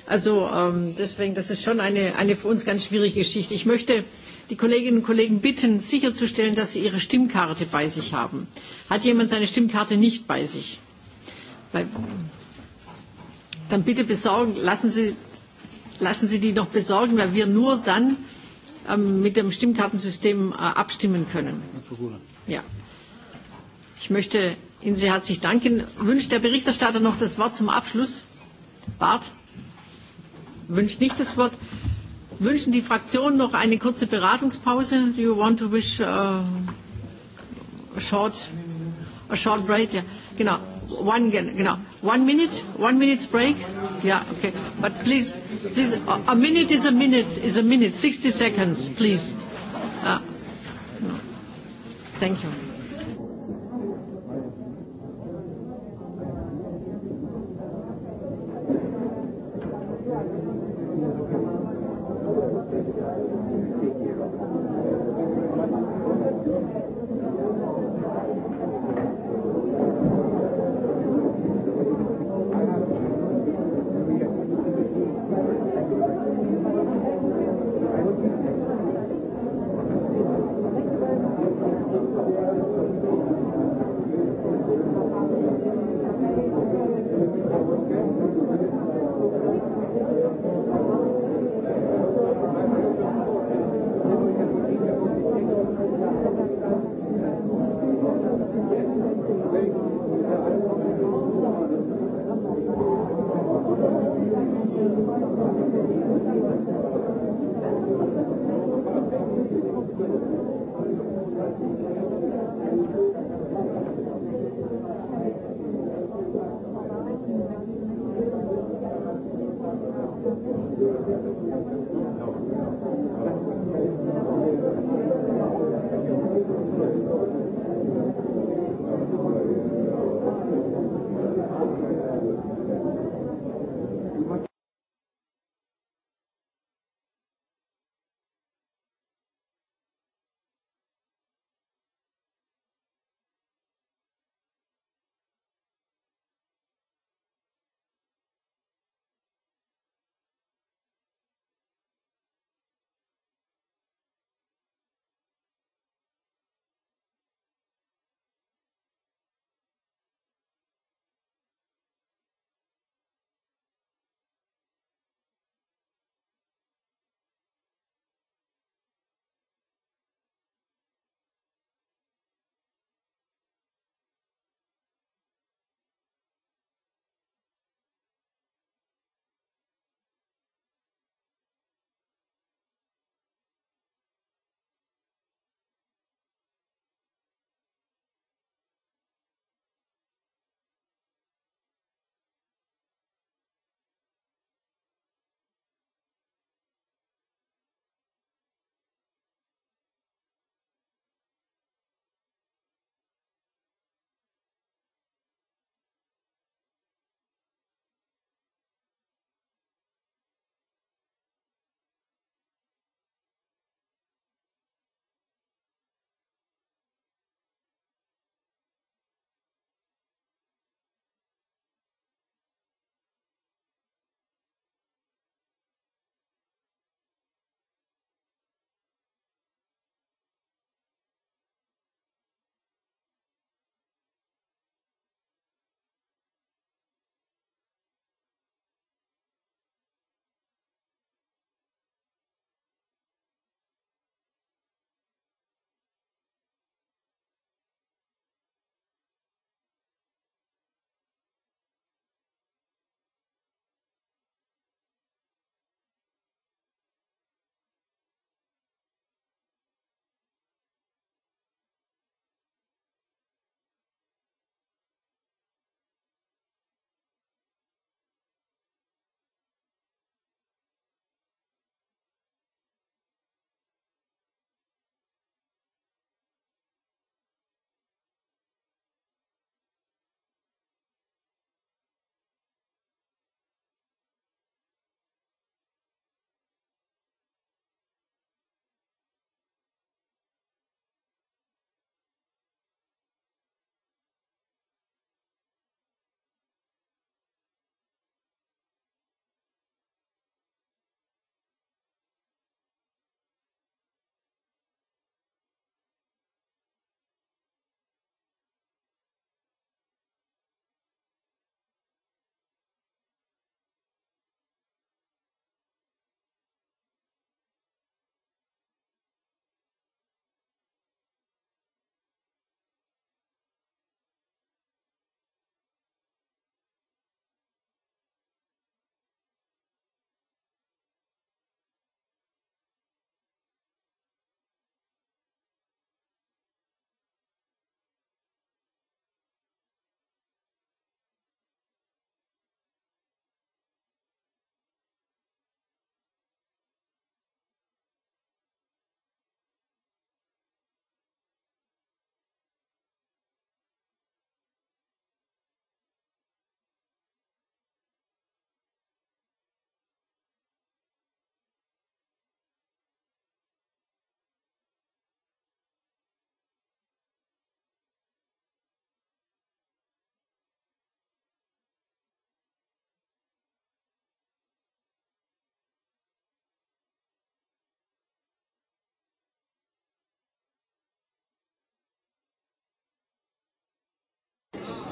Also ähm, deswegen, das ist schon eine, eine für uns ganz schwierige Geschichte. Ich möchte die Kolleginnen und Kollegen bitten, sicherzustellen, dass sie ihre Stimmkarte bei sich haben. Hat jemand seine Stimmkarte nicht bei sich? Bei, dann bitte besorgen, lassen Sie, lassen Sie die noch besorgen, weil wir nur dann ähm, mit dem Stimmkartensystem äh, abstimmen können. Ja. Ich möchte Ihnen sehr herzlich danken. Wünscht der Berichterstatter noch das Wort zum Abschluss? Bart? Wünscht nicht das Wort. Wünschen die Fraktionen noch eine kurze Beratungspause? Do you want to wish uh, a short, a short break? Yeah. Genau. One, genau. One minute? One minute break? Yeah, okay. But please, please, a minute is a minute, is a minute. 60 seconds, please. Uh, no. Thank you.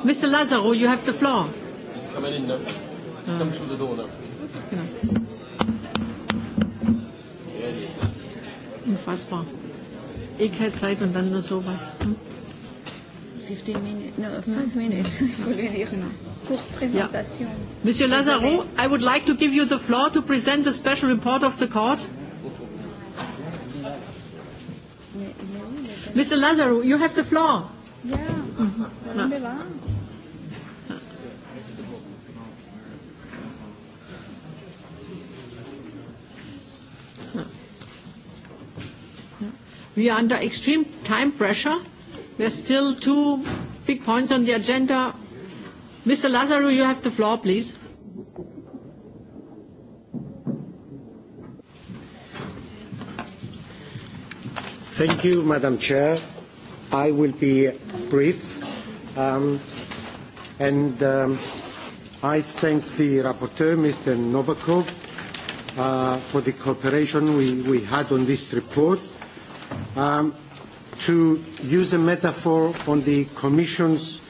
Mr. Lazaro, you have the floor. He's coming in now. He uh. comes through the door now. Unfassbar. Eh keine Zeit und dann nur sowas. Hm? 15 no, minutes, no, 5 minutes, ich wollte dire. Courte Monsieur Lazaro, I would like to give you the floor to present the special report of the court. Mr. Lazaro, you have the floor. Yeah. mm -hmm. We are under extreme time pressure. There are still two big points on the agenda. Mr. Lazarou, you have the floor, please. Thank you, Madam Chair. I will be brief. Um, and um, I thank the rapporteur, Mr. Novakov, uh, for the cooperation we, we had on this report um, to use a metaphor on the Commission's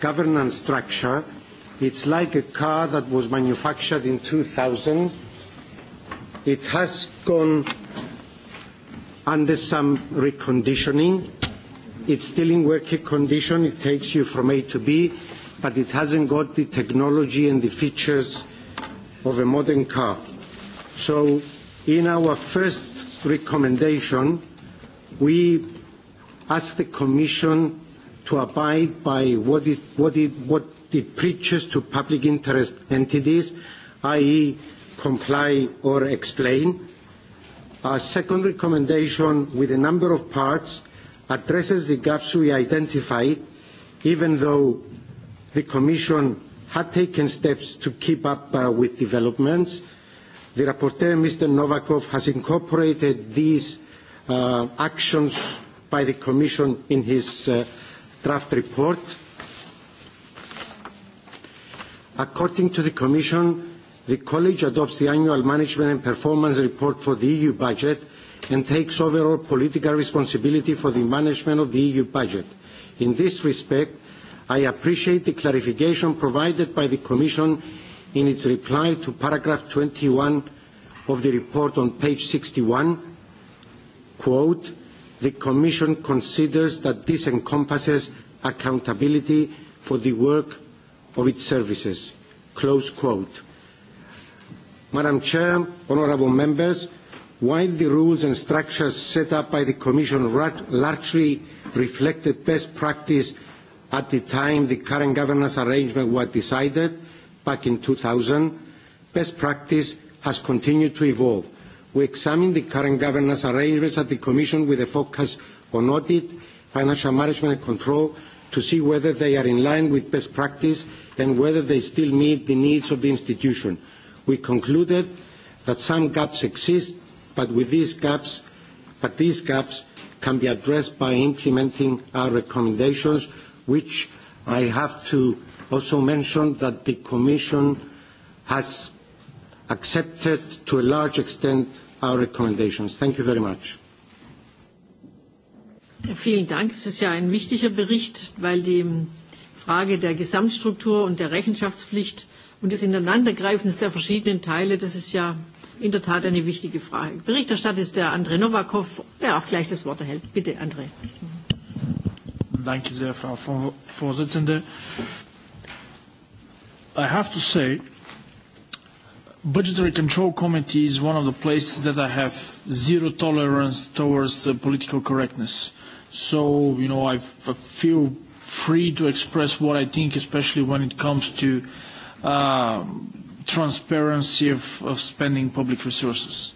governance structure, it's like a car that was manufactured in 2000. It has gone under some reconditioning. It's still in working condition. It takes you from A to B, but it hasn't got the technology and the features of a modern car. So in our first recommendation, we ask the Commission to abide by what it, what it, what it preaches to public interest entities, i.e. comply or explain. Our second recommendation, with a number of parts, addresses the gaps we identified, even though the Commission had taken steps to keep up uh, with developments. The rapporteur, Mr. Novakov, has incorporated these uh, actions by the Commission in his uh, draft report. According to the Commission, the College adopts the annual management and performance report for the EU budget and takes overall political responsibility for the management of the EU budget. In this respect, I appreciate the clarification provided by the Commission in its reply to paragraph 21 of the report on page 61 quote, "The Commission considers that this encompasses accountability for the work of its services." Close quote. Madam Chair, honourable members, while the rules and structures set up by the Commission largely reflected best practice at the time the current governance arrangement was decided back in 2000, best practice has continued to evolve we examined the current governance arrangements at the Commission with a focus on audit, financial management and control to see whether they are in line with best practice and whether they still meet the needs of the institution. We concluded that some gaps exist, but with these gaps, but these gaps can be addressed by implementing our recommendations, which I have to also mention that the Commission has accepted to a large extent our recommendations. Thank you very much. Vielen Dank. Es ist ja ein wichtiger Bericht, weil die Frage der Gesamtstruktur und der Rechenschaftspflicht und des Ineinandergreifens der verschiedenen Teile, das ist ja in der Tat eine wichtige Frage. Berichterstatter ist der André Novakov, der auch gleich das Wort erhält. Bitte, André. Danke sehr, Frau Vorsitzende. I have to say Budgetary Control Committee is one of the places that I have zero tolerance towards the political correctness. So, you know, I, I feel free to express what I think, especially when it comes to uh, transparency of, of spending public resources.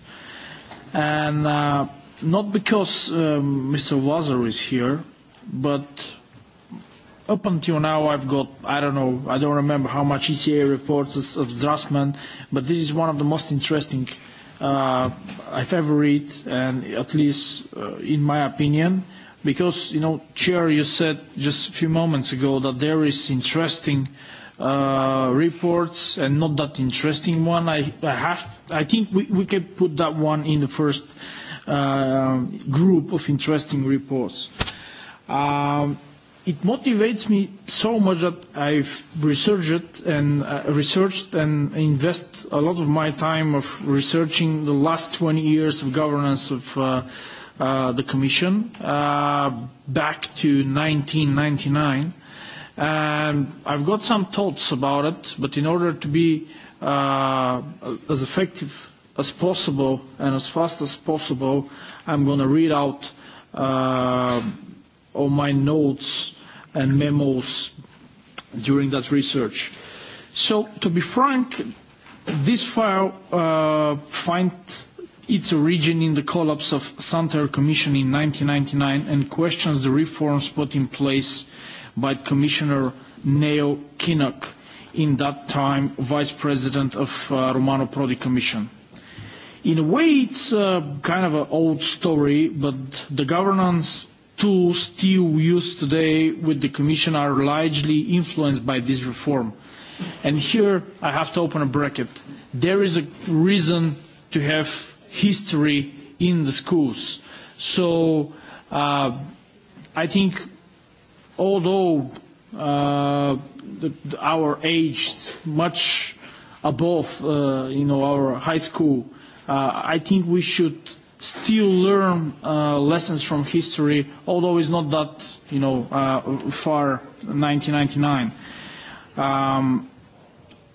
And uh, not because um, Mr. Lazar is here, but up until now I've got, I don't know, I don't remember how much ECA reports of Draftsman, but this is one of the most interesting uh, I've ever read, and at least uh, in my opinion, because, you know, Chair, you said just a few moments ago that there is interesting uh, reports and not that interesting one. I, I, have, I think we, we can put that one in the first uh, group of interesting reports. Um, it motivates me so much that I've researched and uh, researched and invest a lot of my time of researching the last 20 years of governance of uh, uh, the Commission uh, back to 1999. And I've got some thoughts about it, but in order to be uh, as effective as possible and as fast as possible, I'm going to read out uh, all my notes and memos during that research. So, to be frank, this file uh, finds its origin in the collapse of Santer Commission in 1999 and questions the reforms put in place by Commissioner Neo Kinnock, in that time Vice President of uh, Romano Prodi Commission. In a way, it's uh, kind of an old story, but the governance tools still used today with the Commission are largely influenced by this reform. And here I have to open a bracket. There is a reason to have history in the schools. So uh, I think although uh, the, our age much above uh, you know, our high school, uh, I think we should still learn uh, lessons from history, although it's not that you know uh, far 1999. Um,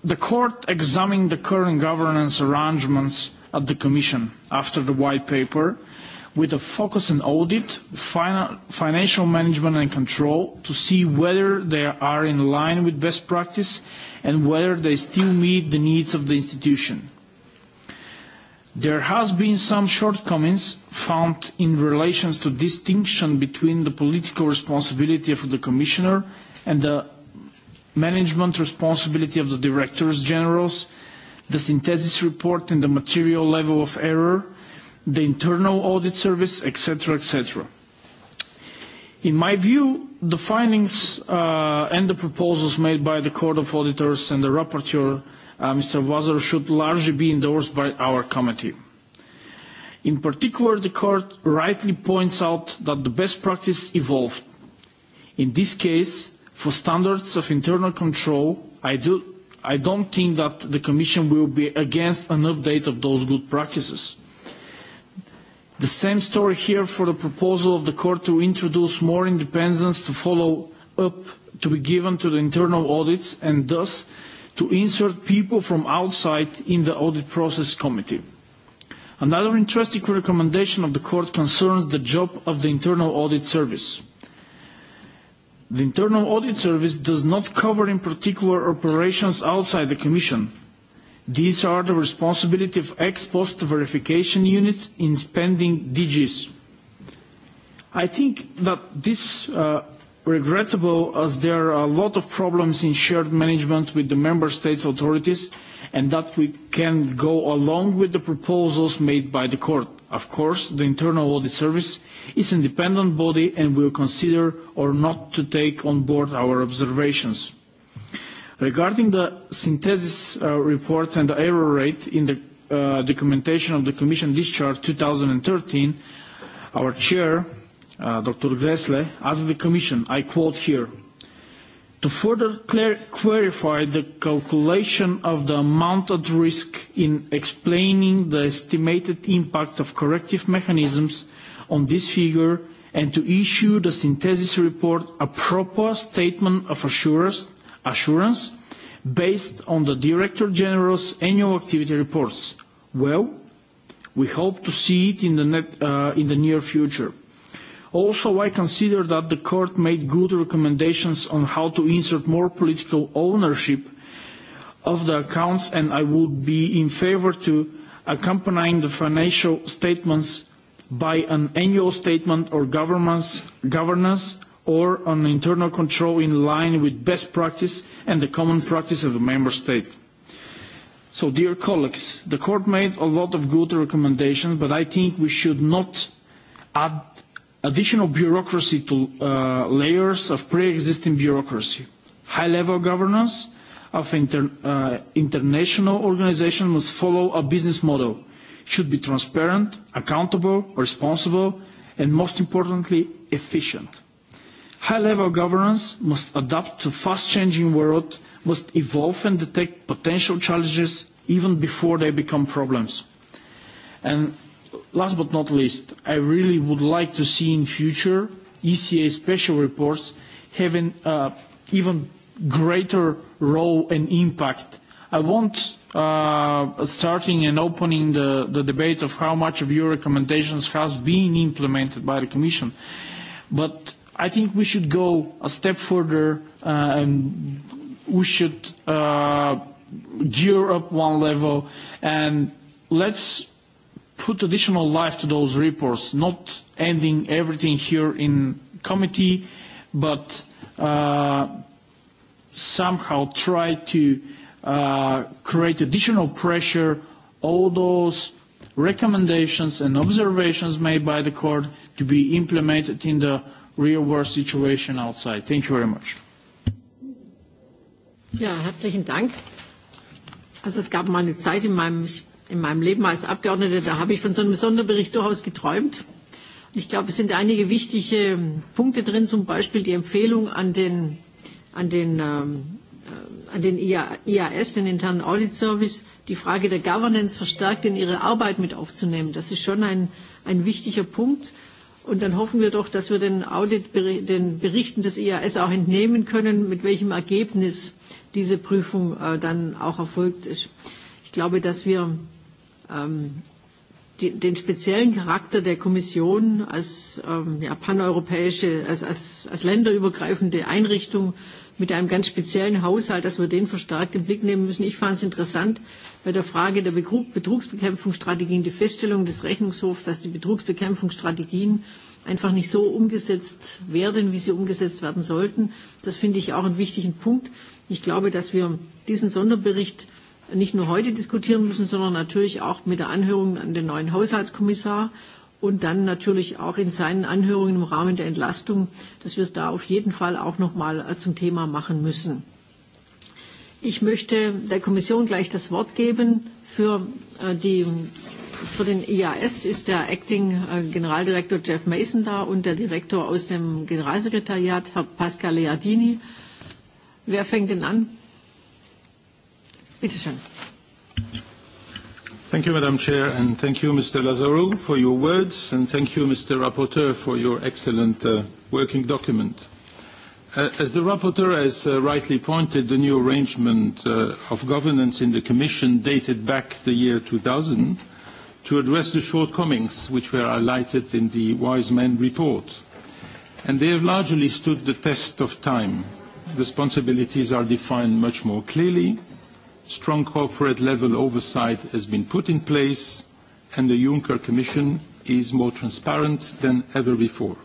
the court examined the current governance arrangements at the Commission after the white paper with a focus on audit, financial management and control to see whether they are in line with best practice and whether they still meet the needs of the institution. There has been some shortcomings found in relation to distinction between the political responsibility of the Commissioner and the management responsibility of the Directors Generals, the synthesis report and the material level of error, the internal audit service, etc., etc. In my view, the findings uh, and the proposals made by the Court of Auditors and the Rapporteur Uh, Mr. Vozer should largely be endorsed by our committee. In particular, the court rightly points out that the best practice evolved. In this case, for standards of internal control, I, I don't think that the Commission will be against an update of those good practices. The same story here for the proposal of the court to introduce more independence to follow up to be given to the internal audits and thus to insert people from outside in the audit process committee. Another interesting recommendation of the court concerns the job of the internal audit service. The internal audit service does not cover in particular operations outside the commission. These are the responsibility of ex post verification units in spending DGs. I think that this uh, regrettable as there are a lot of problems in shared management with the member states' authorities and that we can go along with the proposals made by the court. Of course, the Internal Audit Service is an independent body and will consider or not to take on board our observations. Regarding the synthesis uh, report and the error rate in the uh, documentation of the Commission Discharge 2013, our chair, Uh, Dr. Gressle, asked the Commission, I quote here, to further clar clarify the calculation of the amount at risk in explaining the estimated impact of corrective mechanisms on this figure and to issue the synthesis report a proper statement of assurance, assurance based on the Director General's annual activity reports. Well, we hope to see it in the, net, uh, in the near future. Also, I consider that the court made good recommendations on how to insert more political ownership of the accounts, and I would be in favor to accompanying the financial statements by an annual statement or governance or an internal control in line with best practice and the common practice of the member state. So, dear colleagues, the court made a lot of good recommendations, but I think we should not add additional bureaucracy to uh, layers of pre-existing bureaucracy. High-level governance of inter, uh, international organizations must follow a business model, should be transparent, accountable, responsible, and most importantly, efficient. High-level governance must adapt to fast-changing world, must evolve and detect potential challenges even before they become problems. And last but not least, I really would like to see in future ECA special reports having uh, even greater role and impact. I won't uh, starting and opening the, the debate of how much of your recommendations has been implemented by the Commission, but I think we should go a step further uh, and we should uh, gear up one level and let's put additional life to those reports, not ending everything here in committee, but uh, somehow try to uh, create additional pressure all those recommendations and observations made by the court to be implemented in the real world situation outside. Thank you very much. Ja, herzlichen Dank. Also es gab mal eine Zeit in meinem, ich in meinem Leben als Abgeordnete, da habe ich von so einem Sonderbericht durchaus geträumt. Und ich glaube, es sind einige wichtige ähm, Punkte drin, zum Beispiel die Empfehlung an den, an den, ähm, äh, an den IAS, den internen Audit Service, die Frage der Governance verstärkt in ihre Arbeit mit aufzunehmen. Das ist schon ein, ein wichtiger Punkt. Und dann hoffen wir doch, dass wir den, Audit, den Berichten des IAS auch entnehmen können, mit welchem Ergebnis diese Prüfung äh, dann auch erfolgt ist. Ich glaube, dass wir ähm, die, den speziellen Charakter der Kommission als ähm, ja, paneuropäische, als, als, als länderübergreifende Einrichtung mit einem ganz speziellen Haushalt, dass wir den verstärkt im Blick nehmen müssen. Ich fand es interessant bei der Frage der Betrugsbekämpfungsstrategien, die Feststellung des Rechnungshofs, dass die Betrugsbekämpfungsstrategien einfach nicht so umgesetzt werden, wie sie umgesetzt werden sollten. Das finde ich auch einen wichtigen Punkt. Ich glaube, dass wir diesen Sonderbericht nicht nur heute diskutieren müssen, sondern natürlich auch mit der Anhörung an den neuen Haushaltskommissar und dann natürlich auch in seinen Anhörungen im Rahmen der Entlastung, dass wir es da auf jeden Fall auch noch mal äh, zum Thema machen müssen. Ich möchte der Kommission gleich das Wort geben für äh, die für den IAS e ist der Acting äh, Generaldirektor Jeff Mason da und der Direktor aus dem Generalsekretariat, Herr Pascal Leardini. Wer fängt denn an? Bitte Thank you, Madam Chair, and thank you, Mr. Lazarou, for your words, and thank you, Mr. Rapporteur, for your excellent uh, working document. Uh, as the rapporteur has uh, rightly pointed, the new arrangement uh, of governance in the Commission dated back the year 2000 to address the shortcomings which were highlighted in the Wise Men report. And they have largely stood the test of time. Responsibilities are defined much more clearly, strong corporate level oversight has been put in place, and the Juncker Commission is more transparent than ever before.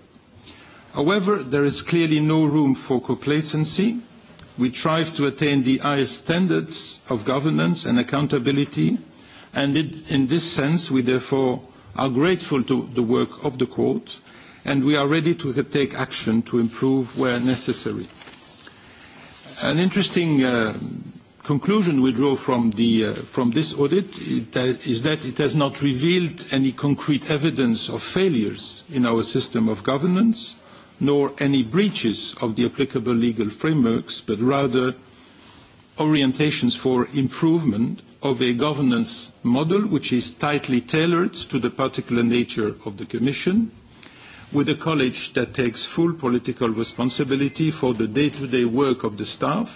However, there is clearly no room for complacency. We strive to attain the highest standards of governance and accountability, and in this sense, we therefore are grateful to the work of the court, and we are ready to take action to improve where necessary. An interesting uh, conclusion we draw from, uh, this audit uh, is that it has not revealed any concrete evidence of failures in our system of governance, nor any breaches of the applicable legal frameworks, but rather orientations for improvement of a governance model which is tightly tailored to the particular nature of the Commission, with a college that takes full political responsibility for the day to -day work of the staff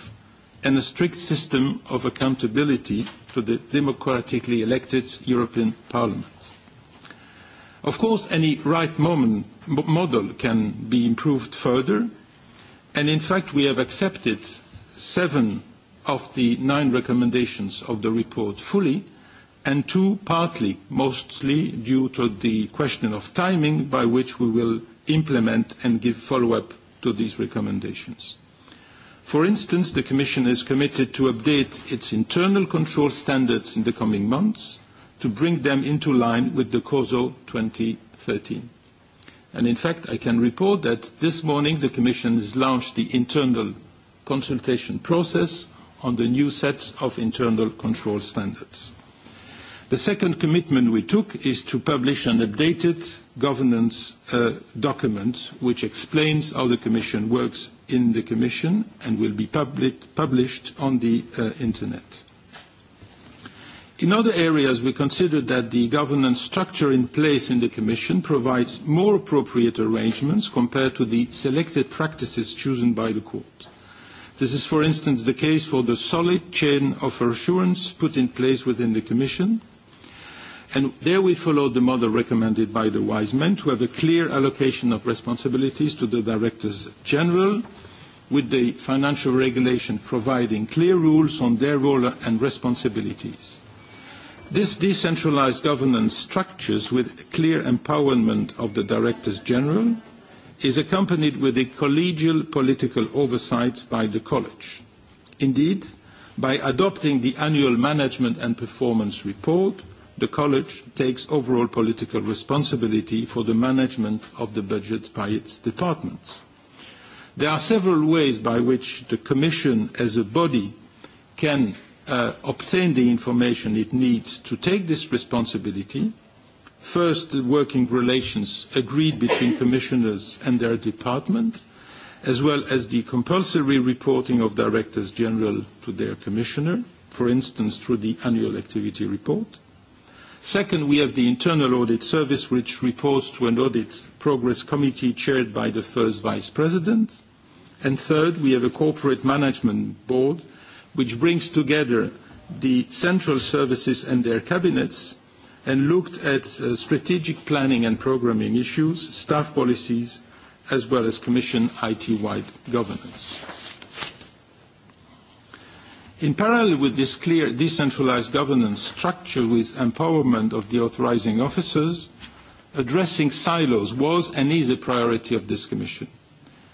and a strict system of accountability to the democratically elected European Parliament. Of course, any right moment, model can be improved further, and in fact we have accepted seven of the nine recommendations of the report fully, and two partly, mostly due to the question of timing by which we will implement and give follow-up to these recommendations. For instance, the Commission is committed to update its internal control standards in the coming months to bring them into line with the COSO 2013. And in fact, I can report that this morning the Commission has launched the internal consultation process on the new set of internal control standards. The second commitment we took is to publish an updated governance uh, document, which explains how the Commission works in the Commission and will be published on the uh, internet. In other areas, we consider that the governance structure in place in the Commission provides more appropriate arrangements compared to the selected practices chosen by the Court. This is, for instance, the case for the solid chain of assurance put in place within the Commission, and there we followed the model recommended by the wise men to have a clear allocation of responsibilities to the directors general, with the financial regulation providing clear rules on their role and responsibilities. This decentralized governance structures with clear empowerment of the directors general is accompanied with a collegial political oversight by the college. Indeed, by adopting the annual management and performance report, the College takes overall political responsibility for the management of the budget by its departments. There are several ways by which the Commission as a body can uh, obtain the information it needs to take this responsibility. First, the working relations agreed between commissioners and their department, as well as the compulsory reporting of directors general to their commissioner, for instance, through the annual activity report. Second, we have the Internal Audit Service, which reports to an Audit Progress Committee chaired by the first Vice President. And third, we have a Corporate Management Board, which brings together the central services and their cabinets and looked at uh, strategic planning and programming issues, staff policies, as well as Commission IT-wide governance. In parallel with this clear decentralized governance structure with empowerment of the authorizing officers, addressing silos was and is a priority of this Commission.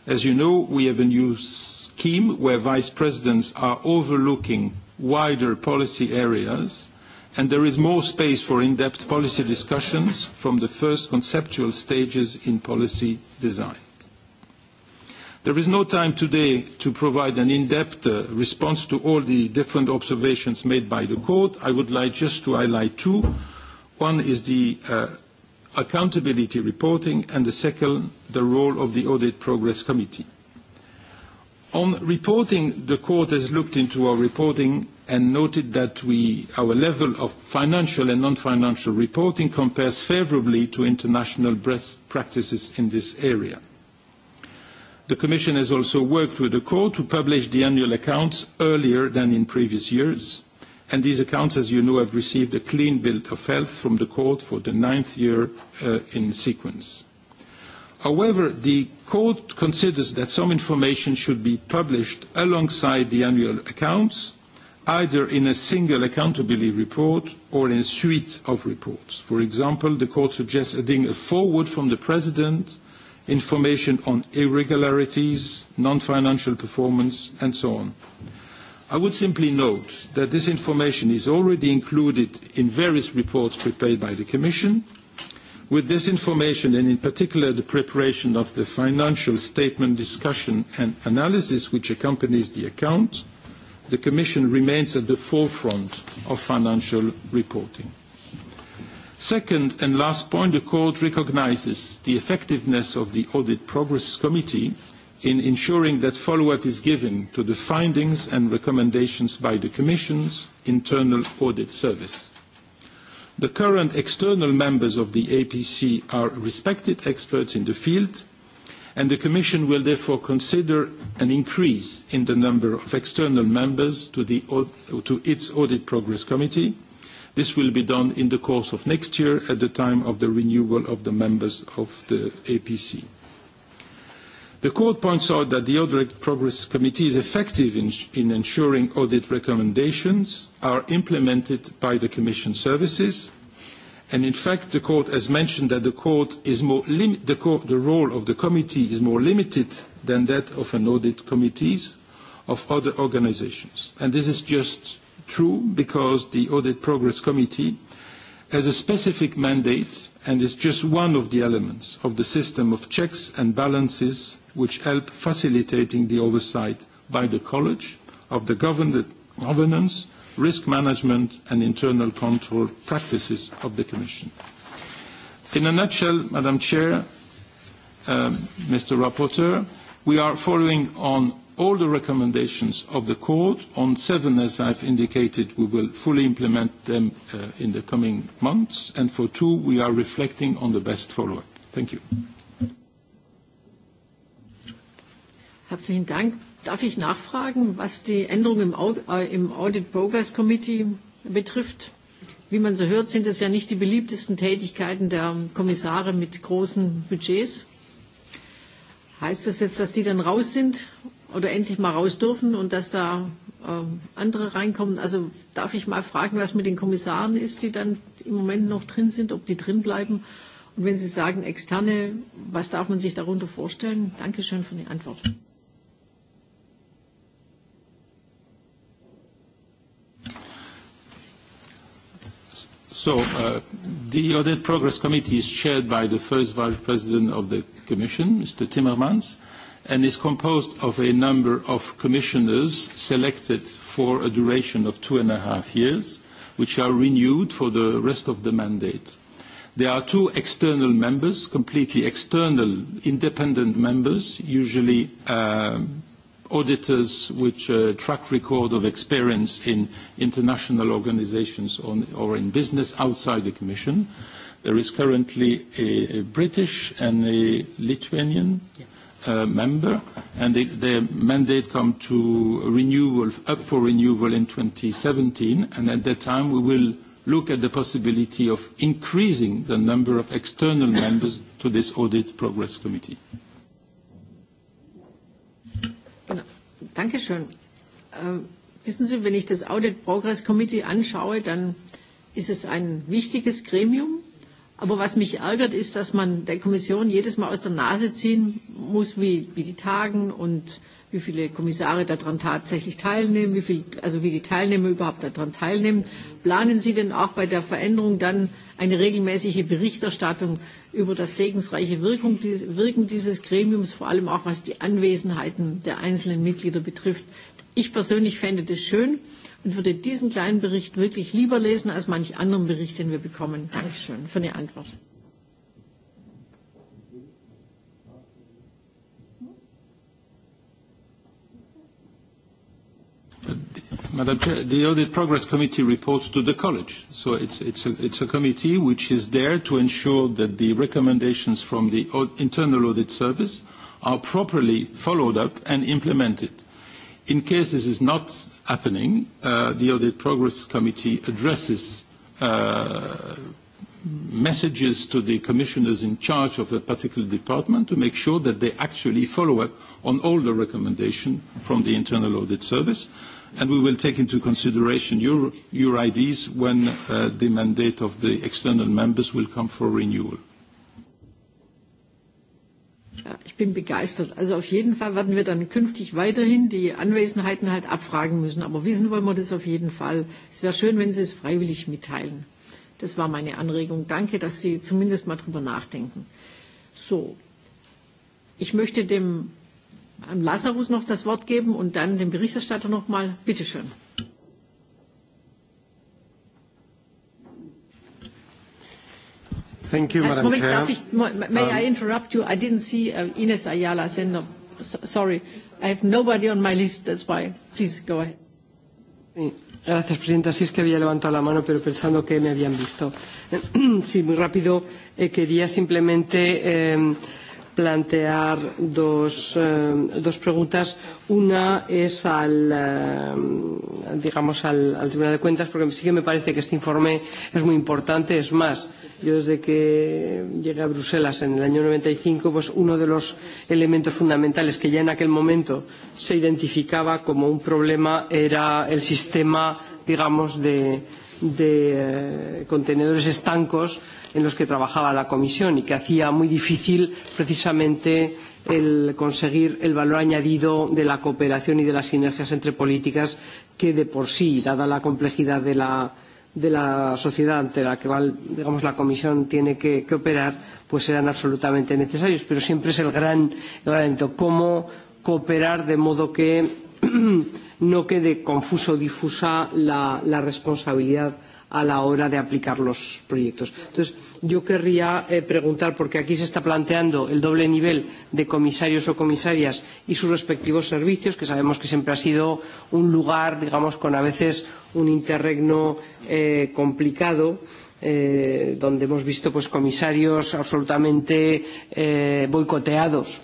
As you know, we have a new scheme where vice presidents are overlooking wider policy areas, and there is more space for in-depth policy discussions from the first conceptual stages in policy design. There is no time today to provide an in-depth uh, response to all the different observations made by the court. I would like just to highlight two. One is the uh, accountability reporting, and the second, the role of the Audit Progress Committee. On reporting, the court has looked into our reporting and noted that we, our level of financial and non-financial reporting compares favorably to international best practices in this area. The Commission has also worked with the court to publish the annual accounts earlier than in previous years, and these accounts, as you know, have received a clean bill of health from the court for the ninth year uh, in sequence. However, the court considers that some information should be published alongside the annual accounts, either in a single accountability report or in a suite of reports. For example, the court suggests adding a forward from the president information on irregularities, non-financial performance, and so on. I would simply note that this information is already included in various reports prepared by the Commission. With this information, and in particular the preparation of the financial statement discussion and analysis which accompanies the account, the Commission remains at the forefront of financial reporting. Second and last point, the court recognises the effectiveness of the Audit Progress Committee in ensuring that follow-up is given to the findings and recommendations by the Commission's internal audit service. The current external members of the APC are respected experts in the field, and the Commission will therefore consider an increase in the number of external members to, the, to its Audit Progress Committee – This will be done in the course of next year at the time of the renewal of the members of the APC. The Court points out that the Audit Progress Committee is effective in, ensuring audit recommendations are implemented by the Commission services, in fact the court has mentioned that the role of the committee is more limited than that of an audit committees of other organizations this is just true because the Audit Progress Committee has a specific mandate and is just one of the elements of the system of checks and balances which help facilitating the oversight by the College of the governance, risk management and internal control practices of the Commission. In a nutshell, Madam Chair, Mr. Um, Rapporteur, we are following on all the recommendations of the court. On seven, as I've indicated, we will fully implement them uh, in the coming months, and for two, we are reflecting on the best follow-up. Thank you. Herzlichen Dank. Darf ich nachfragen, was die Änderung im, Au äh, im Audit Progress Committee betrifft? Wie man so hört, sind es ja nicht die beliebtesten Tätigkeiten der Kommissare mit großen Budgets. Heißt das jetzt, dass die dann raus sind oder endlich mal raus dürfen und dass da ähm, andere reinkommen. Also darf ich mal fragen, was mit den Kommissaren ist, die dann im Moment noch drin sind, ob die drin bleiben? Und wenn Sie sagen externe, was darf man sich darunter vorstellen? Dankeschön für die Antwort. So, uh, the Audit Progress Committee is chaired by the first Vice President of the Commission, Mr. Timmermans and is composed of a number of commissioners selected for a duration of two and a half years, which are renewed for the rest of the mandate. There are two external members, completely external, independent members, usually um, auditors with a uh, track record of experience in international organizations on, or in business outside the Commission. There is currently a, a British and a Lithuanian. Yeah uh, member, and the, their mandate come to renewal, up for renewal in 2017. And at that time, we will look at the possibility of increasing the number of external members to this Audit Progress Committee. Genau. Dankeschön. Ähm, wissen Sie, wenn ich das Audit Progress Committee anschaue, dann ist es ein wichtiges Gremium Aber was mich ärgert, ist, dass man der Kommission jedes Mal aus der Nase ziehen muss, wie, wie die tagen und wie viele Kommissare daran tatsächlich teilnehmen, wie viel, also wie die Teilnehmer überhaupt daran teilnehmen. Planen Sie denn auch bei der Veränderung dann eine regelmäßige Berichterstattung über das segensreiche Wirkung, die, Wirken dieses Gremiums, vor allem auch was die Anwesenheiten der einzelnen Mitglieder betrifft? Ich persönlich fände das schön und würde diesen kleinen Bericht wirklich lieber lesen als manch anderen Bericht, den wir bekommen. Dankeschön für die Antwort. Madam Chair, the Audit Progress Committee reports to the College. So it's, it's, a, it's a committee which is there to ensure that the recommendations from the Internal Audit Service are properly followed up and implemented. In case this is not happening. Uh, the Audit Progress Committee addresses uh, messages to the commissioners in charge of a particular department to make sure that they actually follow up on all the recommendations from the Internal Audit Service. And we will take into consideration your, ideas IDs when uh, the mandate of the external members will come for renewal. Ja, ich bin begeistert. Also auf jeden Fall werden wir dann künftig weiterhin die Anwesenheiten halt abfragen müssen. Aber wissen wollen wir das auf jeden Fall. Es wäre schön, wenn Sie es freiwillig mitteilen. Das war meine Anregung. Danke, dass Sie zumindest mal drüber nachdenken. So, ich möchte dem Herrn Lazarus noch das Wort geben und dann dem Berichterstatter nochmal. mal. Bitte schön. Thank you, uh, Madam Chair. Darf ich, may um, I interrupt you? I didn't see uh, Ines Ayala I Sender. So, sorry, I have nobody on my list, that's why. Please go ahead. Gracias, Presidenta. Sí es que había levantado la mano, pero pensando que me habían visto. Sí, muy rápido. Eh, quería simplemente eh, plantear dos, eh, dos preguntas. Una es al, eh, digamos al, al Tribunal de Cuentas, porque sí que me parece que este informe es muy importante. Es más, Yo desde que llegué a Bruselas en el año 95, pues uno de los elementos fundamentales que ya en aquel momento se identificaba como un problema era el sistema, digamos, de, de eh, contenedores estancos en los que trabajaba la Comisión y que hacía muy difícil precisamente el conseguir el valor añadido de la cooperación y de las sinergias entre políticas que de por sí, dada la complejidad de la de la sociedad ante la que digamos, la Comisión tiene que, que operar, pues serán absolutamente necesarios. Pero siempre es el gran, el reto cómo cooperar de modo que no quede confuso o difusa la, la responsabilidad a la hora de aplicar los proyectos. Entonces, yo querría eh, preguntar, porque aquí se está planteando el doble nivel de comisarios o comisarias y sus respectivos servicios, que sabemos que siempre ha sido un lugar, digamos, con a veces un interregno eh, complicado. Eh, donde hemos visto pues, comisarios absolutamente eh, boicoteados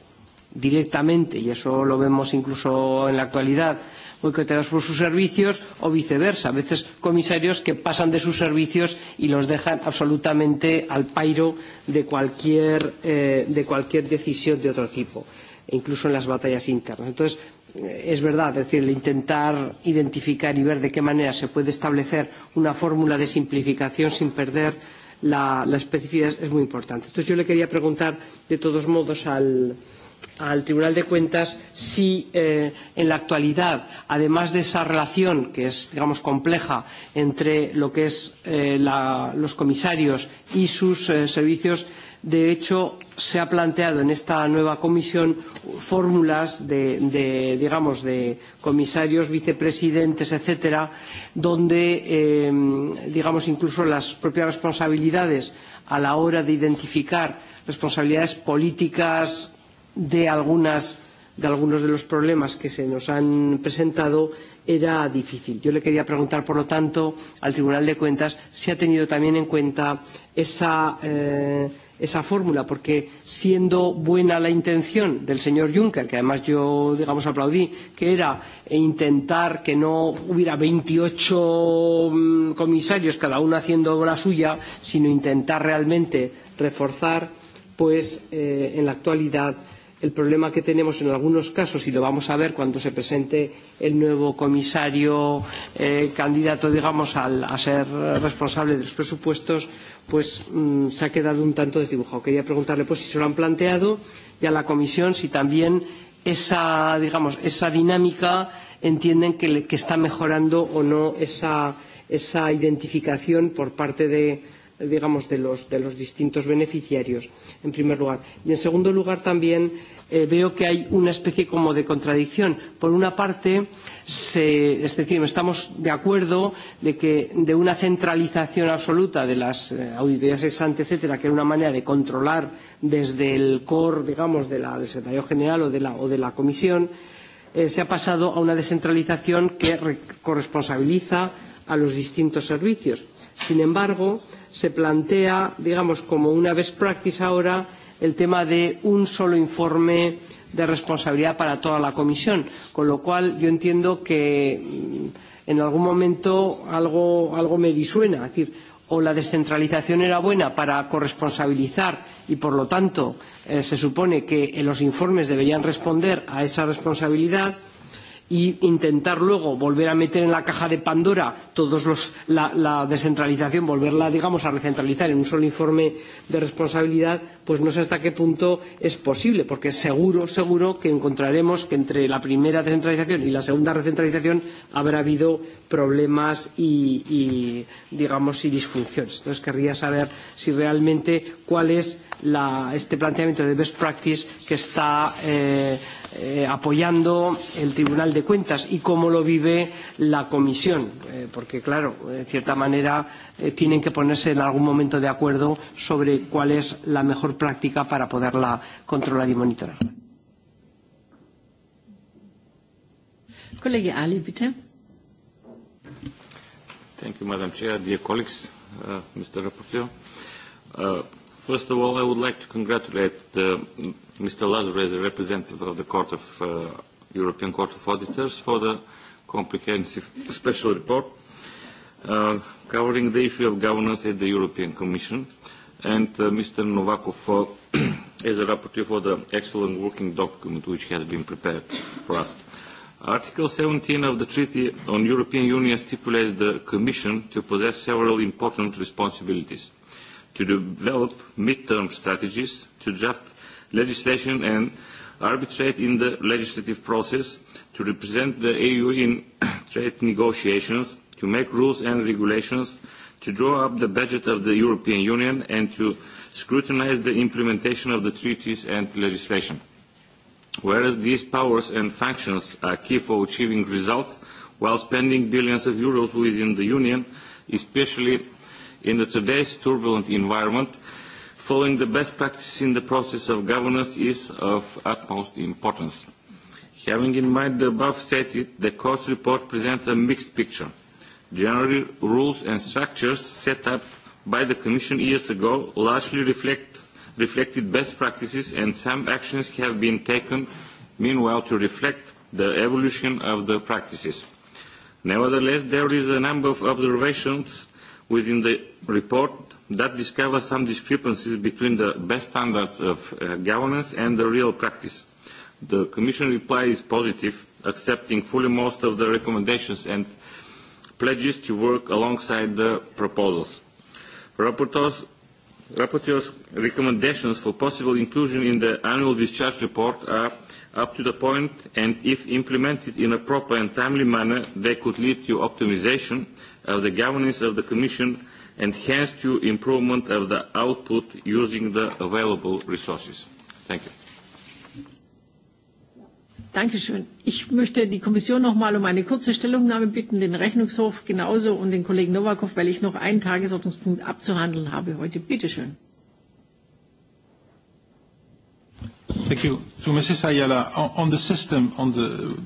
directamente, y eso lo vemos incluso en la actualidad, boicoteados por sus servicios o viceversa. A veces comisarios que pasan de sus servicios y los dejan absolutamente al pairo de cualquier, eh, de cualquier decisión de otro tipo, e incluso en las batallas internas. Entonces, eh, es verdad, es decir, el intentar identificar y ver de qué manera se puede establecer una fórmula de simplificación sin perder la, la especificidad es muy importante. Entonces, yo le quería preguntar, de todos modos, al, al Tribunal de Cuentas si eh, en la actualidad, además de esa relación que es, digamos, compleja entre lo que es eh, la, los comisarios y sus eh, servicios, de hecho, se ha planteado en esta nueva comisión fórmulas de, de, digamos, de comisarios, vicepresidentes, etcétera, donde, eh, digamos, incluso las propias responsabilidades a la hora de identificar responsabilidades políticas, de, algunas, de algunos de los problemas que se nos han presentado era difícil. Yo le quería preguntar, por lo tanto, al Tribunal de Cuentas si ha tenido también en cuenta esa, eh, esa fórmula, porque siendo buena la intención del señor Juncker, que además yo, digamos, aplaudí, que era intentar que no hubiera 28 mm, comisarios, cada uno haciendo la suya, sino intentar realmente reforzar, pues eh, en la actualidad el problema que tenemos en algunos casos, y lo vamos a ver cuando se presente el nuevo comisario eh, candidato, digamos, al, a ser responsable de los presupuestos, pues mmm, se ha quedado un tanto desdibujado. Quería preguntarle pues, si se lo han planteado y a la comisión si también esa, digamos, esa dinámica entienden que, le, que está mejorando o no esa, esa identificación por parte de digamos, de los, de los distintos beneficiarios, en primer lugar. Y, en segundo lugar, también eh, veo que hay una especie como de contradicción. Por una parte, se, es decir, estamos de acuerdo de que de una centralización absoluta de las eh, auditorías ex ante, etcétera, que era una manera de controlar desde el core, digamos, de la, del secretario general o de la, o de la comisión, eh, se ha pasado a una descentralización que corresponsabiliza a los distintos servicios. Sin embargo, se plantea, digamos, como una best practice ahora, el tema de un solo informe de responsabilidad para toda la comisión, con lo cual yo entiendo que mm, en algún momento algo, algo me disuena, es decir, o la descentralización era buena para corresponsabilizar y, por lo tanto, eh, se supone que los informes deberían responder a esa responsabilidad, y intentar luego volver a meter en la caja de Pandora todos los, la, la descentralización, volverla, digamos, a recentralizar en un solo informe de responsabilidad, pues no sé hasta qué punto es posible, porque seguro, seguro que encontraremos que entre la primera descentralización y la segunda recentralización habrá habido problemas y, y digamos, y disfunciones. Entonces querría saber si realmente cuál es la, este planteamiento de best practice que está eh, eh, apoyando el Tribunal de Cuentas y cómo lo vive la Comisión, eh, porque claro, de cierta manera eh, tienen que ponerse en algún momento de acuerdo sobre cuál es la mejor práctica para poderla controlar y monitorar. Kollege Ali, bitte. Thank you, Madam Chair, dear colleagues, uh, Mr. Rapporteur. Uh, First of all, I would like to congratulate uh, Mr. Lazar as a representative of the Court of uh, European Court of Auditors for the comprehensive special report uh, covering the issue of governance at the European Commission, and uh, Mr. Novakov for, as a rapporteur for the excellent working document which has been prepared for us. Article 17 of the Treaty on European Union stipulates the Commission to possess several important responsibilities to develop midterm strategies, to draft legislation and arbitrate in the legislative process, to represent the EU in trade negotiations, to make rules and regulations, to draw up the budget of the European Union and to scrutinise the implementation of the treaties and legislation. Whereas these powers and functions are key for achieving results while spending billions of euros within the Union, especially In today's turbulent environment, following the best practices in the process of governance is of utmost importance. Having in mind the above stated, the course report presents a mixed picture. Generally, rules and structures set up by the Commission years ago largely reflect, reflected best practices and some actions have been taken meanwhile to reflect the evolution of the practices. Nevertheless, there is a number of observations within the report that discover some discrepancies between the best standards of uh, governance and the real practice. The Commission reply is positive, accepting fully most of the recommendations and pledges to work alongside the proposals. Rapporteurs, rapporteurs' recommendations for possible inclusion in the annual discharge report are up to the point, and if implemented in a proper and timely manner, they could lead to optimization of the governance of the Commission and hence to improvement of the output using the available resources. Thank you. Dankeschön. Ich möchte die Kommission noch mal um eine kurze Stellungnahme bitten, den Rechnungshof genauso und den Kollegen Nowakow, weil ich noch einen Tagesordnungspunkt abzuhandeln habe heute. Bitte schön. Thank you. To Mrs. Ayala, on the system, on the,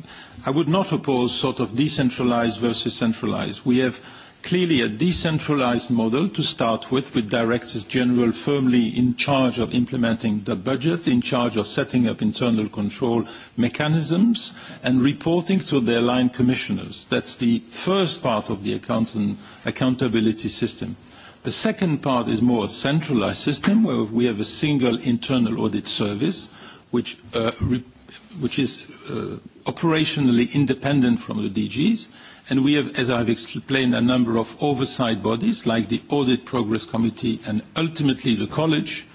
I would not oppose sort of decentralized versus centralized. We have clearly a decentralized model to start with, with directors general firmly in charge of implementing the budget, in charge of setting up internal control mechanisms, and reporting to their line commissioners. That's the first part of the account accountability system. The second part is more a centralized system, where we have a single internal audit service, Uh, which, is uh, operationally independent from the DGs. And we have, as I've explained, a number of oversight bodies like the Audit Progress Committee and ultimately the College,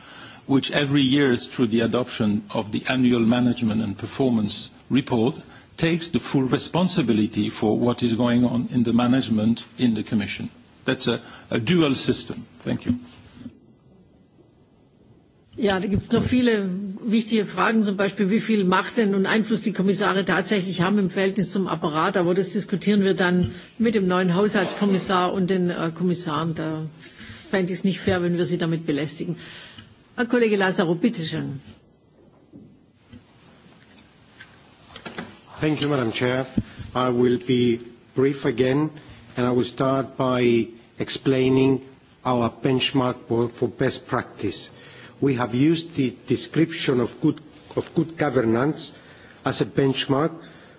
which every year, through the adoption of the annual management and performance report, takes the full responsibility for what is going on in the management in the Commission. That's a dual system. Thank you. Ja, da gibt es noch viele wichtige Fragen, zum Beispiel, wie viel Macht denn und Einfluss die Kommissare tatsächlich haben im Verhältnis zum Apparat. Aber das diskutieren wir dann mit dem neuen Haushaltskommissar und den äh, Kommissaren. Da fände ich es nicht fair, wenn wir sie damit belästigen. Herr Kollege Lazaro, bitte schön. Thank you, Madam Chair. I will be brief again, and I will start by explaining our benchmark for best practice we have used the description of good, of good governance as a benchmark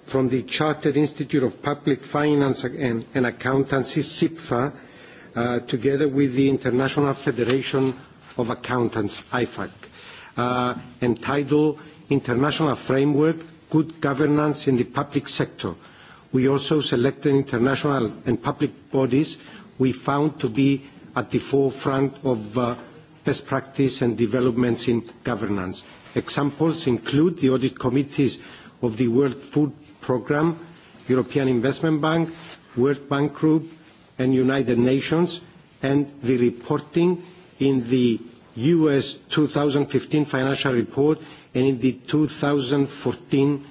from the Chartered Institute of Public Finance and, and Accountancy, SIPFA, uh, together with the International Federation of Accountants, IFAC, uh, entitled International Framework Good Governance in the Public Sector. We also selected international and public bodies we found to be at the forefront of uh, best practice and developments in governance. Examples include the audit committees of the World Food Programme, European Investment Bank, World Bank Group, and United Nations, and the reporting in the U.S. 2015 financial report and in the 2014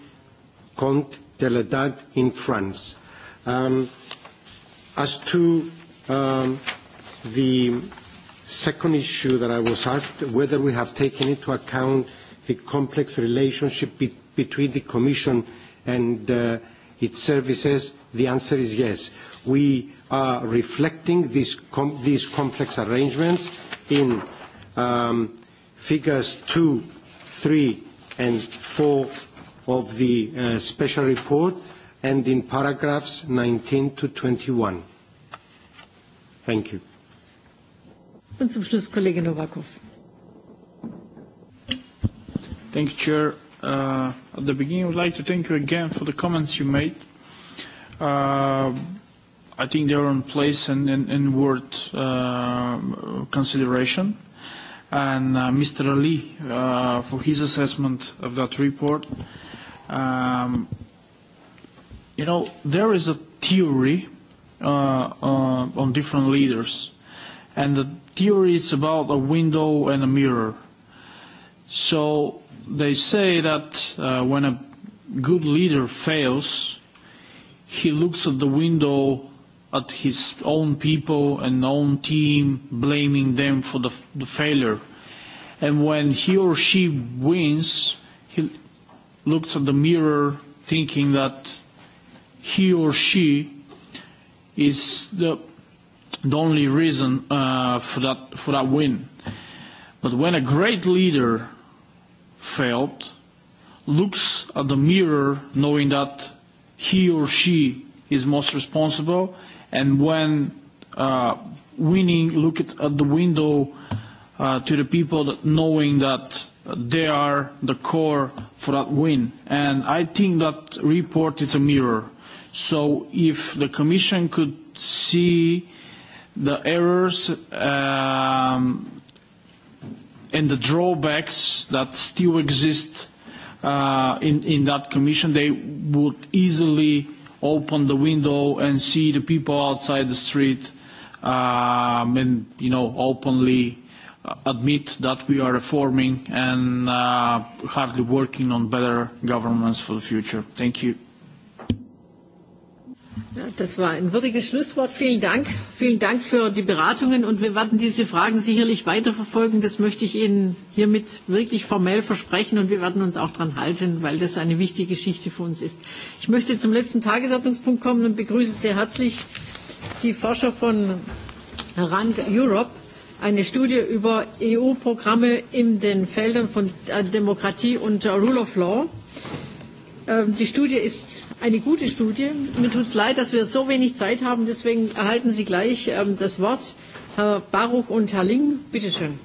Compte de l'État in France. Um, as to um, the Second issue that I was asked, whether we have taken into account the complex relationship between the Commission and uh, its services, the answer is yes. We are reflecting these, complex arrangements in um, figures two, three, and four of the uh, special report and in paragraphs 19 to 21. Thank you. Und zum Schluss Kollege Novakov. Thank you, Chair. Uh, at the beginning, I would like to thank you again for the comments you made. Uh, I think they are in place and, and, and worth uh, consideration. And uh, Mr. Ali uh, for his assessment of that report. Um, you know, there is a theory uh, uh, on different leaders, and the theory is about a window and a mirror. So they say that uh, when a good leader fails, he looks at the window at his own people and own team, blaming them for the, the failure. And when he or she wins, he looks at the mirror thinking that he or she is the the only reason uh, for, that, for that win. But when a great leader failed, looks at the mirror knowing that he or she is most responsible, and when uh, winning, look at, at the window uh, to the people that knowing that they are the core for that win. And I think that report is a mirror. So if the Commission could see the errors um, and the drawbacks that still exist uh, in, in that commission, they would easily open the window and see the people outside the street um, and, you know, openly uh, admit that we are reforming and uh, hardly working on better governments for the future. Thank you das war ein würdiges Schlusswort. Vielen Dank. Vielen Dank für die Beratungen und wir werden diese Fragen sicherlich weiterverfolgen. Das möchte ich Ihnen hiermit wirklich formell versprechen und wir werden uns auch daran halten, weil das eine wichtige Geschichte für uns ist. Ich möchte zum letzten Tagesordnungspunkt kommen und begrüße sehr herzlich die Forscher von Rand Europe, eine Studie über EU-Programme in den Feldern von äh, Demokratie und Rule of Law. Ähm, die Studie ist eine gute Studie. Mir tut es leid, dass wir so wenig Zeit haben. Deswegen erhalten Sie gleich ähm, das Wort. Herr Baruch und Herr Ling, bitteschön.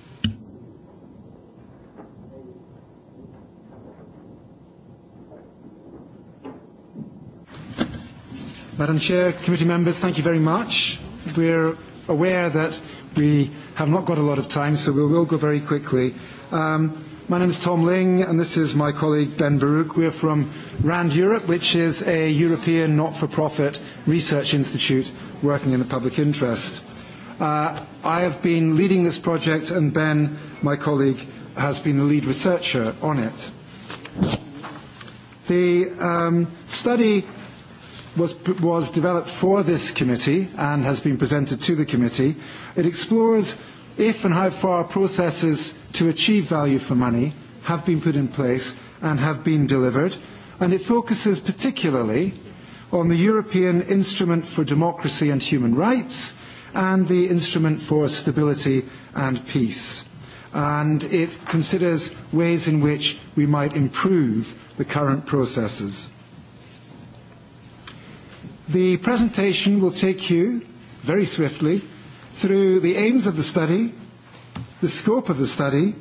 Madam Chair, committee members, thank you very much. We're aware that we have not got a lot of time, so we will go very quickly. Um, My name is Tom Ling, and this is my colleague Ben Baruch. We're from RAND Europe, which is a European not-for-profit research institute working in the public interest. Uh, I have been leading this project, and Ben, my colleague, has been the lead researcher on it. The um, study was, was developed for this committee and has been presented to the committee. It explores if and how far processes to achieve value for money have been put in place and have been delivered. And it focuses particularly on the European Instrument for Democracy and Human Rights and the Instrument for Stability and Peace. And it considers ways in which we might improve the current processes. The presentation will take you very swiftly through the aims of the study, the scope of the study,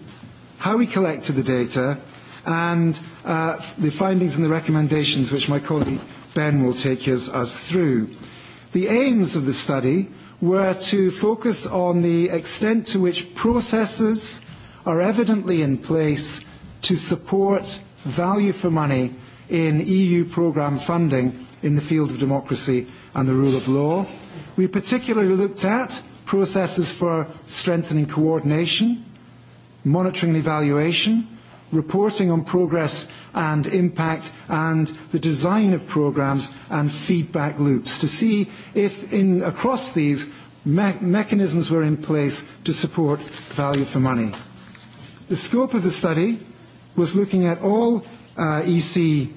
how we collected the data, and uh, the findings and the recommendations which my colleague Ben will take us, us through. The aims of the study were to focus on the extent to which processes are evidently in place to support value for money in EU programme funding in the field of democracy and the rule of law. We particularly looked at processes for strengthening coordination, monitoring and evaluation, reporting on progress and impact and the design of programmes and feedback loops to see if in, across these me mechanisms were in place to support value for money. The scope of the study was looking at all uh, EC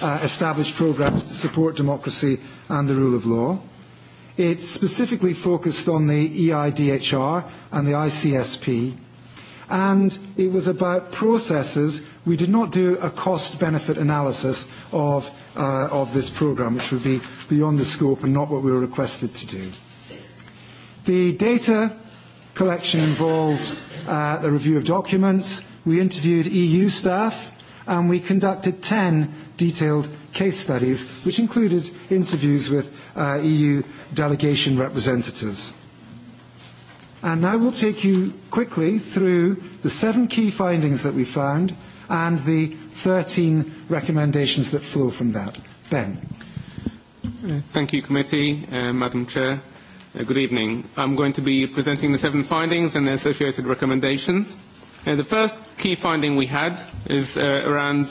uh, established programmes to support democracy and the rule of law It specifically focused on the EIDHR and the ICSP, and it was about processes. We did not do a cost-benefit analysis of, uh, of this programme, which would be beyond the scope and not what we were requested to do. The data collection involved uh, the review of documents. We interviewed EU staff, and we conducted 10 detailed case studies, which included interviews with uh, EU delegation representatives. And I will take you quickly through the seven key findings that we found and the 13 recommendations that flow from that. Ben. Uh, thank you, Committee, uh, Madam Chair. Uh, good evening. I'm going to be presenting the seven findings and the associated recommendations. Uh, the first key finding we had is uh, around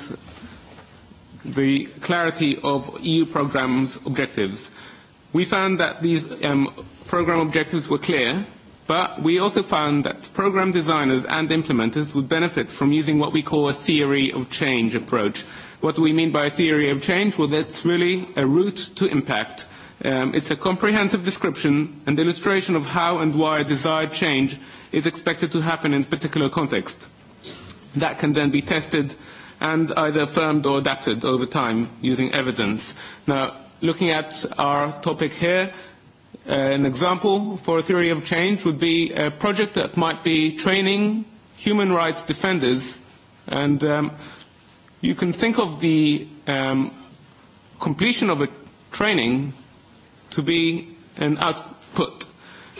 the clarity of EU programmes objectives. We found that these um, programme objectives were clear, but we also found that programme designers and implementers would benefit from using what we call a theory of change approach. What do we mean by a theory of change? Well, that's really a route to impact. Um, it's a comprehensive description and illustration of how and why a desired change is expected to happen in a particular context. That can then be tested and either affirmed or adapted over time using evidence. Now, looking at our topic here, uh, an example for a theory of change would be a project that might be training human rights defenders. And um, you can think of the um, completion of a training to be an output.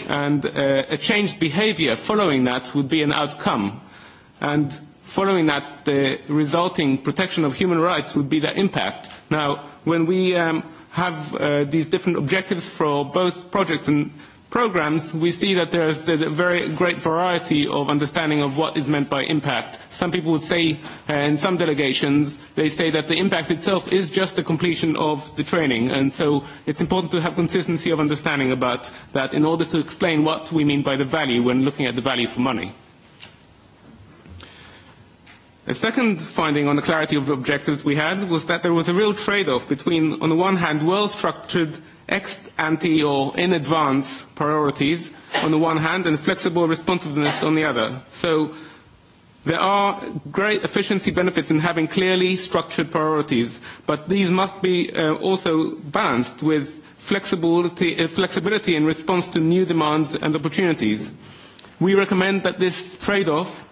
And uh, a changed behavior following that would be an outcome. And following that, the resulting protection of human rights would be the impact. Now, when we um, have uh, these different objectives for both projects and programs, we see that there is a very great variety of understanding of what is meant by impact. Some people say, uh, in some delegations, they say that the impact itself is just the completion of the training, and so it's important to have consistency of understanding about that in order to explain what we mean by the value when looking at the value for money. A second finding on the clarity of objectives we had was that there was a real trade-off between, on the one hand, well-structured ex-ante or in-advance priorities on the one hand and flexible responsiveness on the other. So there are great efficiency benefits in having clearly structured priorities, but these must be uh, also balanced with flexibility, uh, flexibility in response to new demands and opportunities. We recommend that this trade-off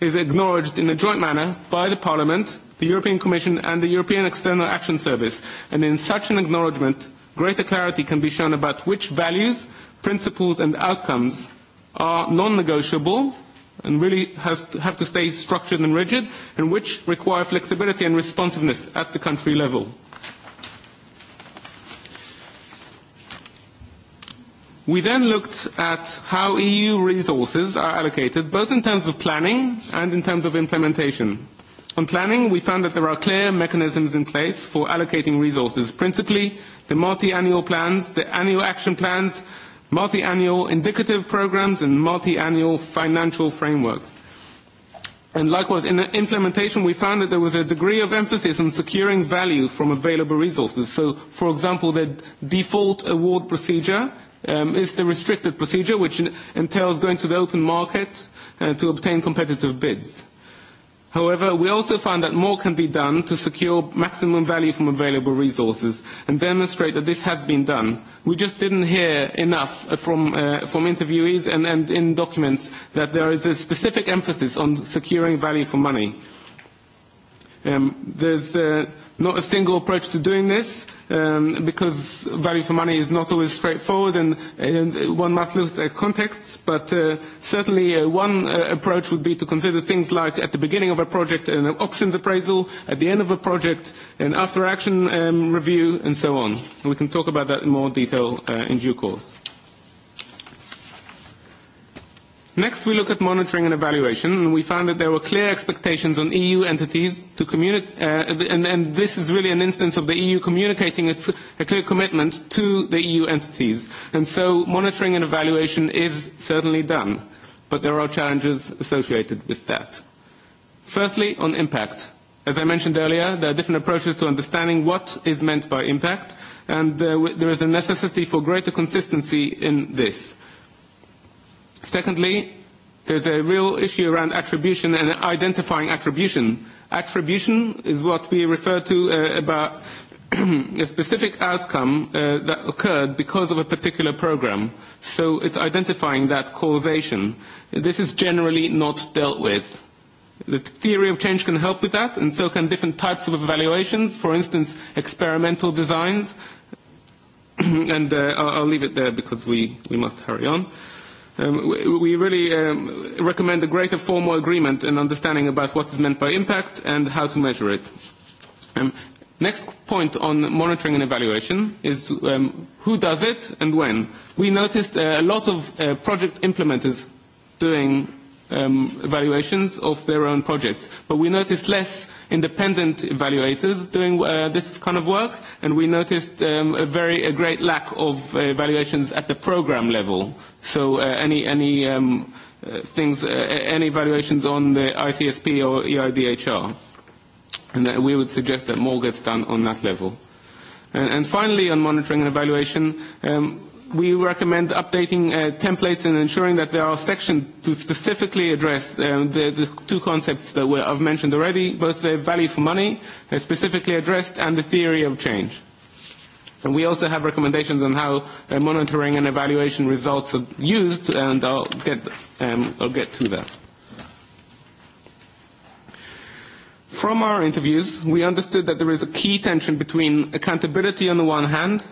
is acknowledged in a joint manner by the Parliament, the European Commission and the European External Action Service, and in such an acknowledgement, greater clarity can be shown about which values, principles and outcomes are non-negotiable and really has to, have to stay structured and rigid, and which require flexibility and responsiveness at the country level. We then looked at how EU resources are allocated, both in terms of planning and in terms of implementation. On planning, we found that there are clear mechanisms in place for allocating resources, principally the multi-annual plans, the annual action plans, multi-annual indicative programs, and multi-annual financial frameworks. And likewise, in implementation, we found that there was a degree of emphasis on securing value from available resources. So, for example, the default award procedure um, is the restricted procedure, which entails going to the open market uh, to obtain competitive bids. However, we also find that more can be done to secure maximum value from available resources and demonstrate that this has been done. We just didn't hear enough uh, from, uh, from interviewees and, and in documents that there is a specific emphasis on securing value for money. Um, there's uh, not a single approach to doing this um, because value for money is not always straightforward and, and one must look at contexts. But uh, certainly uh, one uh, approach would be to consider things like at the beginning of a project an options appraisal, at the end of a project an after action um, review and so on. We can talk about that in more detail uh, in due course. Next, we look at monitoring and evaluation, and we found that there were clear expectations on EU entities to communicate, uh, and, and this is really an instance of the EU communicating its, a clear commitment to the EU entities. And so monitoring and evaluation is certainly done, but there are challenges associated with that. Firstly, on impact. As I mentioned earlier, there are different approaches to understanding what is meant by impact, and uh, there is a necessity for greater consistency in this. Secondly, there's a real issue around attribution and identifying attribution. Attribution is what we refer to uh, about a specific outcome uh, that occurred because of a particular program. So it's identifying that causation. This is generally not dealt with. The theory of change can help with that, and so can different types of evaluations, for instance, experimental designs. and uh, I'll, I'll leave it there because we, we must hurry on. Um, we really um, recommend a greater formal agreement and understanding about what is meant by impact and how to measure it. Um, next point on monitoring and evaluation is um, who does it and when. We noticed uh, a lot of uh, project implementers doing um, evaluations of their own projects, but we noticed less independent evaluators doing uh, this kind of work, and we noticed um, a very a great lack of evaluations at the program level. So uh, any any um, uh, things, uh, any evaluations on the ICSP or EIDHR, and that we would suggest that more gets done on that level. And, and finally, on monitoring and evaluation. Um, we recommend updating uh, templates and ensuring that there are sections to specifically address um, the, the two concepts that were, I've mentioned already, both the value for money, uh, specifically addressed, and the theory of change. And we also have recommendations on how uh, monitoring and evaluation results are used, and I'll get, um, I'll get to that. From our interviews, we understood that there is a key tension between accountability on the one hand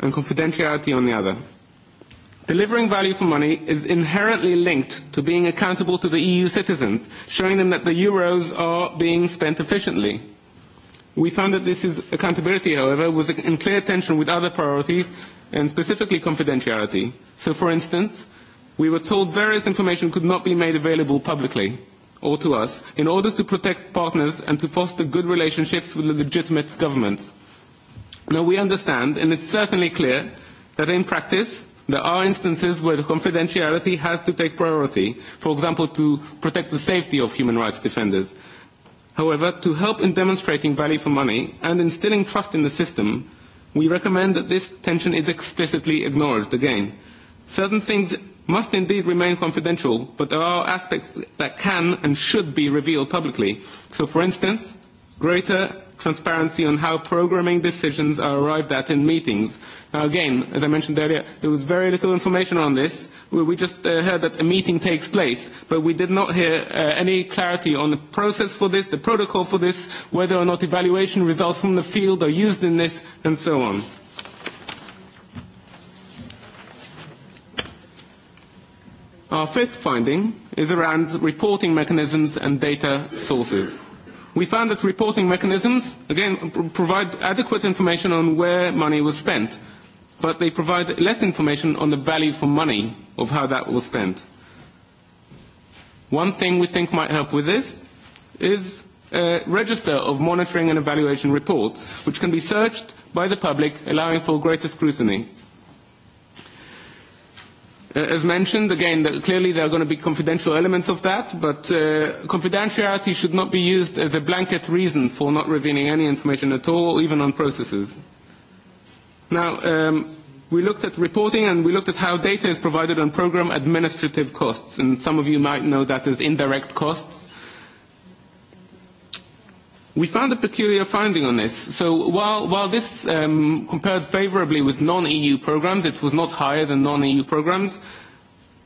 and confidentiality on the other. Delivering value for money is inherently linked to being accountable to the EU citizens, showing them that the euros are being spent efficiently. We found that this is accountability, however, was in clear tension with other priorities and specifically confidentiality. So, for instance, we were told various information could not be made available publicly or to us in order to protect partners and to foster good relationships with legitimate governments. Now, we understand, and it's certainly clear, that in practice, there are instances where the confidentiality has to take priority, for example, to protect the safety of human rights defenders. However, to help in demonstrating value for money and instilling trust in the system, we recommend that this tension is explicitly acknowledged again. Certain things must indeed remain confidential, but there are aspects that can and should be revealed publicly. So, for instance, greater transparency on how programming decisions are arrived at in meetings. Now, again, as I mentioned earlier, there was very little information on this. We, just uh, heard that a meeting takes place, but we did not hear uh, any clarity on the process for this, the protocol for this, whether or not evaluation results from the field are used in this, and so on. Our fifth finding is around reporting mechanisms and data sources. We found that reporting mechanisms, again, provide adequate information on where money was spent, but they provide less information on the value for money of how that was spent. One thing we think might help with this is a register of monitoring and evaluation reports, which can be searched by the public, allowing for greater scrutiny. Uh, as mentioned, again, that clearly there are going to be confidential elements of that, but uh, confidentiality should not be used as a blanket reason for not revealing any information at all, even on processes. Now, um, we looked at reporting and we looked at how data is provided on program administrative costs, and some of you might know that as indirect costs. We found a peculiar finding on this. So while, while this um, compared favorably with non-EU programs, it was not higher than non-EU programs,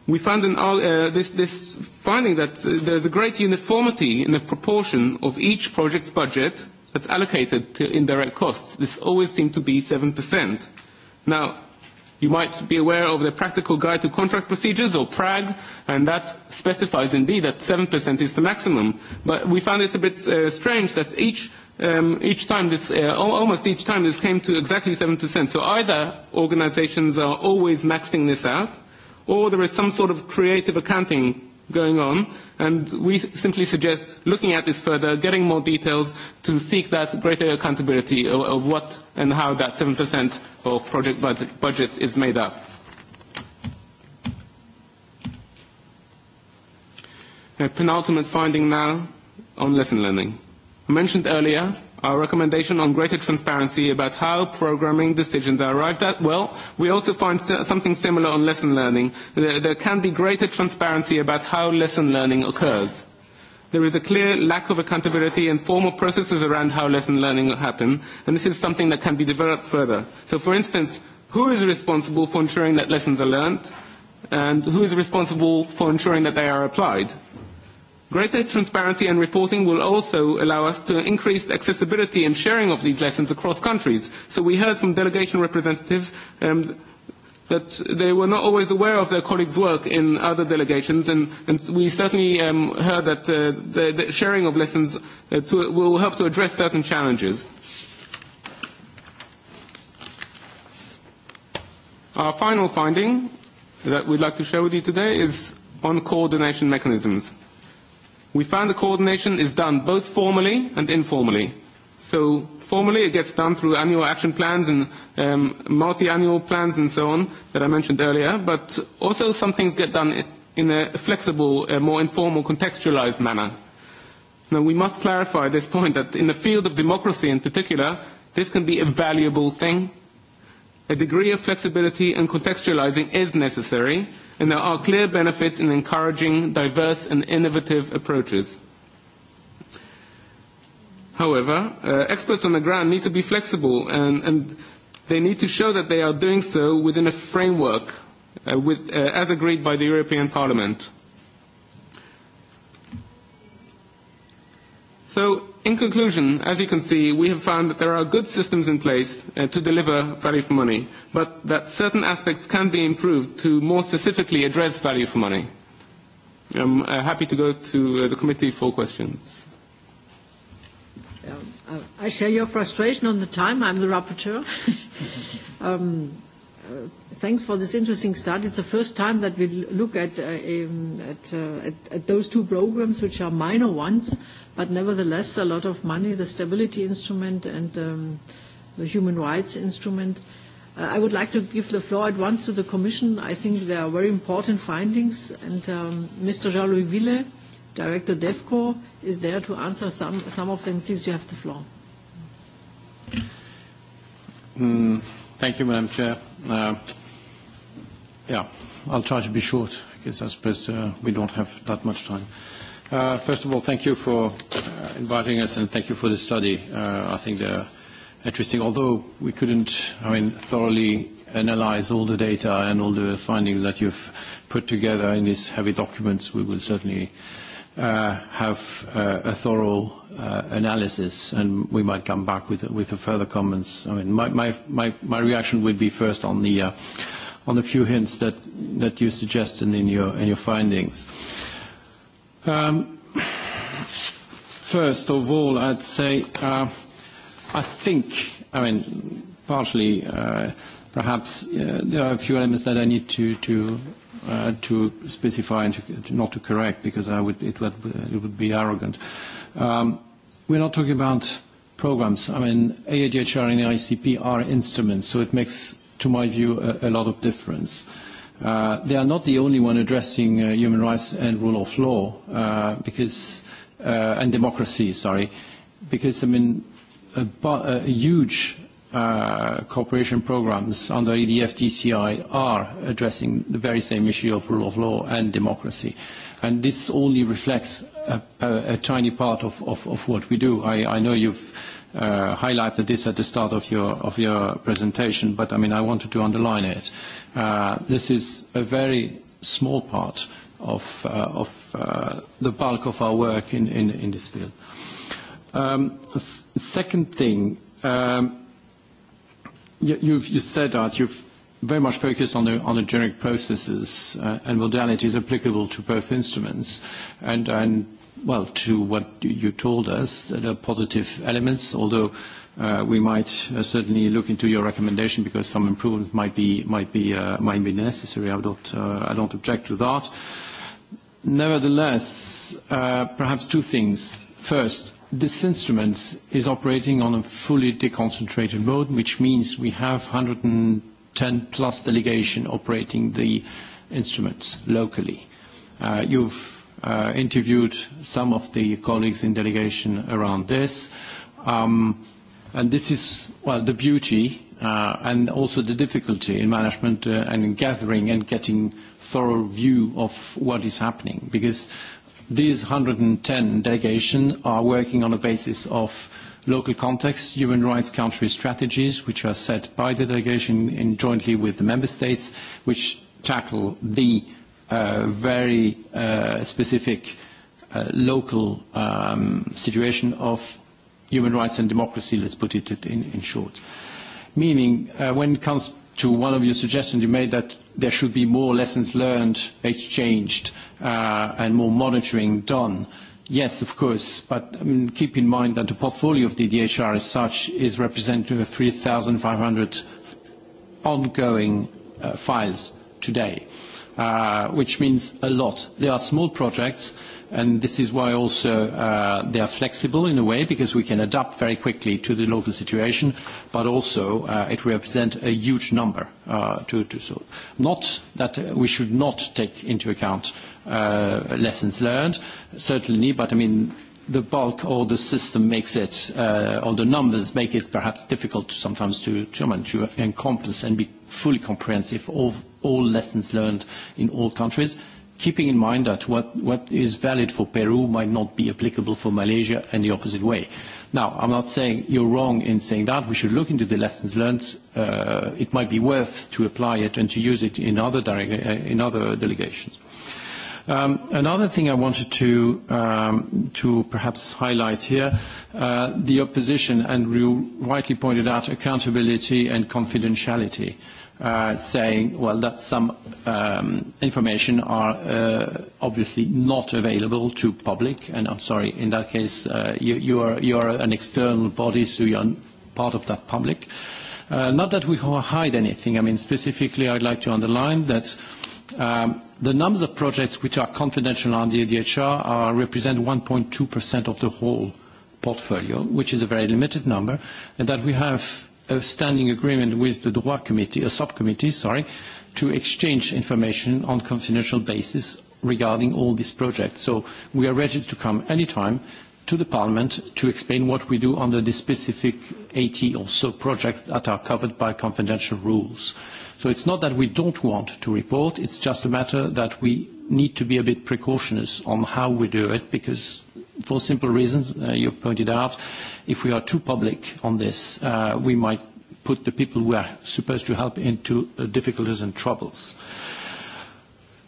we found an, uh, this, this finding that uh, there's a great uniformity in the proportion of each project's budget that's allocated to indirect costs. This always seemed to be 7%. Now, You might be aware of the Practical Guide to Contract Procedures, or PRAG, and that specifies indeed that 7% is the maximum. But we found it a bit uh, strange that each um, each time this, uh, almost each time this came to exactly 7%. So either organizations are always maxing this out, or there is some sort of creative accounting going on, and we simply suggest looking at this further, getting more details to seek that greater accountability of, of what and how that 7% of project bud- budgets is made up. A penultimate finding now on lesson learning. I mentioned earlier our recommendation on greater transparency about how programming decisions are arrived at, well, we also find something similar on lesson learning. There, can be greater transparency about how lesson learning occurs. There is a clear lack of accountability and formal processes around how lesson learning happen, and this is something that can be developed further. So, for instance, who is responsible for ensuring that lessons are learned, and who is responsible for ensuring that they are applied? Greater transparency and reporting will also allow us to increase accessibility and sharing of these lessons across countries. So we heard from delegation representatives um, that they were not always aware of their colleagues' work in other delegations, and, and we certainly um, heard that uh, the, the sharing of lessons uh, to, will help to address certain challenges. Our final finding that we'd like to share with you today is on coordination mechanisms. We found the coordination is done both formally and informally. So formally, it gets done through annual action plans and um, multi-annual plans and so on that I mentioned earlier, but also some things get done in a flexible, a more informal, contextualized manner. Now, we must clarify this point that in the field of democracy in particular, this can be a valuable thing. A degree of flexibility and contextualizing is necessary, and there are clear benefits in encouraging diverse and innovative approaches. However, uh, experts on the ground need to be flexible and, and they need to show that they are doing so within a framework uh, with, uh, as agreed by the European Parliament. So In conclusion, as you can see, we have found that there are good systems in place uh, to deliver value for money, but that certain aspects can be improved to more specifically address value for money. I'm uh, happy to go to uh, the committee for questions. Um, I share your frustration on the time. I'm the rapporteur. um, Uh, thanks for this interesting study. It's the first time that we look at, uh, um, at, uh, at, at those two programs, which are minor ones, But nevertheless, a lot of money, the stability instrument and um, the human rights instrument. Uh, I would like to give the floor at once to the Commission. I think there are very important findings, and Mr. Um, Jean-Louis Ville, Director DEFCO, is there to answer some, some of them. Please, you have the floor. Mm, thank you, Madam Chair. Uh, yeah, I'll try to be short because I suppose uh, we don't have that much time. Uh, first of all, thank you for uh, inviting us and thank you for the study. Uh, I think they're interesting, although we couldn't, I mean, thoroughly analyze all the data and all the findings that you've put together in these heavy documents. We will certainly uh, have uh, a thorough uh, analysis, and we might come back with with further comments. I mean, my my my, my reaction would be first on the uh, on a few hints that that you suggested in your in your findings. Uh, Um, first of all, I'd say uh, I think, I mean, partially uh, perhaps uh, there are a few elements that I need to, to, uh, to specify and to, to not to correct because I would, it, would, it would be arrogant. Um, we're not talking about programs. I mean, AADHR and ICP are instruments, so it makes, to my view, a, a lot of difference. Uh, Uh, they are not the only one addressing uh, human rights and rule of law uh, because uh, and democracy sorry because i mean a, a huge uh, cooperation programs under EDF TCI are addressing the very same issue of rule of law and democracy. And this only reflects a, a, a tiny part of, of, of what we do. I, I know you've Uh, highlighted this at the start of your, of your presentation, but I mean, I wanted to underline it. Uh, this is a very small part of, uh, of the bulk of our work in, in, in this field. Um, second thing, um, you, you've you said that you've very much focused on the, on the generic processes and modalities applicable to both instruments. And, and well, to what you told us, uh, the positive elements, although uh, we might uh, certainly look into your recommendation because some improvement might be, might be, uh, might be necessary. I don't, uh, I don't object to that. Nevertheless, uh, perhaps two things. First, this instrument is operating on a fully deconcentrated mode, which means we have 110+ plus delegation operating the instruments locally. You've uh, interviewed some of the colleagues in delegation around this. Um, and this is, well, the beauty uh, and also the difficulty in management uh, and in gathering and getting thorough view of what is happening because these 110 delegations are working on a basis of local context, human rights country strategies, which are set by the delegation in jointly with the member states, which tackle the Uh, very uh, specific uh, local um, situation of human rights and democracy, let's put it in, in short. Meaning, uh, when it comes to one of your suggestions you made that there should be more lessons learned exchanged uh, and more monitoring done. Yes, of course, but I mean, keep in mind that the portfolio of the DHR as such is representative of 3,500 ongoing uh, files today. Uh, Uh, which means a lot. They are small projects, and this is why also uh, they are flexible in a way, because we can adapt very quickly to the local situation, but also uh, it represents a huge number to, solve. Not that we should not take into account lessons learned, certainly, but I mean, the bulk or the system makes it, or the numbers make it perhaps difficult sometimes to, to encompass and be fully comprehensive of all lessons learned in all countries, keeping in mind that what, what is valid for Peru might not be applicable for Malaysia and the opposite way. Now, I'm not saying you're wrong in saying that. We should look into the lessons learned. Uh, it might be worth to apply it and to use it in other, direct, uh, in other delegations. Um, another thing I wanted to, um, to perhaps highlight here, uh, the opposition, and you rightly pointed out accountability and confidentiality. Uh, Uh, saying, well, that some um, information are uh, obviously not available to public. And I'm sorry, in that case, uh, you, you, are, you are an external body, so you are part of that public. Uh, not that we hide anything. I mean, specifically, I'd like to underline that um, the numbers of projects which are confidential under EDHR are, represent 1.2% of the whole portfolio, which is a very limited number, and that we have a standing agreement with the Droit committee, a subcommittee, sorry, to exchange information on confidential basis regarding all these projects. So we are ready to come anytime to the Parliament to explain what we do under the specific 80 or so projects that are covered by confidential rules. So it's not that we don't want to report, it's just a matter that we need to be a bit precautious on how we do it because for simple reasons uh, you pointed out. If we are too public on this, uh, we might put the people we are supposed to help into uh, difficulties and troubles.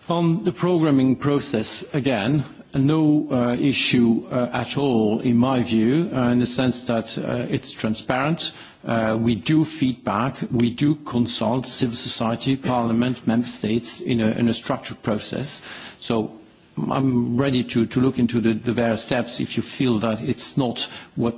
On the programming process, again, no uh, issue uh, at all, in my view, uh, in the sense that uh, it's transparent. Uh, we do feedback. We do consult civil society, parliament, member states in a, in a structured process. So I'm ready to, to look into the, the various steps if you feel that it's not what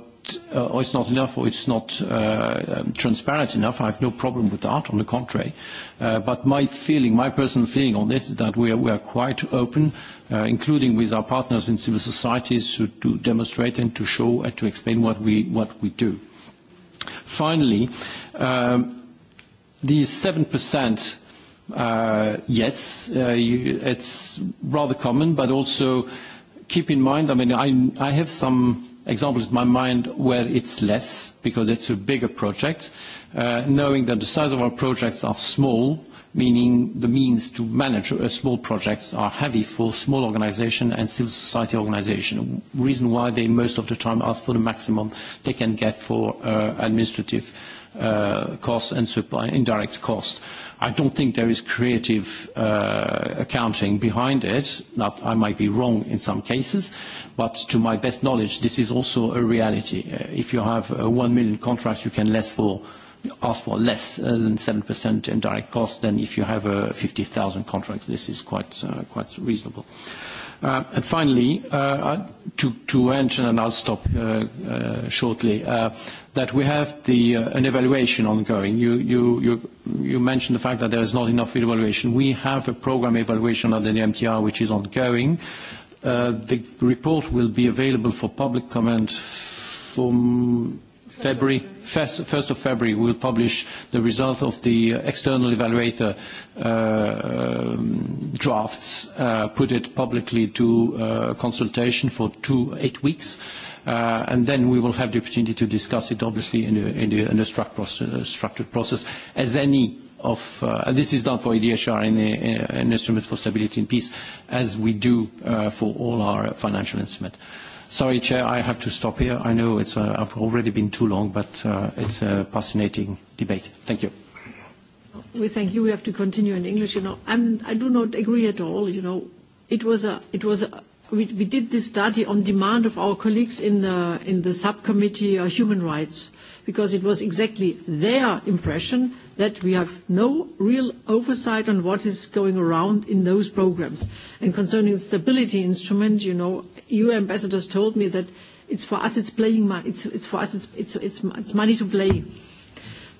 uh, or it's not enough or it's not uh, um, transparent enough. I have no problem with that, on the contrary. Uh, but my feeling, my personal feeling on this is that we are, we are quite open, uh, including with our partners in civil societies to, to demonstrate and to show and to explain what we, what we do. Finally, um, these 7% Uh, yes, uh, it's rather common, but also keep in mind, I mean, I, I have some examples in my mind where it's less because it's a bigger project. Uh, knowing that the size of our projects are small, meaning the means to manage small projects are heavy for small organization and civil society organization. Reason why they most of the time ask for the maximum they can get for uh, administrative Uh, costs and supply, indirect costs. I don't think there is creative uh, accounting behind it. Now, I might be wrong in some cases, but to my best knowledge, this is also a reality. Uh, if you have a 1 million contract, you can ask for less than 7% indirect costs. than if you have a 50,000 contract. This is quite, reasonable. and finally, to end, and I'll stop shortly, that we have the, uh, an evaluation ongoing. You, you, you, you mentioned the fact that there is not enough evaluation. We have a program evaluation under the MTR which is ongoing. Uh, the report will be available for public comment from February, 1st of February, we'll publish the result of the external evaluator uh, drafts, uh, put it publicly to uh, consultation for two, eight weeks. Uh, and then we will have the opportunity to discuss it, obviously, in a, uh, structured process, as any of, uh, this is done for EDHR and an instrument for stability and peace, as we do uh, for all our financial instruments. Sorry, Chair, I have to stop here. I know I've already been too long, but it's a fascinating debate. Thank you. We thank you. We have to continue in English. I do not agree at all. it was we, we did this study on demand of our colleagues in the, in the subcommittee on uh, human rights because it was exactly their impression that we have no real oversight on what is going around in those programs. And concerning the stability instrument, you know, EU ambassadors told me that it's for us, it's playing money. It's, it's for us, it's, it's, it's, it's money to play.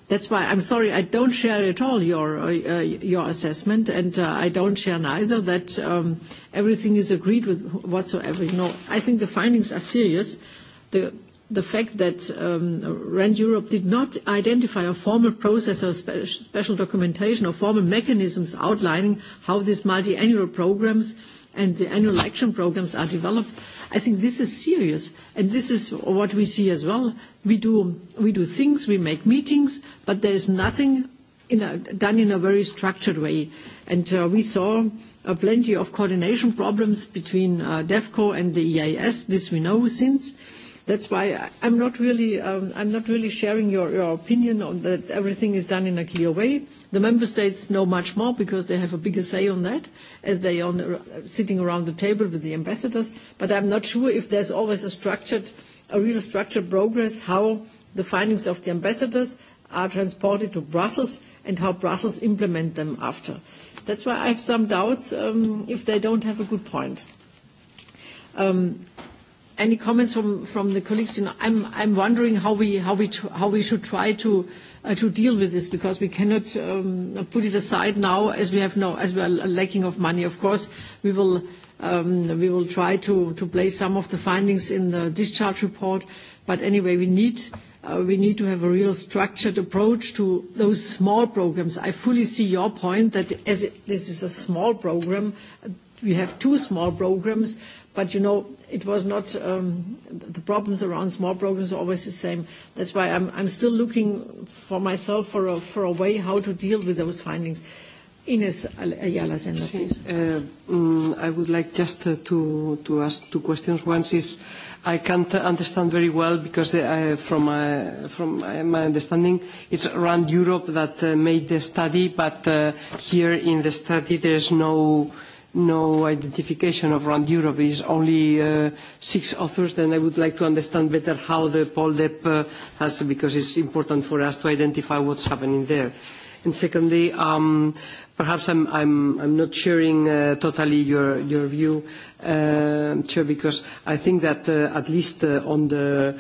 That's why I'm sorry, I don't share at all your, uh, uh, your assessment, and uh, I don't share neither that um, everything is agreed with whatsoever. You know, I think the findings are serious. The, the fact that um, RAND Europe did not identify a formal process or spe special documentation or formal mechanisms outlining how these multi-annual programs and the annual action programs are developed I think this is serious, and this is what we see as well. We do, we do things, we make meetings, but there is nothing in a, done in a very structured way. And uh, we saw uh, plenty of coordination problems between uh, DEFCO and the EIS. This we know since. That's why I'm not really, um, I'm not really sharing your, your opinion on that everything is done in a clear way. The member states know much more because they have a bigger say on that, as they are sitting around the table with the ambassadors. But I'm not sure if there's always a structured, a real structured progress how the findings of the ambassadors are transported to Brussels and how Brussels implement them after. That's why I have some doubts um, if they don't have a good point. Um, any comments from, from the colleagues? You know, I'm, I'm wondering how we, how, we how we should try to Uh, to deal with this because we cannot um, put it aside now as we have no, as we are lacking of money. Of course, we will, um, try to, place some of the findings in the discharge report. But anyway, uh, we need, to have a real structured approach to those small programs. I fully see your point that this is a small program, we have two small programs, but you know, it was not um, the problems around small programs are always the same. That's why I'm, I'm still looking for myself for a, for a way how to deal with those findings. Ines Ayala Senda, please. Uh, mm, I would like just uh, to, to ask two questions. One is I can't understand very well because uh, from, uh, from my understanding, it's around Europe that uh, made the study, but uh, here in the study there's no uh, no identification of Round Europe. It's only uh, six authors. Then I would like to understand better how the Poldep uh, has, because it's important for us to identify what's happening there. And secondly, um, perhaps I'm, not sharing uh, totally your, view, Chair, because I think that at least on the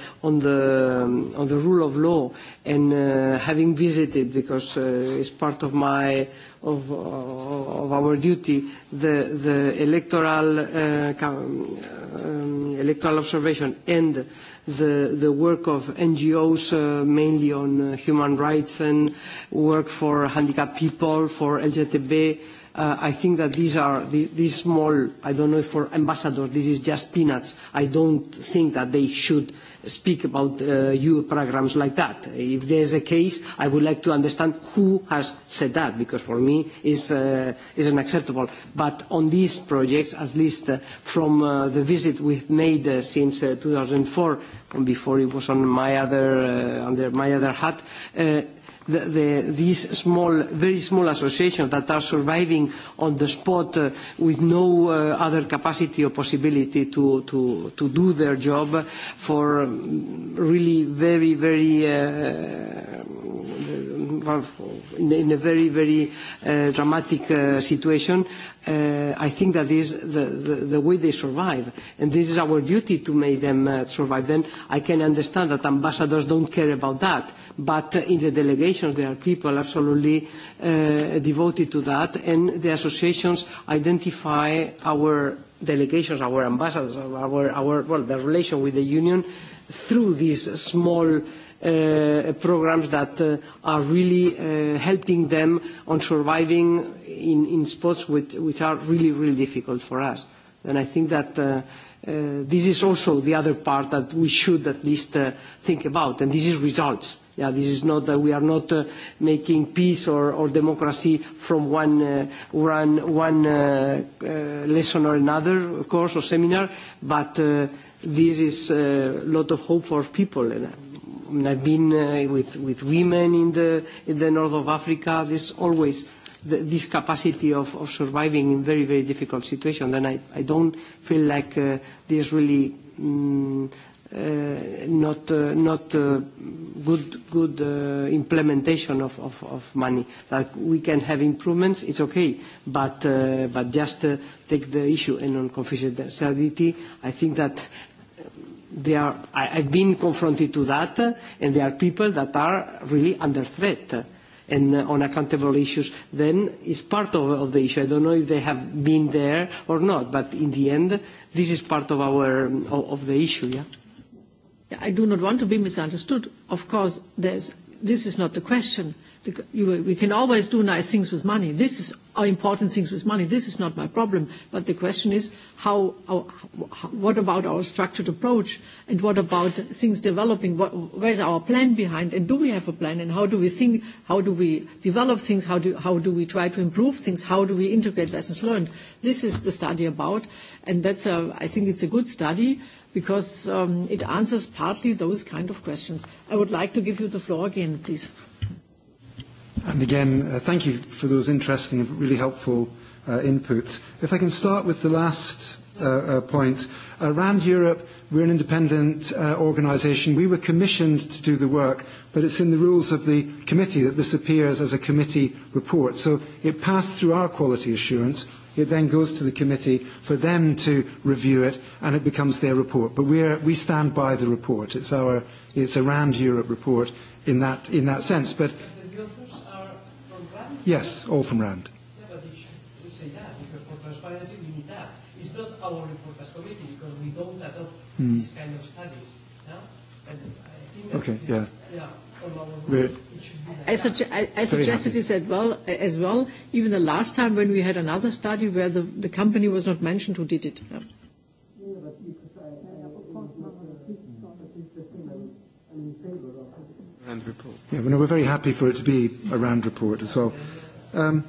rule of law and having visited, because it's part of my of, of our duty, the, the electoral, uh, um, electoral observation and the, the work of NGOs, uh, mainly on uh, human rights and work for handicapped people, for LGTB, Uh, I think that these are these, small, I don't know if for ambassadors, this is just peanuts. I don't think that they should speak about uh, EU programs like that. If there's a case, I would like to understand who has said that, because for me is uh, is unacceptable. But on these projects, at least uh, from uh, the visit we've made uh, since uh, 2004, and before it was on my other uh, under my other hat. Uh, the, the, these small, very small associations that are surviving on the spot uh, with no uh, other capacity or possibility to, to, to do their job for um, really very, very, uh, uh in, in a very, very uh, dramatic uh, situation. Uh, I think that is the, the, the way they survive. And this is our duty to make them uh, survive. Then I can understand that ambassadors don't care about that. But in the delegation, associations, there are people absolutely uh, devoted to that, and the associations identify our delegations, our ambassadors, our, our well, the relation with the union through these small uh, programs that uh, are really uh, helping them on surviving in, in spots which, which are really, really difficult for us. And I think that uh, uh, this is also the other part that we should at least uh, think about, and this is results Yeah, this is not that we are not uh, making peace or, or democracy from one, uh, one, one uh, uh lesson or another course or seminar, but uh, this is a uh, lot of hope for people. And um, I've been with, with women in the, in the north of Africa. There's always the, this capacity of, of surviving in very, very difficult situations. And I, I don't feel like there's really Mm, Uh, not uh, not uh, good good implementation of, of, of money. Like we can have improvements, it's okay, but but just take the issue and on confidentiality. I think that they are. I, I've been confronted to that, and there are people that are really under threat and uh, on accountable issues, then it's part of, of the issue. I don't know if they have been there or not, but in the end, this is part of our um, of, of the issue. Yeah. I do not want to be misunderstood. Of course, this is not the question we can always do nice things with money. This is are important things with money. This is not my problem. But the question is, how, how, what about our structured approach? And what about things developing? What, where's our plan behind? And do we have a plan? And how do we think? How do we develop things? How do, how do we try to improve things? How do we integrate lessons learned? This is the study about. And that's a, I think it's a good study because um, it answers partly those kind of questions. I would like to give you the floor again, please. And again, uh, thank you for those interesting and really helpful uh, inputs. If I can start with the last uh, uh, point. Around Europe, we're an independent uh, organization. We were commissioned to do the work, but it's in the rules of the committee that this appears as a committee report. So it passed through our quality assurance. It then goes to the committee for them to review it, and it becomes their report. But we're, we stand by the report. It's our it's a round Europe report in that in that sense. But Yes, all from RAND. Yeah, but should say that, because for transparency we need that. It's not our report as committee, because we don't adopt mm. this kind of studies. Yeah? And I think that okay, yeah. yeah I, I, I suggested this as well, as well, even the last time when we had another study where the, the company was not mentioned who did it. Yeah. And report. Yeah, well, no, we're very happy for it to be a round report as well. Um,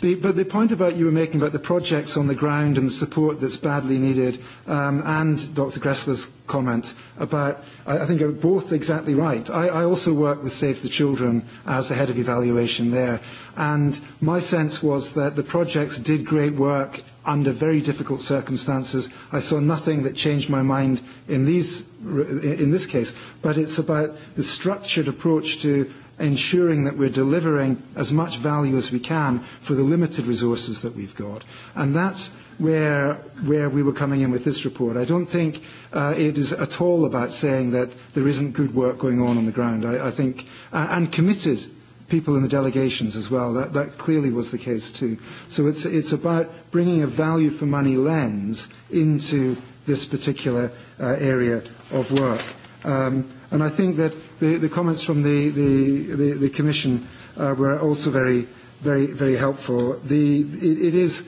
the, but the point about you were making about the projects on the ground and the support that's badly needed, um, and Dr. Gressler's comment about, I, I think are both exactly right. I, I also work with Save the Children as the head of evaluation there, and my sense was that the projects did great work under very difficult circumstances. I saw nothing that changed my mind in, these, in this case, but it's about the structured approach to ensuring that we're delivering as much value as we can for the limited resources that we've got. And that's where, where we were coming in with this report. I don't think uh, it is at all about saying that there isn't good work going on on the ground. I, I think, uh, and committed people in the delegations as well. That, that clearly was the case too. So it's, it's about bringing a value for money lens into this particular uh, area of work. Um, and I think that the, the comments from the, the, the, the Commission uh, were also very, very, very helpful. The, it, it is,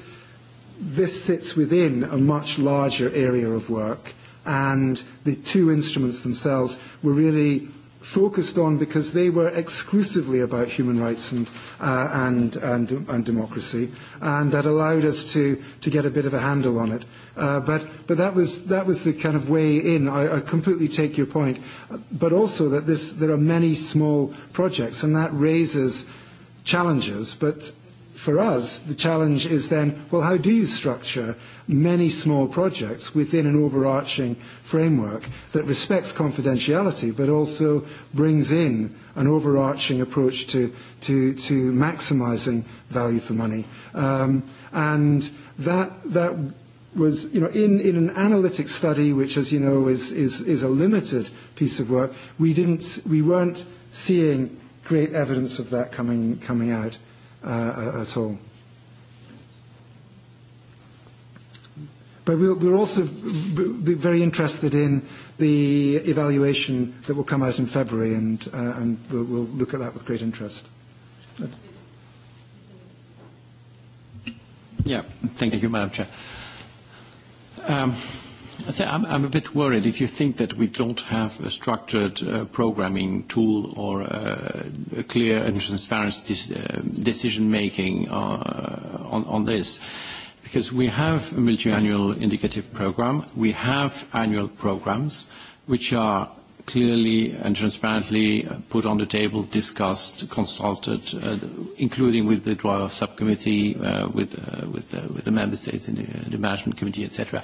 this sits within a much larger area of work, and the two instruments themselves were really focused on because they were exclusively about human rights and, uh, and, and, and democracy, and that allowed us to, to get a bit of a handle on it. Uh, but but that, was, that was the kind of way in. I, I completely take your point. But also that this, there are many small projects, and that raises challenges, but for us, the challenge is then, well, how do you structure many small projects within an overarching framework that respects confidentiality but also brings in an overarching approach to, to, to maximizing value for money? Um, and that, that was, you know, in, in an analytic study, which, as you know, is, is, is a limited piece of work, we, didn't, we weren't seeing great evidence of that coming, coming out. Uh, at all. But we're also very interested in the evaluation that will come out in February, and, uh, and we'll, we'll look at that with great interest. Yeah. Thank you, Madam Chair. Um, I'm, a bit worried if you think that we don't have a structured uh, programming tool or uh, a clear and transparent uh, decision-making on, this because we have a multi-annual indicative program. We have annual programs which are clearly and transparently put on the table, discussed, consulted, including with the draw subcommittee, with, the, member states in the, the management committee, et cetera.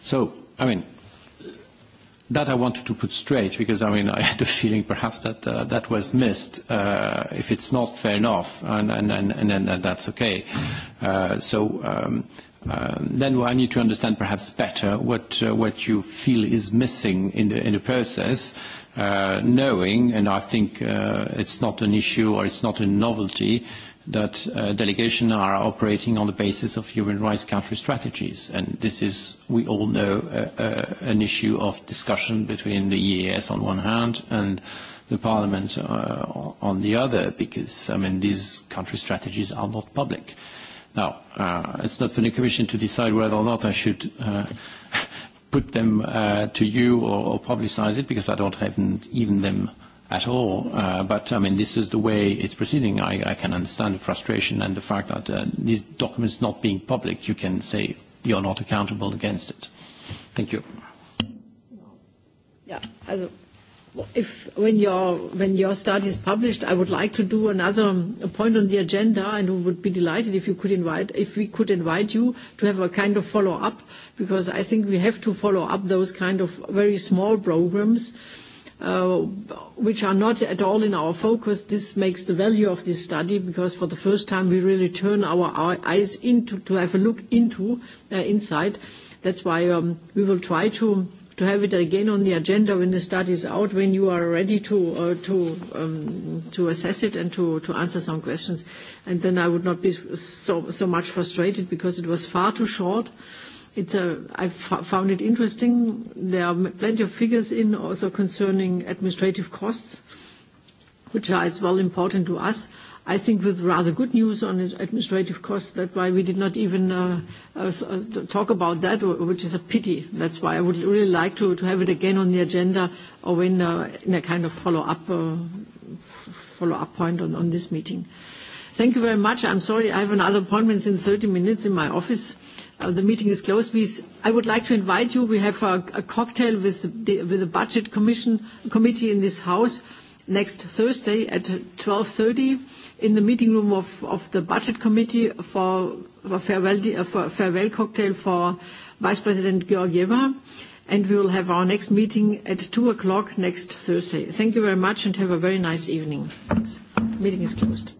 So, I mean, that I wanted to put straight because, I mean, I had a feeling perhaps that uh, that was missed. Uh, if it's not, fair enough, and, and, and, and, and that's okay. Uh, so um, uh, then I need to understand perhaps better what, uh, what you feel is missing in the, in the process. Uh, knowing, and I think uh, it's not an issue or it's not a novelty, uh, that uh, delegation are operating on the basis of human rights country strategies. And this is, we all know, uh, uh, an issue of discussion between the EAS on one hand and the parliament on the other, because, I mean, these country strategies are not public. Now, it's not for the Commission to decide whether or not I should put them to you or, or publicize it, because I don't have even them at all. Uh, but I mean, this is the way it's proceeding. I, I can understand the frustration and the fact that uh, these documents not being public, you can say you're not accountable against it. Thank you. Yeah, also if when your when your study is published, I would like to do another um, point on the agenda, and we would be delighted if you could invite if we could invite you to have a kind of follow up, because I think we have to follow up those kind of very small programs Uh, which are not at all in our focus. This makes the value of this study because for the first time we really turn our, our eyes into to have a look into uh, inside. That's why um, we will try to to have it again on the agenda when the study is out, when you are ready to uh, to um, to assess it and to to answer some questions. And then I would not be so so much frustrated because it was far too short. Uh, It's a, I found it interesting. There are plenty of figures in also concerning administrative costs, which are as well important to us. I think with rather good news on administrative costs. That's why we did not even uh, uh, uh, talk about that, which is a pity. That's why I would really like to, have it again on the agenda or in, a kind of follow-up follow point on, on this meeting. Thank you very much. I'm sorry, I have another appointment in 30 minutes in my office. Uh, the meeting is closed. Please, I would like to invite you. We have a, cocktail with the, Budget Commission Committee in this House next Thursday at 12.30 in the meeting room of, the Budget Committee for a uh, farewell, cocktail for Vice President Georgieva. And we will have our next meeting at 2:00 o'clock next Thursday. Thank you very much and have a very nice evening. Thanks. Meeting is closed.